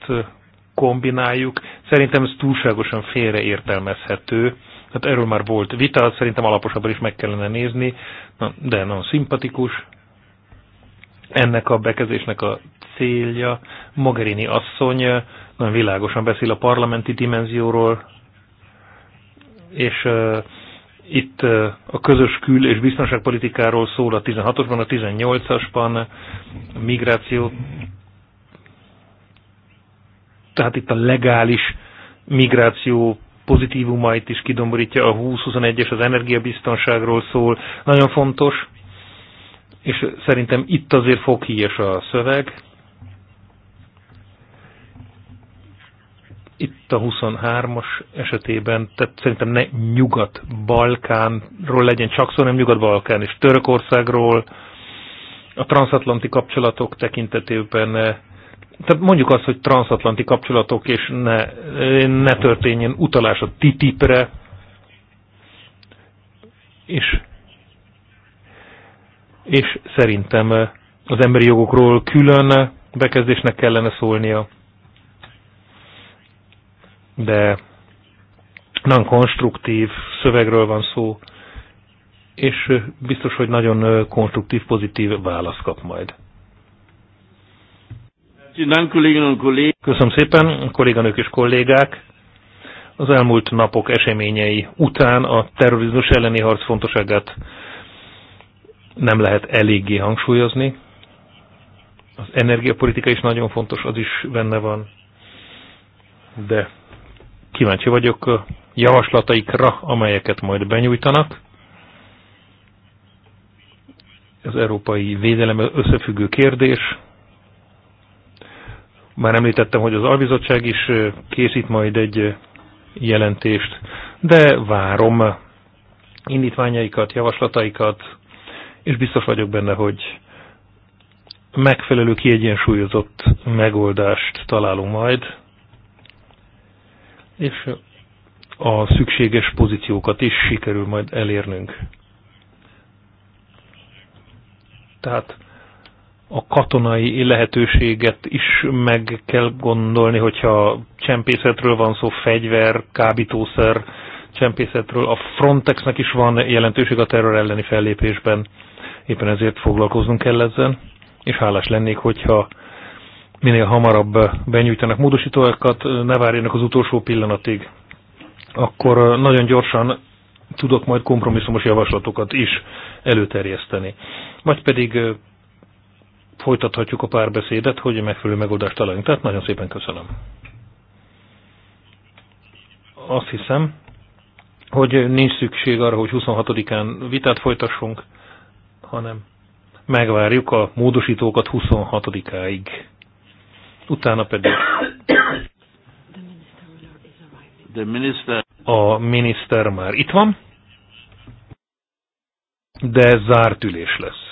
S4: kombináljuk, szerintem ez túlságosan félreértelmezhető. Hát erről már volt vita, szerintem alaposabban is meg kellene nézni, na, de nagyon szimpatikus. Ennek a bekezésnek a célja, Mogherini asszony eh, nagyon világosan beszél a parlamenti dimenzióról, és uh, itt uh, a közös kül- és biztonságpolitikáról szól a 16-osban, a 18-asban, migráció tehát itt a legális migráció pozitívumait is kidomborítja, a 2021-es az energiabiztonságról szól, nagyon fontos, és szerintem itt azért foghíjas a szöveg. Itt a 23-as esetében, tehát szerintem ne Nyugat-Balkánról legyen csak szó, nem Nyugat-Balkán és Törökországról, a transatlanti kapcsolatok tekintetében eh, tehát mondjuk azt, hogy transatlanti kapcsolatok, és ne, ne történjen utalás a TTIP-re, és, és szerintem az emberi jogokról külön bekezdésnek kellene szólnia, de nem konstruktív szövegről van szó, és biztos, hogy nagyon konstruktív, pozitív választ kap majd. Köszönöm szépen, kolléganők és kollégák! Az elmúlt napok eseményei után a terrorizmus elleni harc fontosságát nem lehet eléggé hangsúlyozni. Az energiapolitika is nagyon fontos, az is benne van. De kíváncsi vagyok a javaslataikra, amelyeket majd benyújtanak. Az európai védelem összefüggő kérdés, már említettem, hogy az albizottság is készít majd egy jelentést, de várom indítványaikat, javaslataikat, és biztos vagyok benne, hogy megfelelő kiegyensúlyozott megoldást találunk majd, és a szükséges pozíciókat is sikerül majd elérnünk. Tehát a katonai lehetőséget is meg kell gondolni, hogyha csempészetről van szó, fegyver, kábítószer csempészetről. A Frontexnek is van jelentőség a terror elleni fellépésben. Éppen ezért foglalkoznunk kell ezzel. És hálás lennék, hogyha minél hamarabb benyújtanak módosítóakat, ne várjanak az utolsó pillanatig. Akkor nagyon gyorsan tudok majd kompromisszumos javaslatokat is előterjeszteni. Vagy pedig folytathatjuk a párbeszédet, hogy megfelelő megoldást találjunk. Tehát nagyon szépen köszönöm. Azt hiszem, hogy nincs szükség arra, hogy 26-án vitát folytassunk, hanem megvárjuk a módosítókat 26-áig. Utána pedig a miniszter már itt van, de zárt ülés lesz.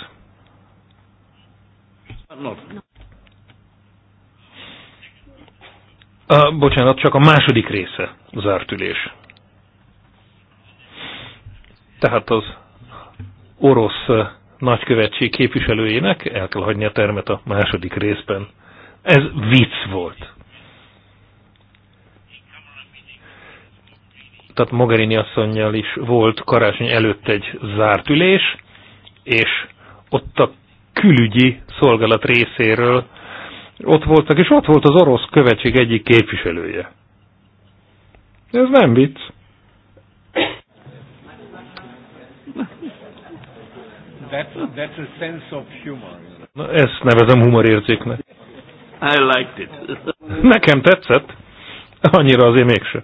S4: A, bocsánat, csak a második része zárt ülés. Tehát az orosz eh, nagykövetség képviselőjének el kell hagyni a termet a második részben. Ez vicc volt. Tehát Mogherini asszonynal is volt karácsony előtt egy zárt ülés, és ott a külügyi szolgálat részéről ott voltak, és ott volt az orosz követség egyik képviselője. Ez nem vicc. That's, that's a sense of humor. Na, ezt nevezem humorérzéknek.
S3: I liked it. Nekem
S4: tetszett, annyira azért mégsem.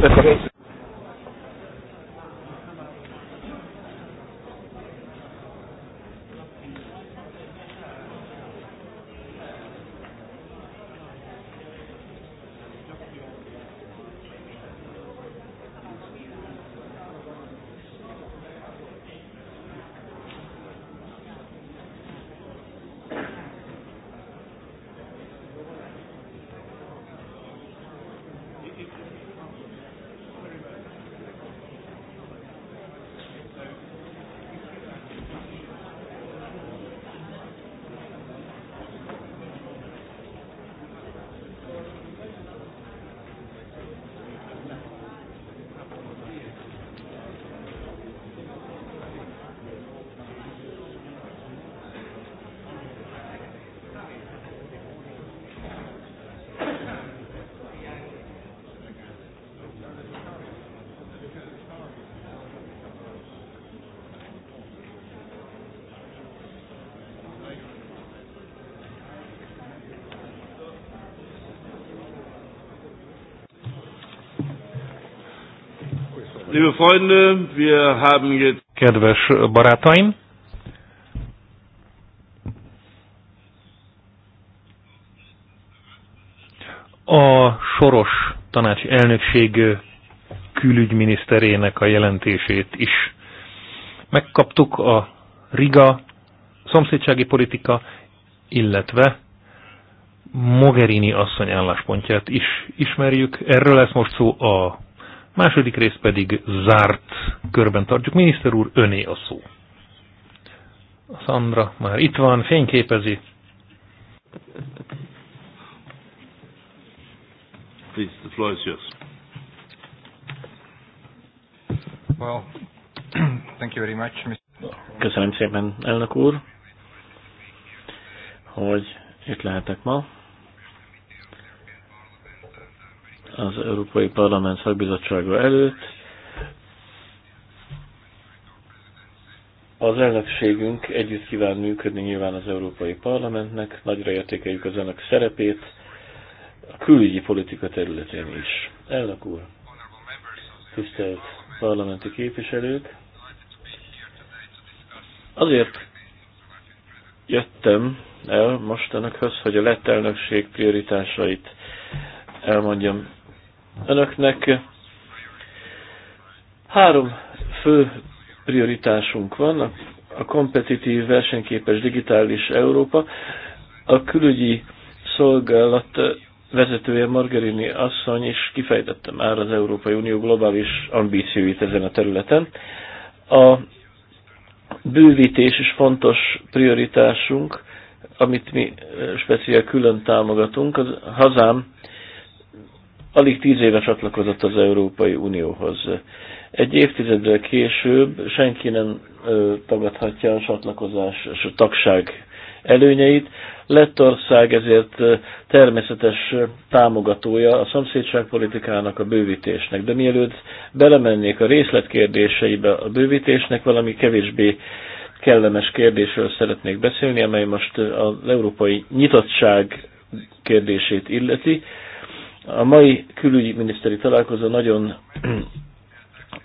S5: Köszönöm.
S1: Liebe Freunde, wir haben jetzt
S4: Kedves barátaim, a soros tanácsi elnökség külügyminiszterének a jelentését is. Megkaptuk a Riga szomszédsági politika, illetve Mogherini asszony álláspontját is ismerjük. Erről lesz most szó a második rész pedig zárt körben tartjuk. Miniszter úr, öné a szó. A Sandra már itt van, fényképezi.
S1: Please, the floor is yours. Well, thank you very much, Mr.
S3: Köszönöm szépen, elnök úr, hogy itt lehetek ma. az Európai Parlament szakbizottsága előtt. Az elnökségünk együtt kíván működni nyilván az Európai Parlamentnek, nagyra értékeljük az önök szerepét, a külügyi politika területén is. Elnök úr, tisztelt parlamenti képviselők, azért jöttem el most önökhöz, hogy a lett elnökség prioritásait elmondjam önöknek. Három fő prioritásunk van, a kompetitív, versenyképes digitális Európa. A külügyi szolgálat vezetője Margarini asszony is kifejtette már az Európai Unió globális ambícióit ezen a területen. A bővítés is fontos prioritásunk, amit mi eh, speciál külön támogatunk. Az hazám alig tíz éve csatlakozott az Európai Unióhoz. Egy évtizeddel később senki nem tagadhatja a csatlakozás és a tagság előnyeit. Lettország ezért természetes támogatója a szomszédságpolitikának, a bővítésnek. De mielőtt belemennék a részletkérdéseibe a bővítésnek, valami kevésbé kellemes kérdésről szeretnék beszélni, amely most az európai nyitottság kérdését illeti a mai külügyminiszteri találkozó nagyon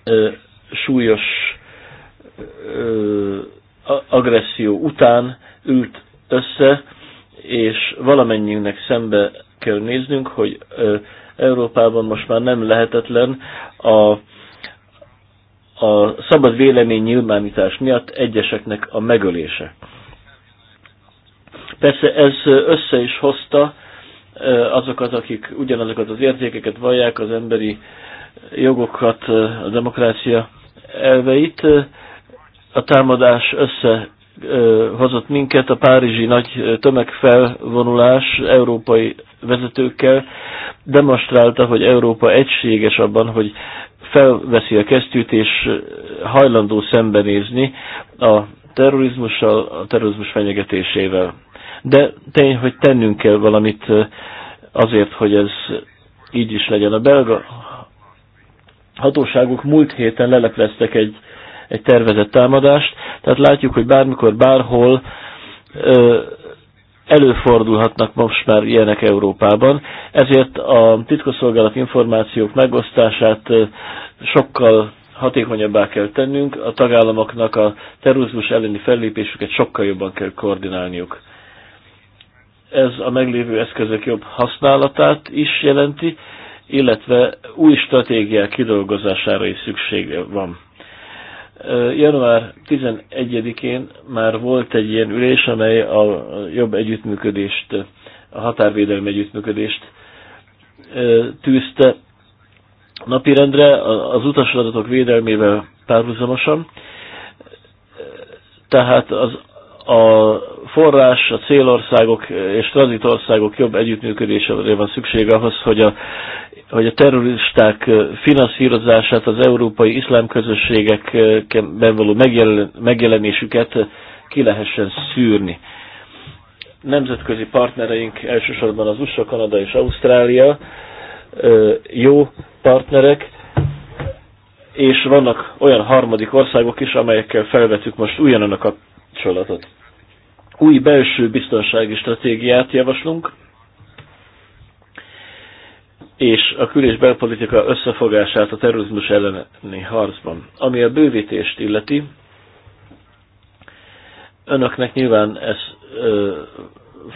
S3: ö, súlyos ö, agresszió után ült össze, és valamennyiünknek szembe kell néznünk, hogy ö, Európában most már nem lehetetlen a, a szabad vélemény nyilvánítás miatt egyeseknek a megölése. Persze ez össze is hozta azokat, akik ugyanazokat az értékeket vallják, az emberi jogokat, a demokrácia elveit. A támadás összehozott minket, a párizsi nagy tömegfelvonulás európai vezetőkkel demonstrálta, hogy Európa egységes abban, hogy felveszi a kesztyűt és hajlandó szembenézni a terrorizmussal, a terrorizmus fenyegetésével de tény, hogy tennünk kell valamit azért, hogy ez így is legyen. A belga hatóságok múlt héten lelepleztek egy, egy tervezett támadást, tehát látjuk, hogy bármikor, bárhol előfordulhatnak most már ilyenek Európában, ezért a titkosszolgálat információk megosztását sokkal hatékonyabbá kell tennünk, a tagállamoknak a terrorizmus elleni fellépésüket sokkal jobban kell koordinálniuk ez a meglévő eszközök jobb használatát is jelenti, illetve új stratégiák kidolgozására is szükség van. Január 11-én már volt egy ilyen ülés, amely a jobb együttműködést, a határvédelmi együttműködést tűzte napirendre az utasadatok védelmével párhuzamosan. Tehát az a forrás, a célországok és tranzitországok jobb együttműködésére van szükség ahhoz, hogy a, hogy a terroristák finanszírozását, az európai iszlám közösségekben való megjelen, megjelenésüket ki lehessen szűrni. Nemzetközi partnereink elsősorban az USA, Kanada és Ausztrália jó partnerek, és vannak olyan harmadik országok is, amelyekkel felvetük most újonnan a kapcsolatot. Új belső biztonsági stratégiát javaslunk, és a kül- és belpolitika összefogását a terrorizmus elleni harcban. Ami a bővítést illeti, önöknek nyilván ez ö,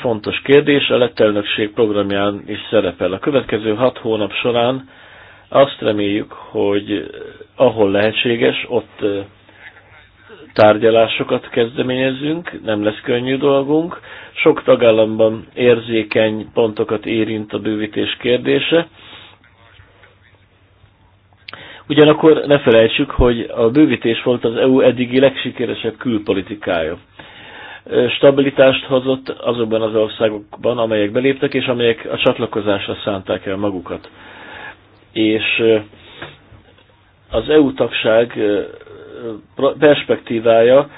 S3: fontos kérdés, a lett elnökség programján is szerepel. A következő hat hónap során azt reméljük, hogy eh, ahol lehetséges, ott eh, tárgyalásokat kezdeményezünk, nem lesz könnyű dolgunk. Sok tagállamban érzékeny pontokat érint a bővítés kérdése. Ugyanakkor ne felejtsük, hogy a bővítés volt az EU eddigi legsikeresebb külpolitikája. Stabilitást hozott azokban az országokban, amelyek beléptek, és amelyek a csatlakozásra szánták el magukat. És az EU tagság perspektívája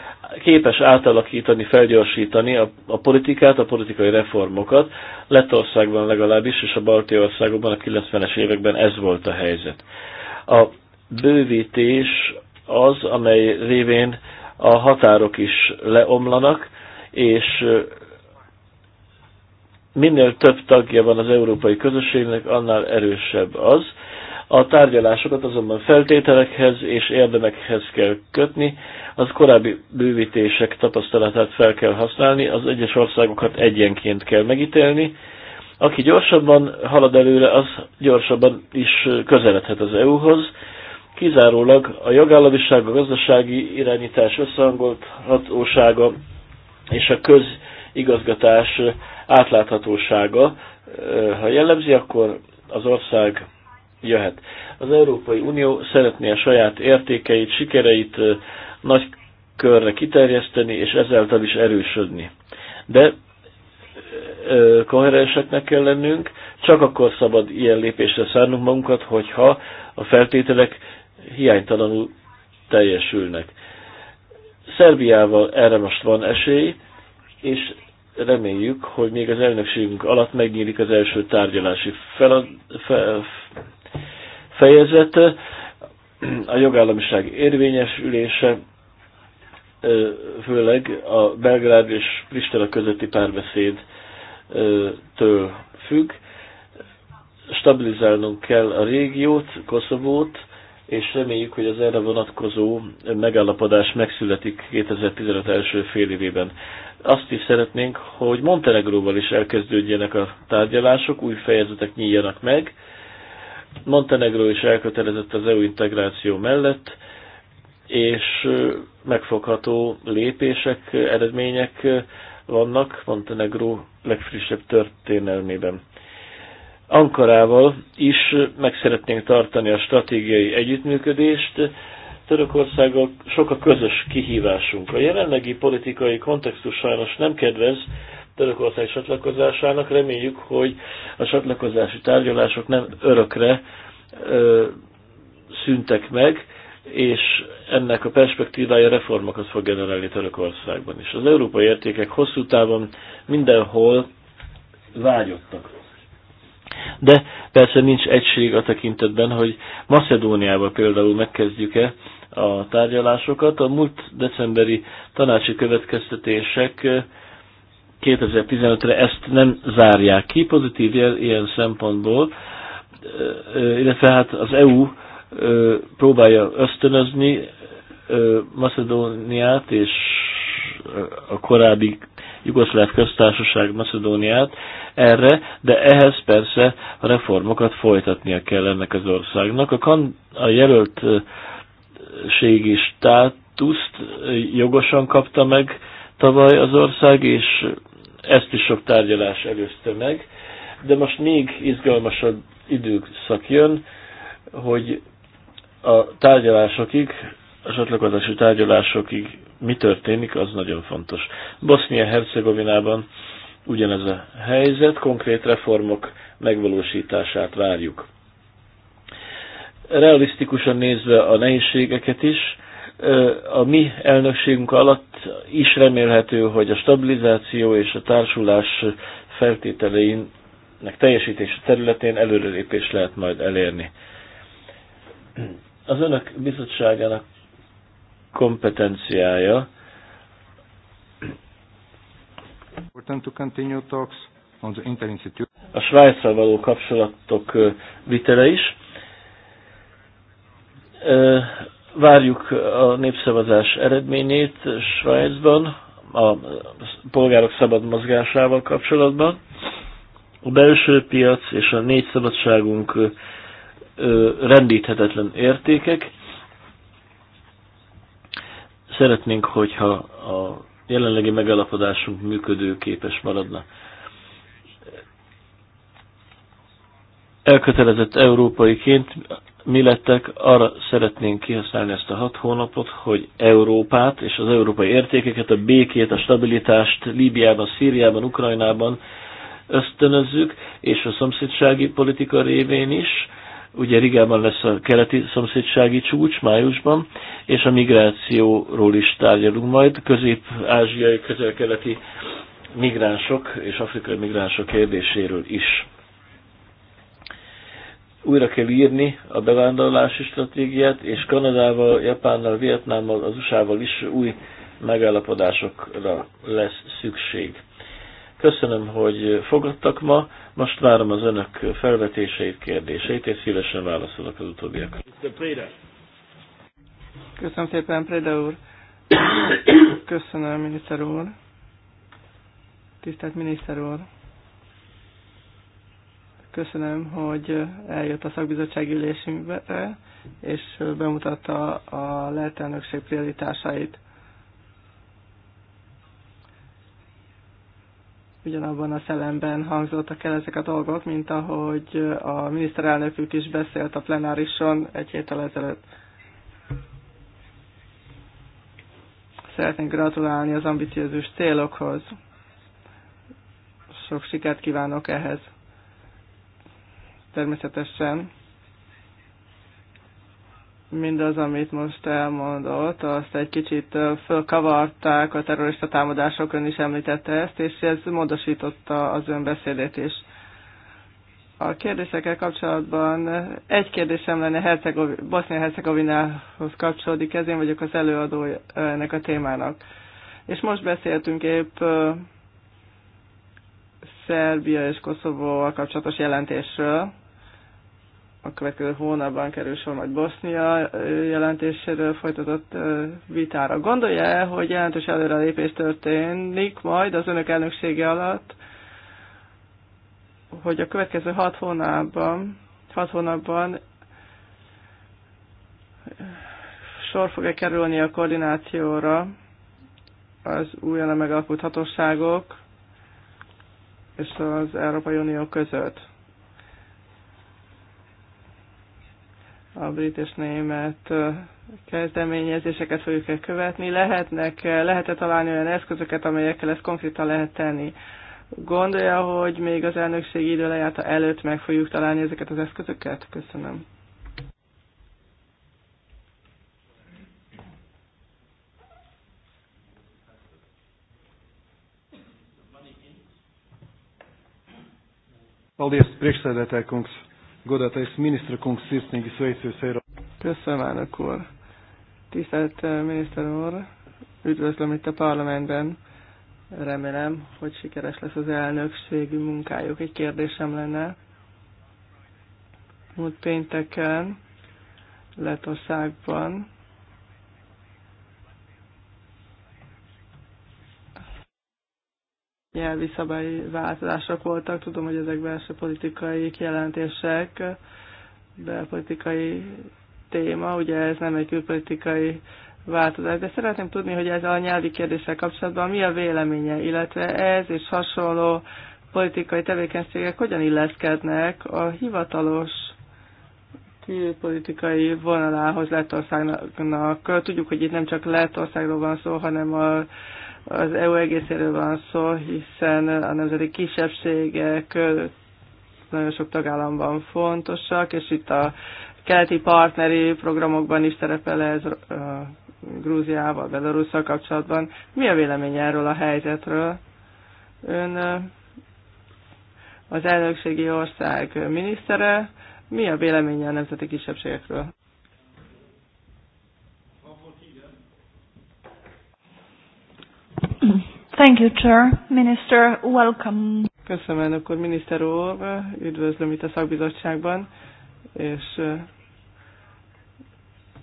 S3: képes átalakítani, felgyorsítani a, a politikát, a politikai reformokat. Lettországban legalábbis, és a balti országokban a 90-es években ez volt a helyzet. A bővítés az, amely révén a határok is leomlanak, és minél több tagja van az európai közösségnek, annál erősebb az, a tárgyalásokat azonban feltételekhez és érdemekhez kell kötni, az korábbi bővítések tapasztalatát fel kell használni, az egyes országokat egyenként kell megítélni. Aki gyorsabban halad előre, az gyorsabban is közeledhet az EU-hoz. Kizárólag a jogállamiság, a gazdasági irányítás hatósága és a közigazgatás átláthatósága, ha jellemzi, akkor az ország jöhet. Az Európai Unió szeretné a saját értékeit, sikereit nagy körre kiterjeszteni, és ezáltal is erősödni. De koherenseknek kell lennünk, csak akkor szabad ilyen lépésre szánnunk magunkat, hogyha a feltételek hiánytalanul teljesülnek. Szerbiával erre most van esély, és reméljük, hogy még az elnökségünk alatt megnyílik az első tárgyalási fel, fejezet, a jogállamiság érvényesülése, főleg a Belgrád és Pristela közötti párbeszédtől függ. Stabilizálnunk kell a régiót, Koszovót, és reméljük, hogy az erre vonatkozó megállapodás megszületik 2015 első fél évében. Azt is szeretnénk, hogy Montenegróval is elkezdődjenek a tárgyalások, új fejezetek nyíljanak meg, Montenegro is elkötelezett az EU integráció mellett, és megfogható lépések, eredmények vannak Montenegro legfrissebb történelmében. Ankarával is meg szeretnénk tartani a stratégiai együttműködést. Törökországgal sok a közös kihívásunk. A jelenlegi politikai kontextus sajnos nem kedvez Törökország csatlakozásának. Reméljük, hogy a csatlakozási tárgyalások nem örökre ö, szüntek meg, és ennek a perspektívája reformokat fog generálni Törökországban is. Az európai értékek hosszú távon mindenhol vágyottak. De persze nincs egység a tekintetben, hogy Macedóniával például megkezdjük-e a tárgyalásokat. A múlt decemberi tanácsi következtetések 2015-re ezt nem zárják ki. Pozitív jel ilyen szempontból, illetve hát az EU próbálja ösztönözni Macedóniát és a korábbi Jugoszláv köztársaság Macedóniát erre, de ehhez persze a reformokat folytatnia kell ennek az országnak. A, kan- a ségi státuszt jogosan kapta meg tavaly az ország, és ezt is sok tárgyalás előzte meg, de most még izgalmasabb időszak jön, hogy a tárgyalásokig, a csatlakozási tárgyalásokig mi történik, az nagyon fontos. Bosznia-Hercegovinában ugyanez a helyzet, konkrét reformok megvalósítását várjuk. Realisztikusan nézve a nehézségeket is, a mi elnökségünk alatt is remélhető, hogy a stabilizáció és a társulás feltételeinek teljesítése területén előrelépés lehet majd elérni. Az önök bizottságának kompetenciája a Svájcra való kapcsolatok vitele is Várjuk a népszavazás eredményét Svájcban, a polgárok szabad mozgásával kapcsolatban. A belső piac és a négy szabadságunk rendíthetetlen értékek. Szeretnénk, hogyha a jelenlegi megalapodásunk működőképes maradna. Elkötelezett európaiként mi lettek, arra szeretnénk kihasználni ezt a hat hónapot, hogy Európát és az európai értékeket, a békét, a stabilitást Líbiában, Szíriában, Ukrajnában ösztönözzük, és a szomszédsági politika révén is, ugye Rigában lesz a keleti szomszédsági csúcs májusban, és a migrációról is tárgyalunk majd, közép-ázsiai, közel-keleti migránsok és afrikai migránsok kérdéséről is újra kell írni a bevándorlási stratégiát, és Kanadával, Japánnal, Vietnámmal, az USA-val is új megállapodásokra lesz szükség. Köszönöm, hogy fogadtak ma. Most várom az önök felvetéseit, kérdéseit, és szívesen válaszolok az utóbbiakra.
S2: Köszönöm szépen, Preda úr. Köszönöm, miniszter úr. Tisztelt miniszter úr. Köszönöm, hogy eljött a szakbizottság ülésünkbe, és bemutatta a lehetőnökség prioritásait. Ugyanabban a szellemben hangzottak el ezek a dolgok, mint ahogy a miniszterelnökük is beszélt a plenárison egy héttel ezelőtt. Szeretnék gratulálni az ambiciózus célokhoz. Sok sikert kívánok ehhez! Természetesen mindaz, amit most elmondott, azt egy kicsit fölkavarták a terrorista támadások, ön is említette ezt, és ez módosította az ön beszédét is. A kérdésekkel kapcsolatban egy kérdésem lenne Bosznia-Hercegovinához kapcsolódik, ez én vagyok az előadó ennek a témának. És most beszéltünk épp Szerbia és Koszovóval kapcsolatos jelentésről, a következő hónapban kerül sor majd Bosznia jelentéséről folytatott vitára. Gondolja el, hogy jelentős előrelépés történik majd az önök elnöksége alatt, hogy a következő hat hónapban, hat hónapban sor fog-e kerülni a koordinációra az újonnan megalkult hatóságok és az Európai Unió között? a brit és német kezdeményezéseket fogjuk -e követni. Lehetnek, lehet-e találni olyan eszközöket, amelyekkel ezt konkrétan lehet tenni? Gondolja, hogy még az elnökség idő lejárta előtt meg fogjuk találni ezeket az eszközöket? Köszönöm.
S4: Paldies, priekšsēdētāji kungs godata jest ministra konkurszni viszonyfőszerra.
S2: Köszönöm, elnök úr. Tisztelt eh, miniszter úr, üdvözlöm itt a parlamentben. Remélem, hogy sikeres lesz az elnökségi munkájuk. Egy kérdésem lenne. Múlt pénteken Letországban nyelvi szabályváltozások voltak. Tudom, hogy ezek belső politikai kijelentések, belpolitikai téma, ugye ez nem egy külpolitikai változás, de szeretném tudni, hogy ez a nyelvi kérdéssel kapcsolatban mi a véleménye, illetve ez és hasonló politikai tevékenységek hogyan illeszkednek a hivatalos külpolitikai vonalához Lettországnak. Tudjuk, hogy itt nem csak Lettországról van szó, hanem a az EU egészéről van szó, hiszen a nemzeti kisebbségek nagyon sok tagállamban fontosak, és itt a keleti partneri programokban is szerepel ez Grúziával, Belarusszal kapcsolatban. Mi a vélemény erről a helyzetről? Ön az elnökségi ország minisztere, mi a véleménye a nemzeti kisebbségekről? Thank you, Chair. Minister, welcome. Köszönöm, elnök úr, miniszter úr, üdvözlöm itt a szakbizottságban, és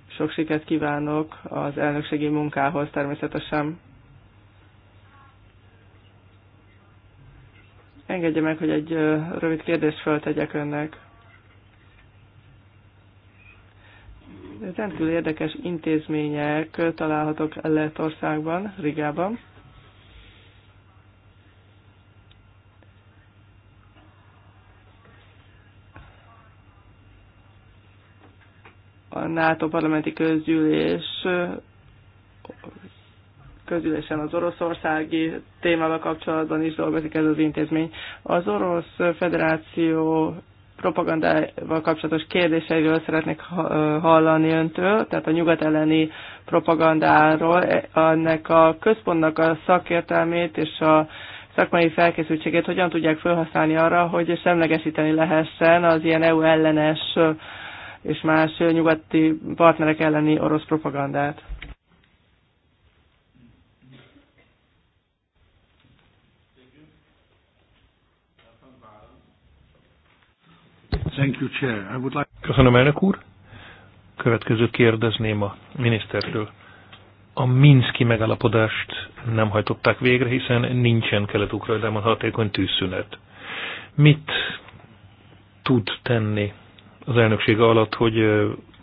S2: sok sikert kívánok az elnökségi munkához természetesen. Engedje meg, hogy egy rövid kérdést föltegyek önnek. Rendkívül érdekes intézmények találhatók Lettországban, Rigában NATO parlamenti közgyűlés közülésen az oroszországi témával kapcsolatban is dolgozik ez az intézmény. Az Orosz Federáció propagandával kapcsolatos kérdéseiről szeretnék hallani öntől, tehát a nyugat elleni propagandáról, e, ennek a központnak a szakértelmét és a szakmai felkészültségét hogyan tudják felhasználni arra, hogy semlegesíteni lehessen az ilyen EU ellenes és más nyugati partnerek elleni orosz propagandát.
S4: Köszönöm, elnök úr. Következő kérdezném a minisztertől. A Minszki megállapodást nem hajtották végre, hiszen nincsen Kelet-Ukrajnában hatékony tűzszünet. Mit tud tenni az elnöksége alatt, hogy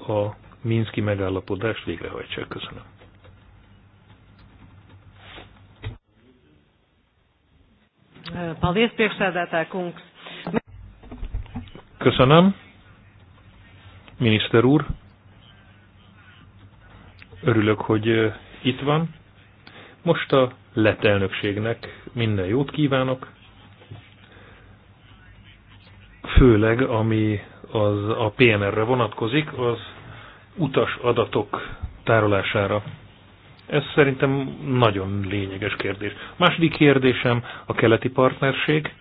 S4: a Minszki megállapodást végrehajtsák. Köszönöm. Köszönöm. Miniszter úr, örülök, hogy itt van. Most a lett elnökségnek minden jót kívánok, főleg ami az a PNR-re vonatkozik, az utas adatok tárolására. Ez szerintem nagyon lényeges kérdés. Második kérdésem a keleti partnerség.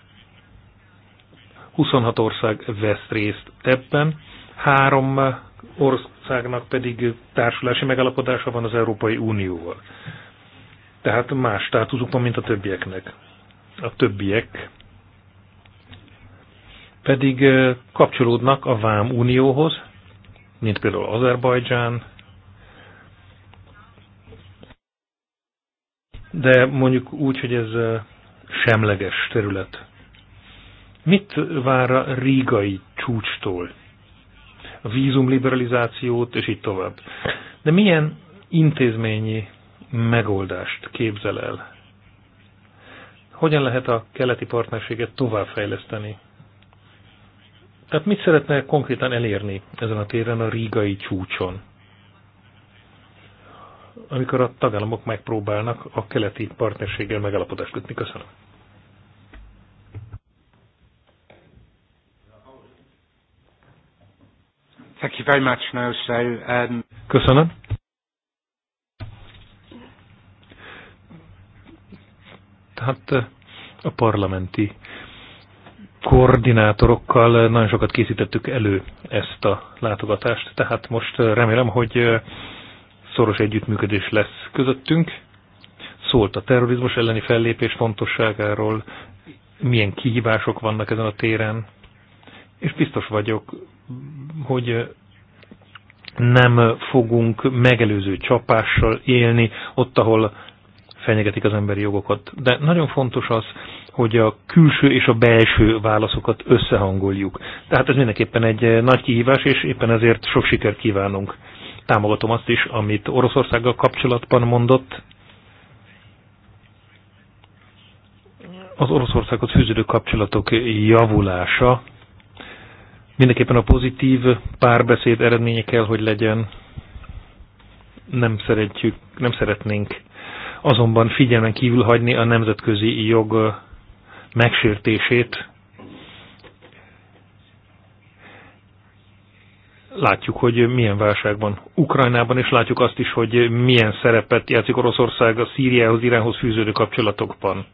S4: 26 ország vesz részt ebben, három országnak pedig társulási megalapodása van az Európai Unióval. Tehát más státuszuk van, mint a többieknek. A többiek pedig kapcsolódnak a Vám Unióhoz, mint például Azerbajdzsán, de mondjuk úgy, hogy ez semleges terület. Mit vár a rígai csúcstól? A vízumliberalizációt, és így tovább. De milyen intézményi megoldást képzel el? Hogyan lehet a keleti partnerséget továbbfejleszteni? Tehát mit szeretne konkrétan elérni ezen a téren a rígai csúcson? amikor a tagállamok megpróbálnak a keleti partnerséggel megállapodást kötni. Köszönöm.
S1: Thank you very much, no, so, um...
S4: Köszönöm. Tehát uh, a parlamenti koordinátorokkal nagyon sokat készítettük elő ezt a látogatást, tehát most remélem, hogy szoros együttműködés lesz közöttünk. Szólt a terrorizmus elleni fellépés fontosságáról, milyen kihívások vannak ezen a téren, és biztos vagyok, hogy nem fogunk megelőző csapással élni ott, ahol fenyegetik az emberi jogokat. De nagyon fontos az, hogy a külső és a belső válaszokat összehangoljuk. Tehát ez mindenképpen egy eh, nagy kihívás, és éppen ezért sok sikert kívánunk. Támogatom azt is, amit Oroszországgal kapcsolatban mondott. Az Oroszországhoz fűződő kapcsolatok javulása mindenképpen a pozitív párbeszéd eredménye kell, hogy legyen. Nem, szeretjük, nem szeretnénk azonban figyelmen kívül hagyni a nemzetközi jog megsértését látjuk, hogy milyen válságban Ukrajnában, és látjuk azt is, hogy milyen szerepet játszik Oroszország a Szíriához, Iránhoz fűződő kapcsolatokban.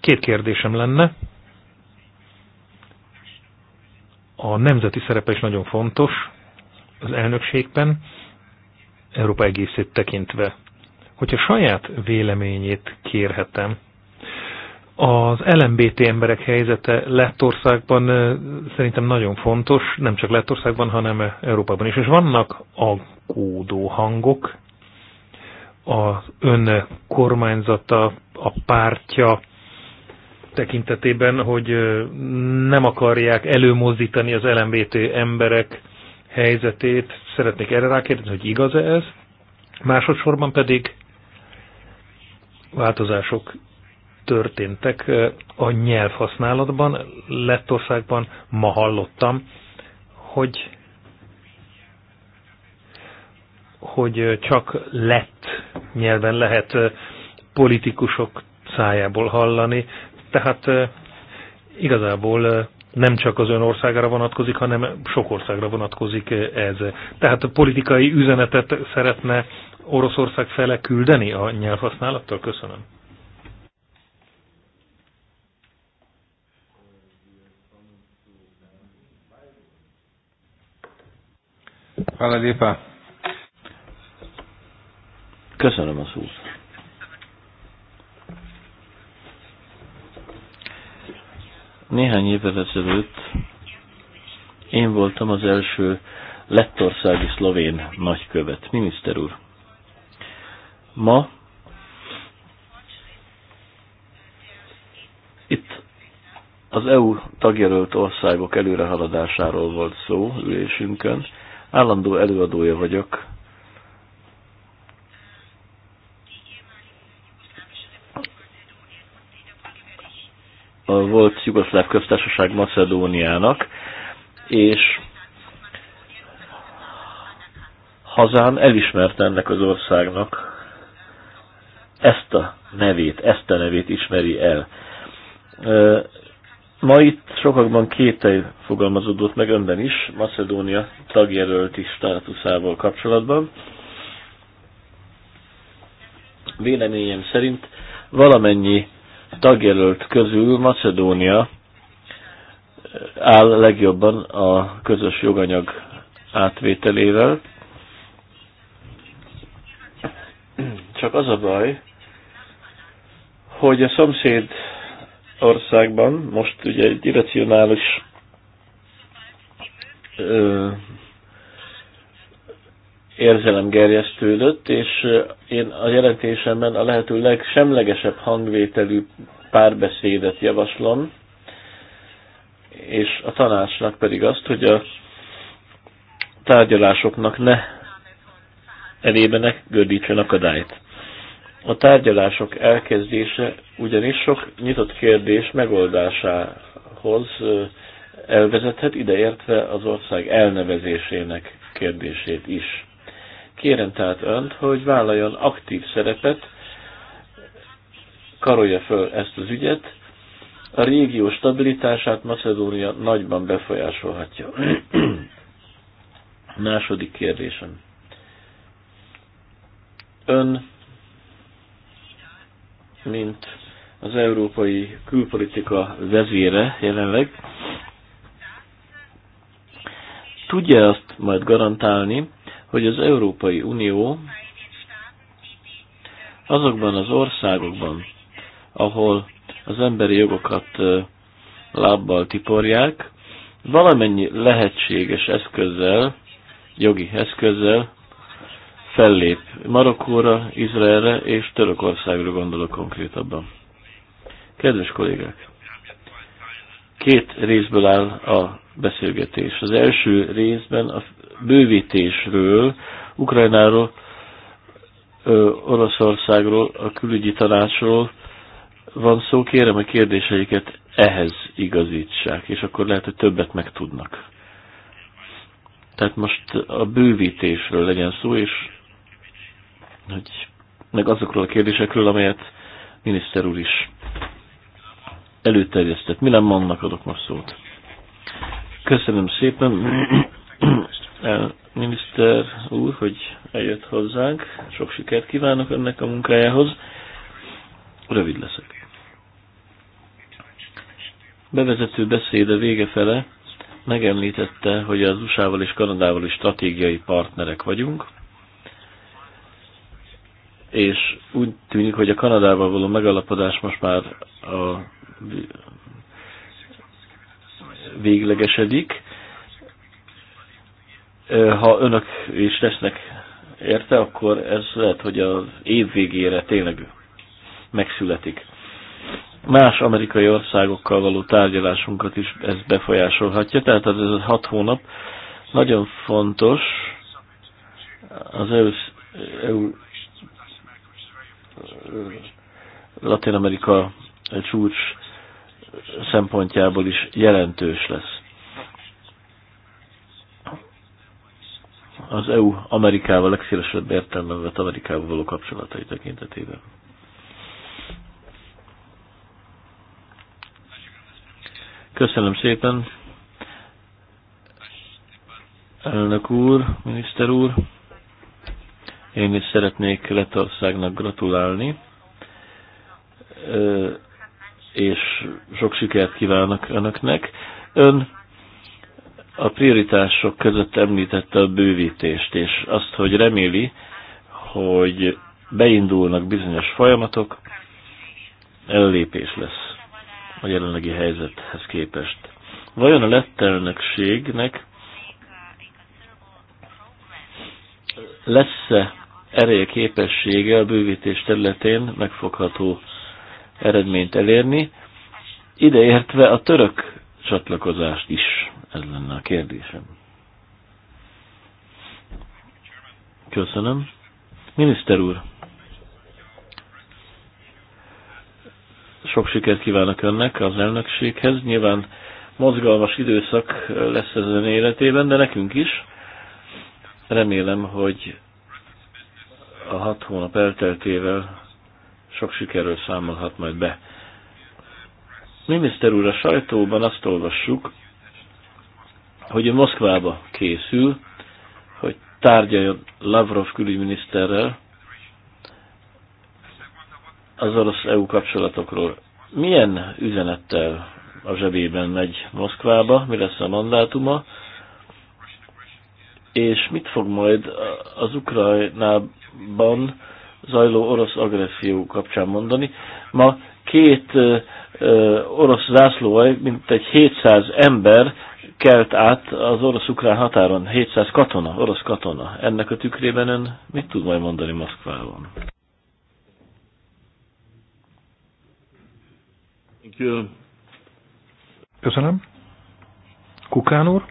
S4: Két kérdésem lenne. A nemzeti szerepe is nagyon fontos az elnökségben, Európa egészét tekintve. Hogyha saját véleményét kérhetem, az LMBT emberek helyzete Lettországban szerintem nagyon fontos, nem csak Lettországban, hanem Európában is. És vannak aggódó hangok, az ön kormányzata, a pártja tekintetében, hogy nem akarják előmozdítani az LMBT emberek helyzetét. Szeretnék erre rákérdezni, hogy igaz-e ez? Másodszorban pedig változások történtek a nyelvhasználatban. Lettországban ma hallottam, hogy hogy csak lett nyelven lehet politikusok szájából hallani, tehát igazából nem csak az ön országára vonatkozik, hanem sok országra vonatkozik ez. Tehát a politikai üzenetet szeretne Oroszország fele küldeni a nyelvhasználattal? Köszönöm.
S1: Hvala
S3: Köszönöm a szót. Néhány évvel ezelőtt én voltam az első lettországi szlovén nagykövet, miniszter úr ma itt az EU tagjelölt országok előrehaladásáról volt szó ülésünkön. Állandó előadója vagyok a volt Jugoszláv köztársaság Macedóniának, és hazán elismert ennek az országnak ezt a nevét, ezt a nevét ismeri el. Ma itt sokakban kétel fogalmazódott meg önben is, Macedónia tagjelölti státuszával kapcsolatban. Véleményem szerint valamennyi tagjelölt közül Macedónia áll legjobban a közös joganyag átvételével. Csak az a baj, hogy a szomszéd országban most ugye egy irracionális ö, érzelem gerjesztődött, és én a jelentésemben a lehető legsemlegesebb hangvételű párbeszédet javaslom, és a tanácsnak pedig azt, hogy a tárgyalásoknak ne elébe ne gördítsen akadályt. A tárgyalások elkezdése ugyanis sok nyitott kérdés megoldásához elvezethet, ideértve az ország elnevezésének kérdését is. Kérem tehát Önt, hogy vállaljon aktív szerepet, karolja föl ezt az ügyet, a régió stabilitását Macedónia nagyban befolyásolhatja. Második kérdésem. Ön mint az európai külpolitika vezére jelenleg, tudja azt majd garantálni, hogy az Európai Unió azokban az országokban, ahol az emberi jogokat lábbal tiporják, valamennyi lehetséges eszközzel, jogi eszközzel fellép. Marokkóra, Izraelre és Törökországra gondolok konkrétabban. Kedves kollégák! Két részből áll a beszélgetés. Az első részben a bővítésről, Ukrajnáról, Oroszországról, a külügyi tanácsról van szó. Kérem a kérdéseiket ehhez igazítsák, és akkor lehet, hogy többet megtudnak. Tehát most a bővítésről legyen szó, és hogy meg azokról a kérdésekről, amelyet miniszter úr is előterjesztett. Mi nem annak adok most szót. Köszönöm szépen, miniszter úr, hogy eljött hozzánk. Sok sikert kívánok ennek a munkájához. Rövid leszek. Bevezető beszéde vége fele megemlítette, hogy az USA-val és Kanadával is stratégiai partnerek vagyunk, és úgy tűnik, hogy a Kanadával való megalapodás most már a véglegesedik. Ha önök is lesznek érte, akkor ez lehet, hogy az év végére tényleg megszületik. Más amerikai országokkal való tárgyalásunkat is ez befolyásolhatja, tehát ez a hat hónap nagyon fontos az EU, EU Latin Amerika csúcs szempontjából is jelentős lesz. Az EU Amerikával legszélesebb értelme vett Amerikával való kapcsolatai tekintetében. Köszönöm szépen, elnök úr, miniszter úr. Én is szeretnék Letországnak gratulálni, és sok sikert kívánok Önöknek. Ön a prioritások között említette a bővítést, és azt, hogy reméli, hogy beindulnak bizonyos folyamatok, ellépés lesz a jelenlegi helyzethez képest. Vajon a lett elnökségnek lesz-e ereje képessége a bővítés területén megfogható eredményt elérni, ideértve a török csatlakozást is. Ez lenne a kérdésem. Köszönöm. Miniszter úr, sok sikert kívánok önnek az elnökséghez. Nyilván mozgalmas időszak lesz ezen ön életében, de nekünk is. Remélem, hogy a hat hónap elteltével sok sikerről számolhat majd be. Miniszter úr, a sajtóban azt olvassuk, hogy ő Moszkvába készül, hogy tárgyaljon Lavrov külügyminiszterrel az orosz EU kapcsolatokról. Milyen üzenettel a zsebében megy Moszkvába, mi lesz a mandátuma, és mit fog majd az Ukrajnában zajló orosz agresszió kapcsán mondani. Ma két ö, ö, orosz zászlóaj, mint egy 700 ember kelt át az orosz-ukrán határon, 700 katona, orosz katona. Ennek a tükrében ön mit tud majd mondani Moszkvában?
S4: Köszönöm. Kukán úr?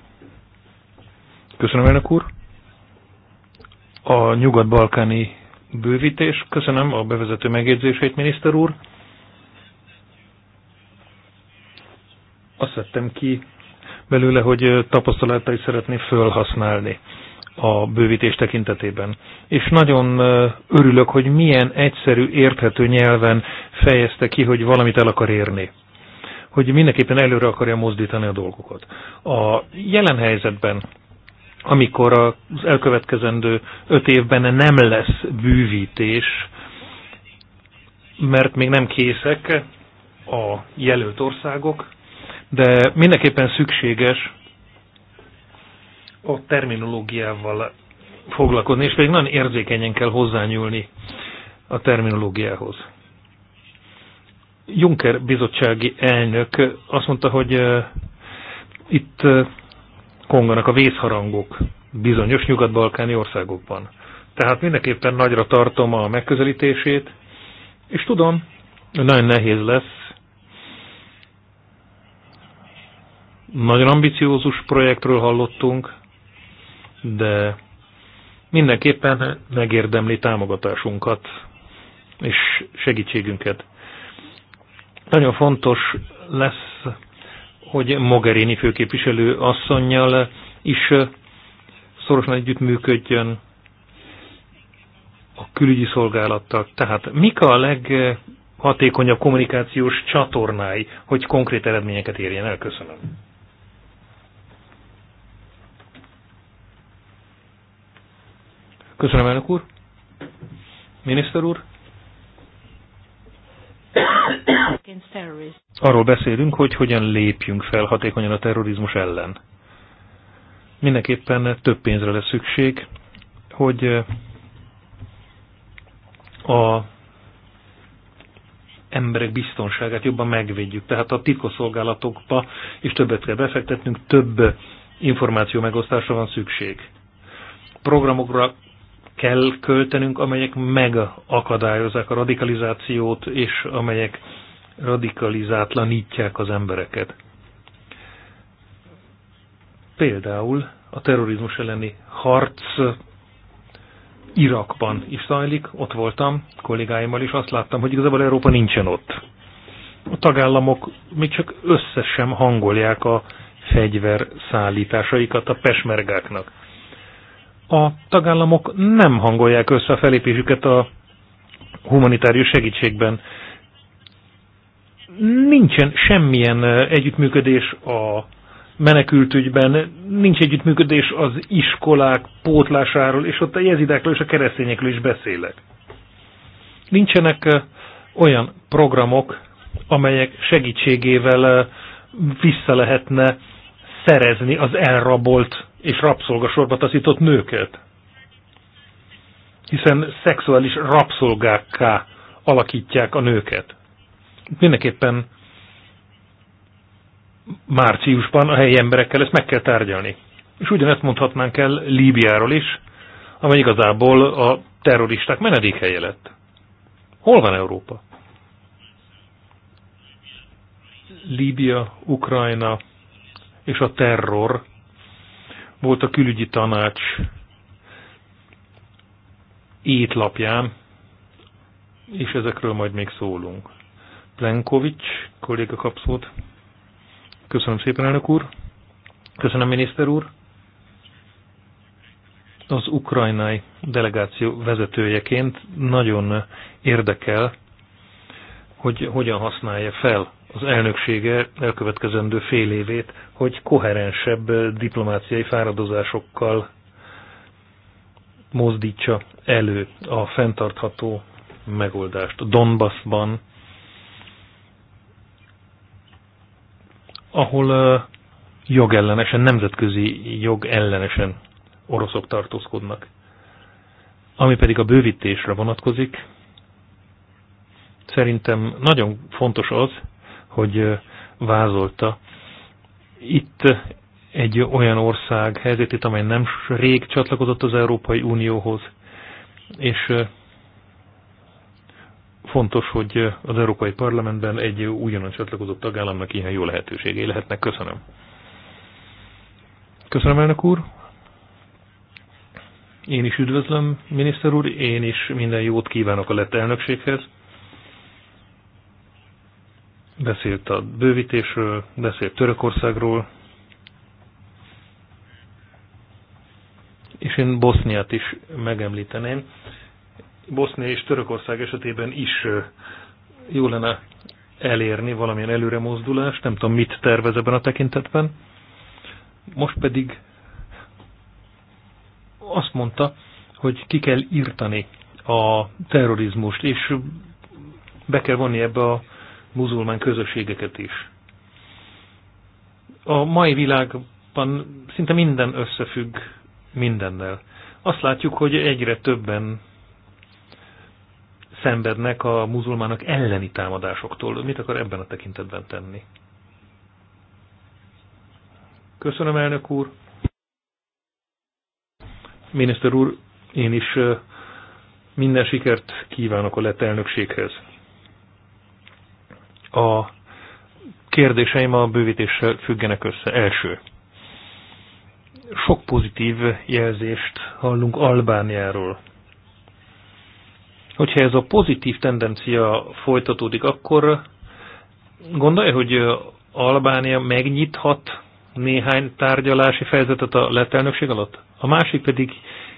S4: Köszönöm, elnök úr. A nyugat-balkáni bővítés. Köszönöm a bevezető megjegyzését, miniszter úr. Azt vettem ki belőle, hogy tapasztalatai szeretné fölhasználni a bővítés tekintetében. És nagyon örülök, hogy milyen egyszerű, érthető nyelven fejezte ki, hogy valamit el akar érni. Hogy mindenképpen előre akarja mozdítani a dolgokat. A jelen helyzetben amikor az elkövetkezendő öt évben nem lesz bűvítés, mert még nem készek a jelölt országok, de mindenképpen szükséges a terminológiával foglalkozni, és pedig nagyon érzékenyen kell hozzányúlni a terminológiához. Juncker bizottsági elnök azt mondta, hogy eh, itt eh, konganak a vészharangok bizonyos nyugat-balkáni országokban. Tehát mindenképpen nagyra tartom a megközelítését, és tudom, hogy nagyon nehéz lesz. Nagyon ambiciózus projektről hallottunk, de mindenképpen megérdemli támogatásunkat és segítségünket. Nagyon fontos lesz hogy Mogherini főképviselő asszonynal is szorosan együttműködjön a külügyi szolgálattal. Tehát mik a leghatékonyabb kommunikációs csatornái, hogy konkrét eredményeket érjen el? Köszönöm. Köszönöm, elnök úr. Miniszter úr. Arról beszélünk, hogy hogyan lépjünk fel hatékonyan a terrorizmus ellen. Mindenképpen több pénzre lesz szükség, hogy eh, a emberek biztonságát jobban megvédjük. Tehát a titkosszolgálatokba is többet kell befektetnünk, több információ megosztásra van szükség. Programokra kell költenünk, amelyek megakadályozzák a radikalizációt, és amelyek radikalizátlanítják az embereket. Például a terrorizmus elleni harc Irakban is zajlik, ott voltam kollégáimmal, és azt láttam, hogy igazából Európa nincsen ott. A tagállamok még csak összesen hangolják a fegyverszállításaikat a pesmergáknak a tagállamok nem hangolják össze a felépésüket a humanitárius segítségben. Nincsen semmilyen együttműködés a menekültügyben, nincs együttműködés az iskolák pótlásáról, és ott a jezidákról és a keresztényekről is beszélek. Nincsenek olyan programok, amelyek segítségével vissza lehetne szerezni az elrabolt és rabszolgasorba taszított nőket. Hiszen szexuális rabszolgákká alakítják a nőket. Mindenképpen márciusban a helyi emberekkel ezt meg kell tárgyalni. És ugyanezt mondhatnánk el Líbiáról is, amely igazából a terroristák menedékhelye lett. Hol van Európa? Líbia, Ukrajna és a terror volt a külügyi tanács étlapján, és ezekről majd még szólunk. Plenkovics kolléga kapszót. Köszönöm szépen, elnök úr. Köszönöm, miniszter úr. Az ukrajnai delegáció vezetőjeként nagyon érdekel, hogy hogyan használja fel az elnöksége elkövetkezendő fél évét, hogy koherensebb diplomáciai fáradozásokkal mozdítsa elő a fenntartható megoldást. a Donbassban, ahol jogellenesen, nemzetközi jogellenesen oroszok tartózkodnak. Ami pedig a bővítésre vonatkozik, szerintem nagyon fontos az, hogy vázolta. Itt egy olyan ország helyzetét, amely nem rég csatlakozott az Európai Unióhoz, és fontos, hogy az Európai Parlamentben egy ugyanaz csatlakozott tagállamnak ilyen jó lehetőségei lehetnek. Köszönöm. Köszönöm, elnök úr. Én is üdvözlöm, miniszter úr, én is minden jót kívánok a lett elnökséghez beszélt a bővítésről, beszélt Törökországról, és én Boszniát is megemlíteném. Bosznia és Törökország esetében is jó lenne elérni valamilyen előremozdulást, nem tudom, mit tervez ebben a tekintetben. Most pedig azt mondta, hogy ki kell írtani a terrorizmust, és be kell vonni ebbe a muzulmán közösségeket is. A mai világban szinte minden összefügg mindennel. Azt látjuk, hogy egyre többen szenvednek a muzulmának elleni támadásoktól. Mit akar ebben a tekintetben tenni? Köszönöm, elnök úr. Miniszter úr, én is minden sikert kívánok a lett elnökséghez. A kérdéseim a bővítéssel függenek össze. Első. Sok pozitív jelzést hallunk Albániáról. Hogyha ez a pozitív tendencia folytatódik, akkor gondolja, hogy Albánia megnyithat néhány tárgyalási fejezetet a lett elnökség alatt? A másik pedig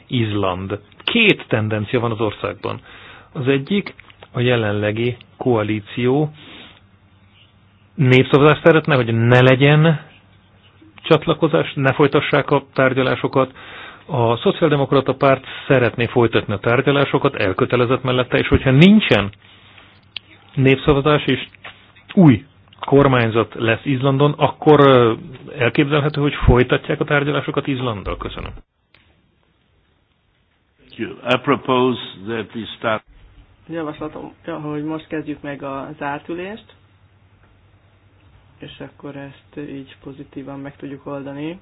S4: Izland. Két tendencia van az országban. Az egyik a jelenlegi koalíció, népszavazást szeretne, hogy ne legyen csatlakozás, ne folytassák a tárgyalásokat. A szociáldemokrata párt szeretné folytatni a tárgyalásokat, elkötelezett mellette, és hogyha nincsen népszavazás és új kormányzat lesz Izlandon, akkor elképzelhető, hogy folytatják a tárgyalásokat Izlanddal. Köszönöm.
S1: that we start.
S2: Javaslatom, hogy most kezdjük meg a zártülést és akkor ezt így pozitívan meg tudjuk oldani.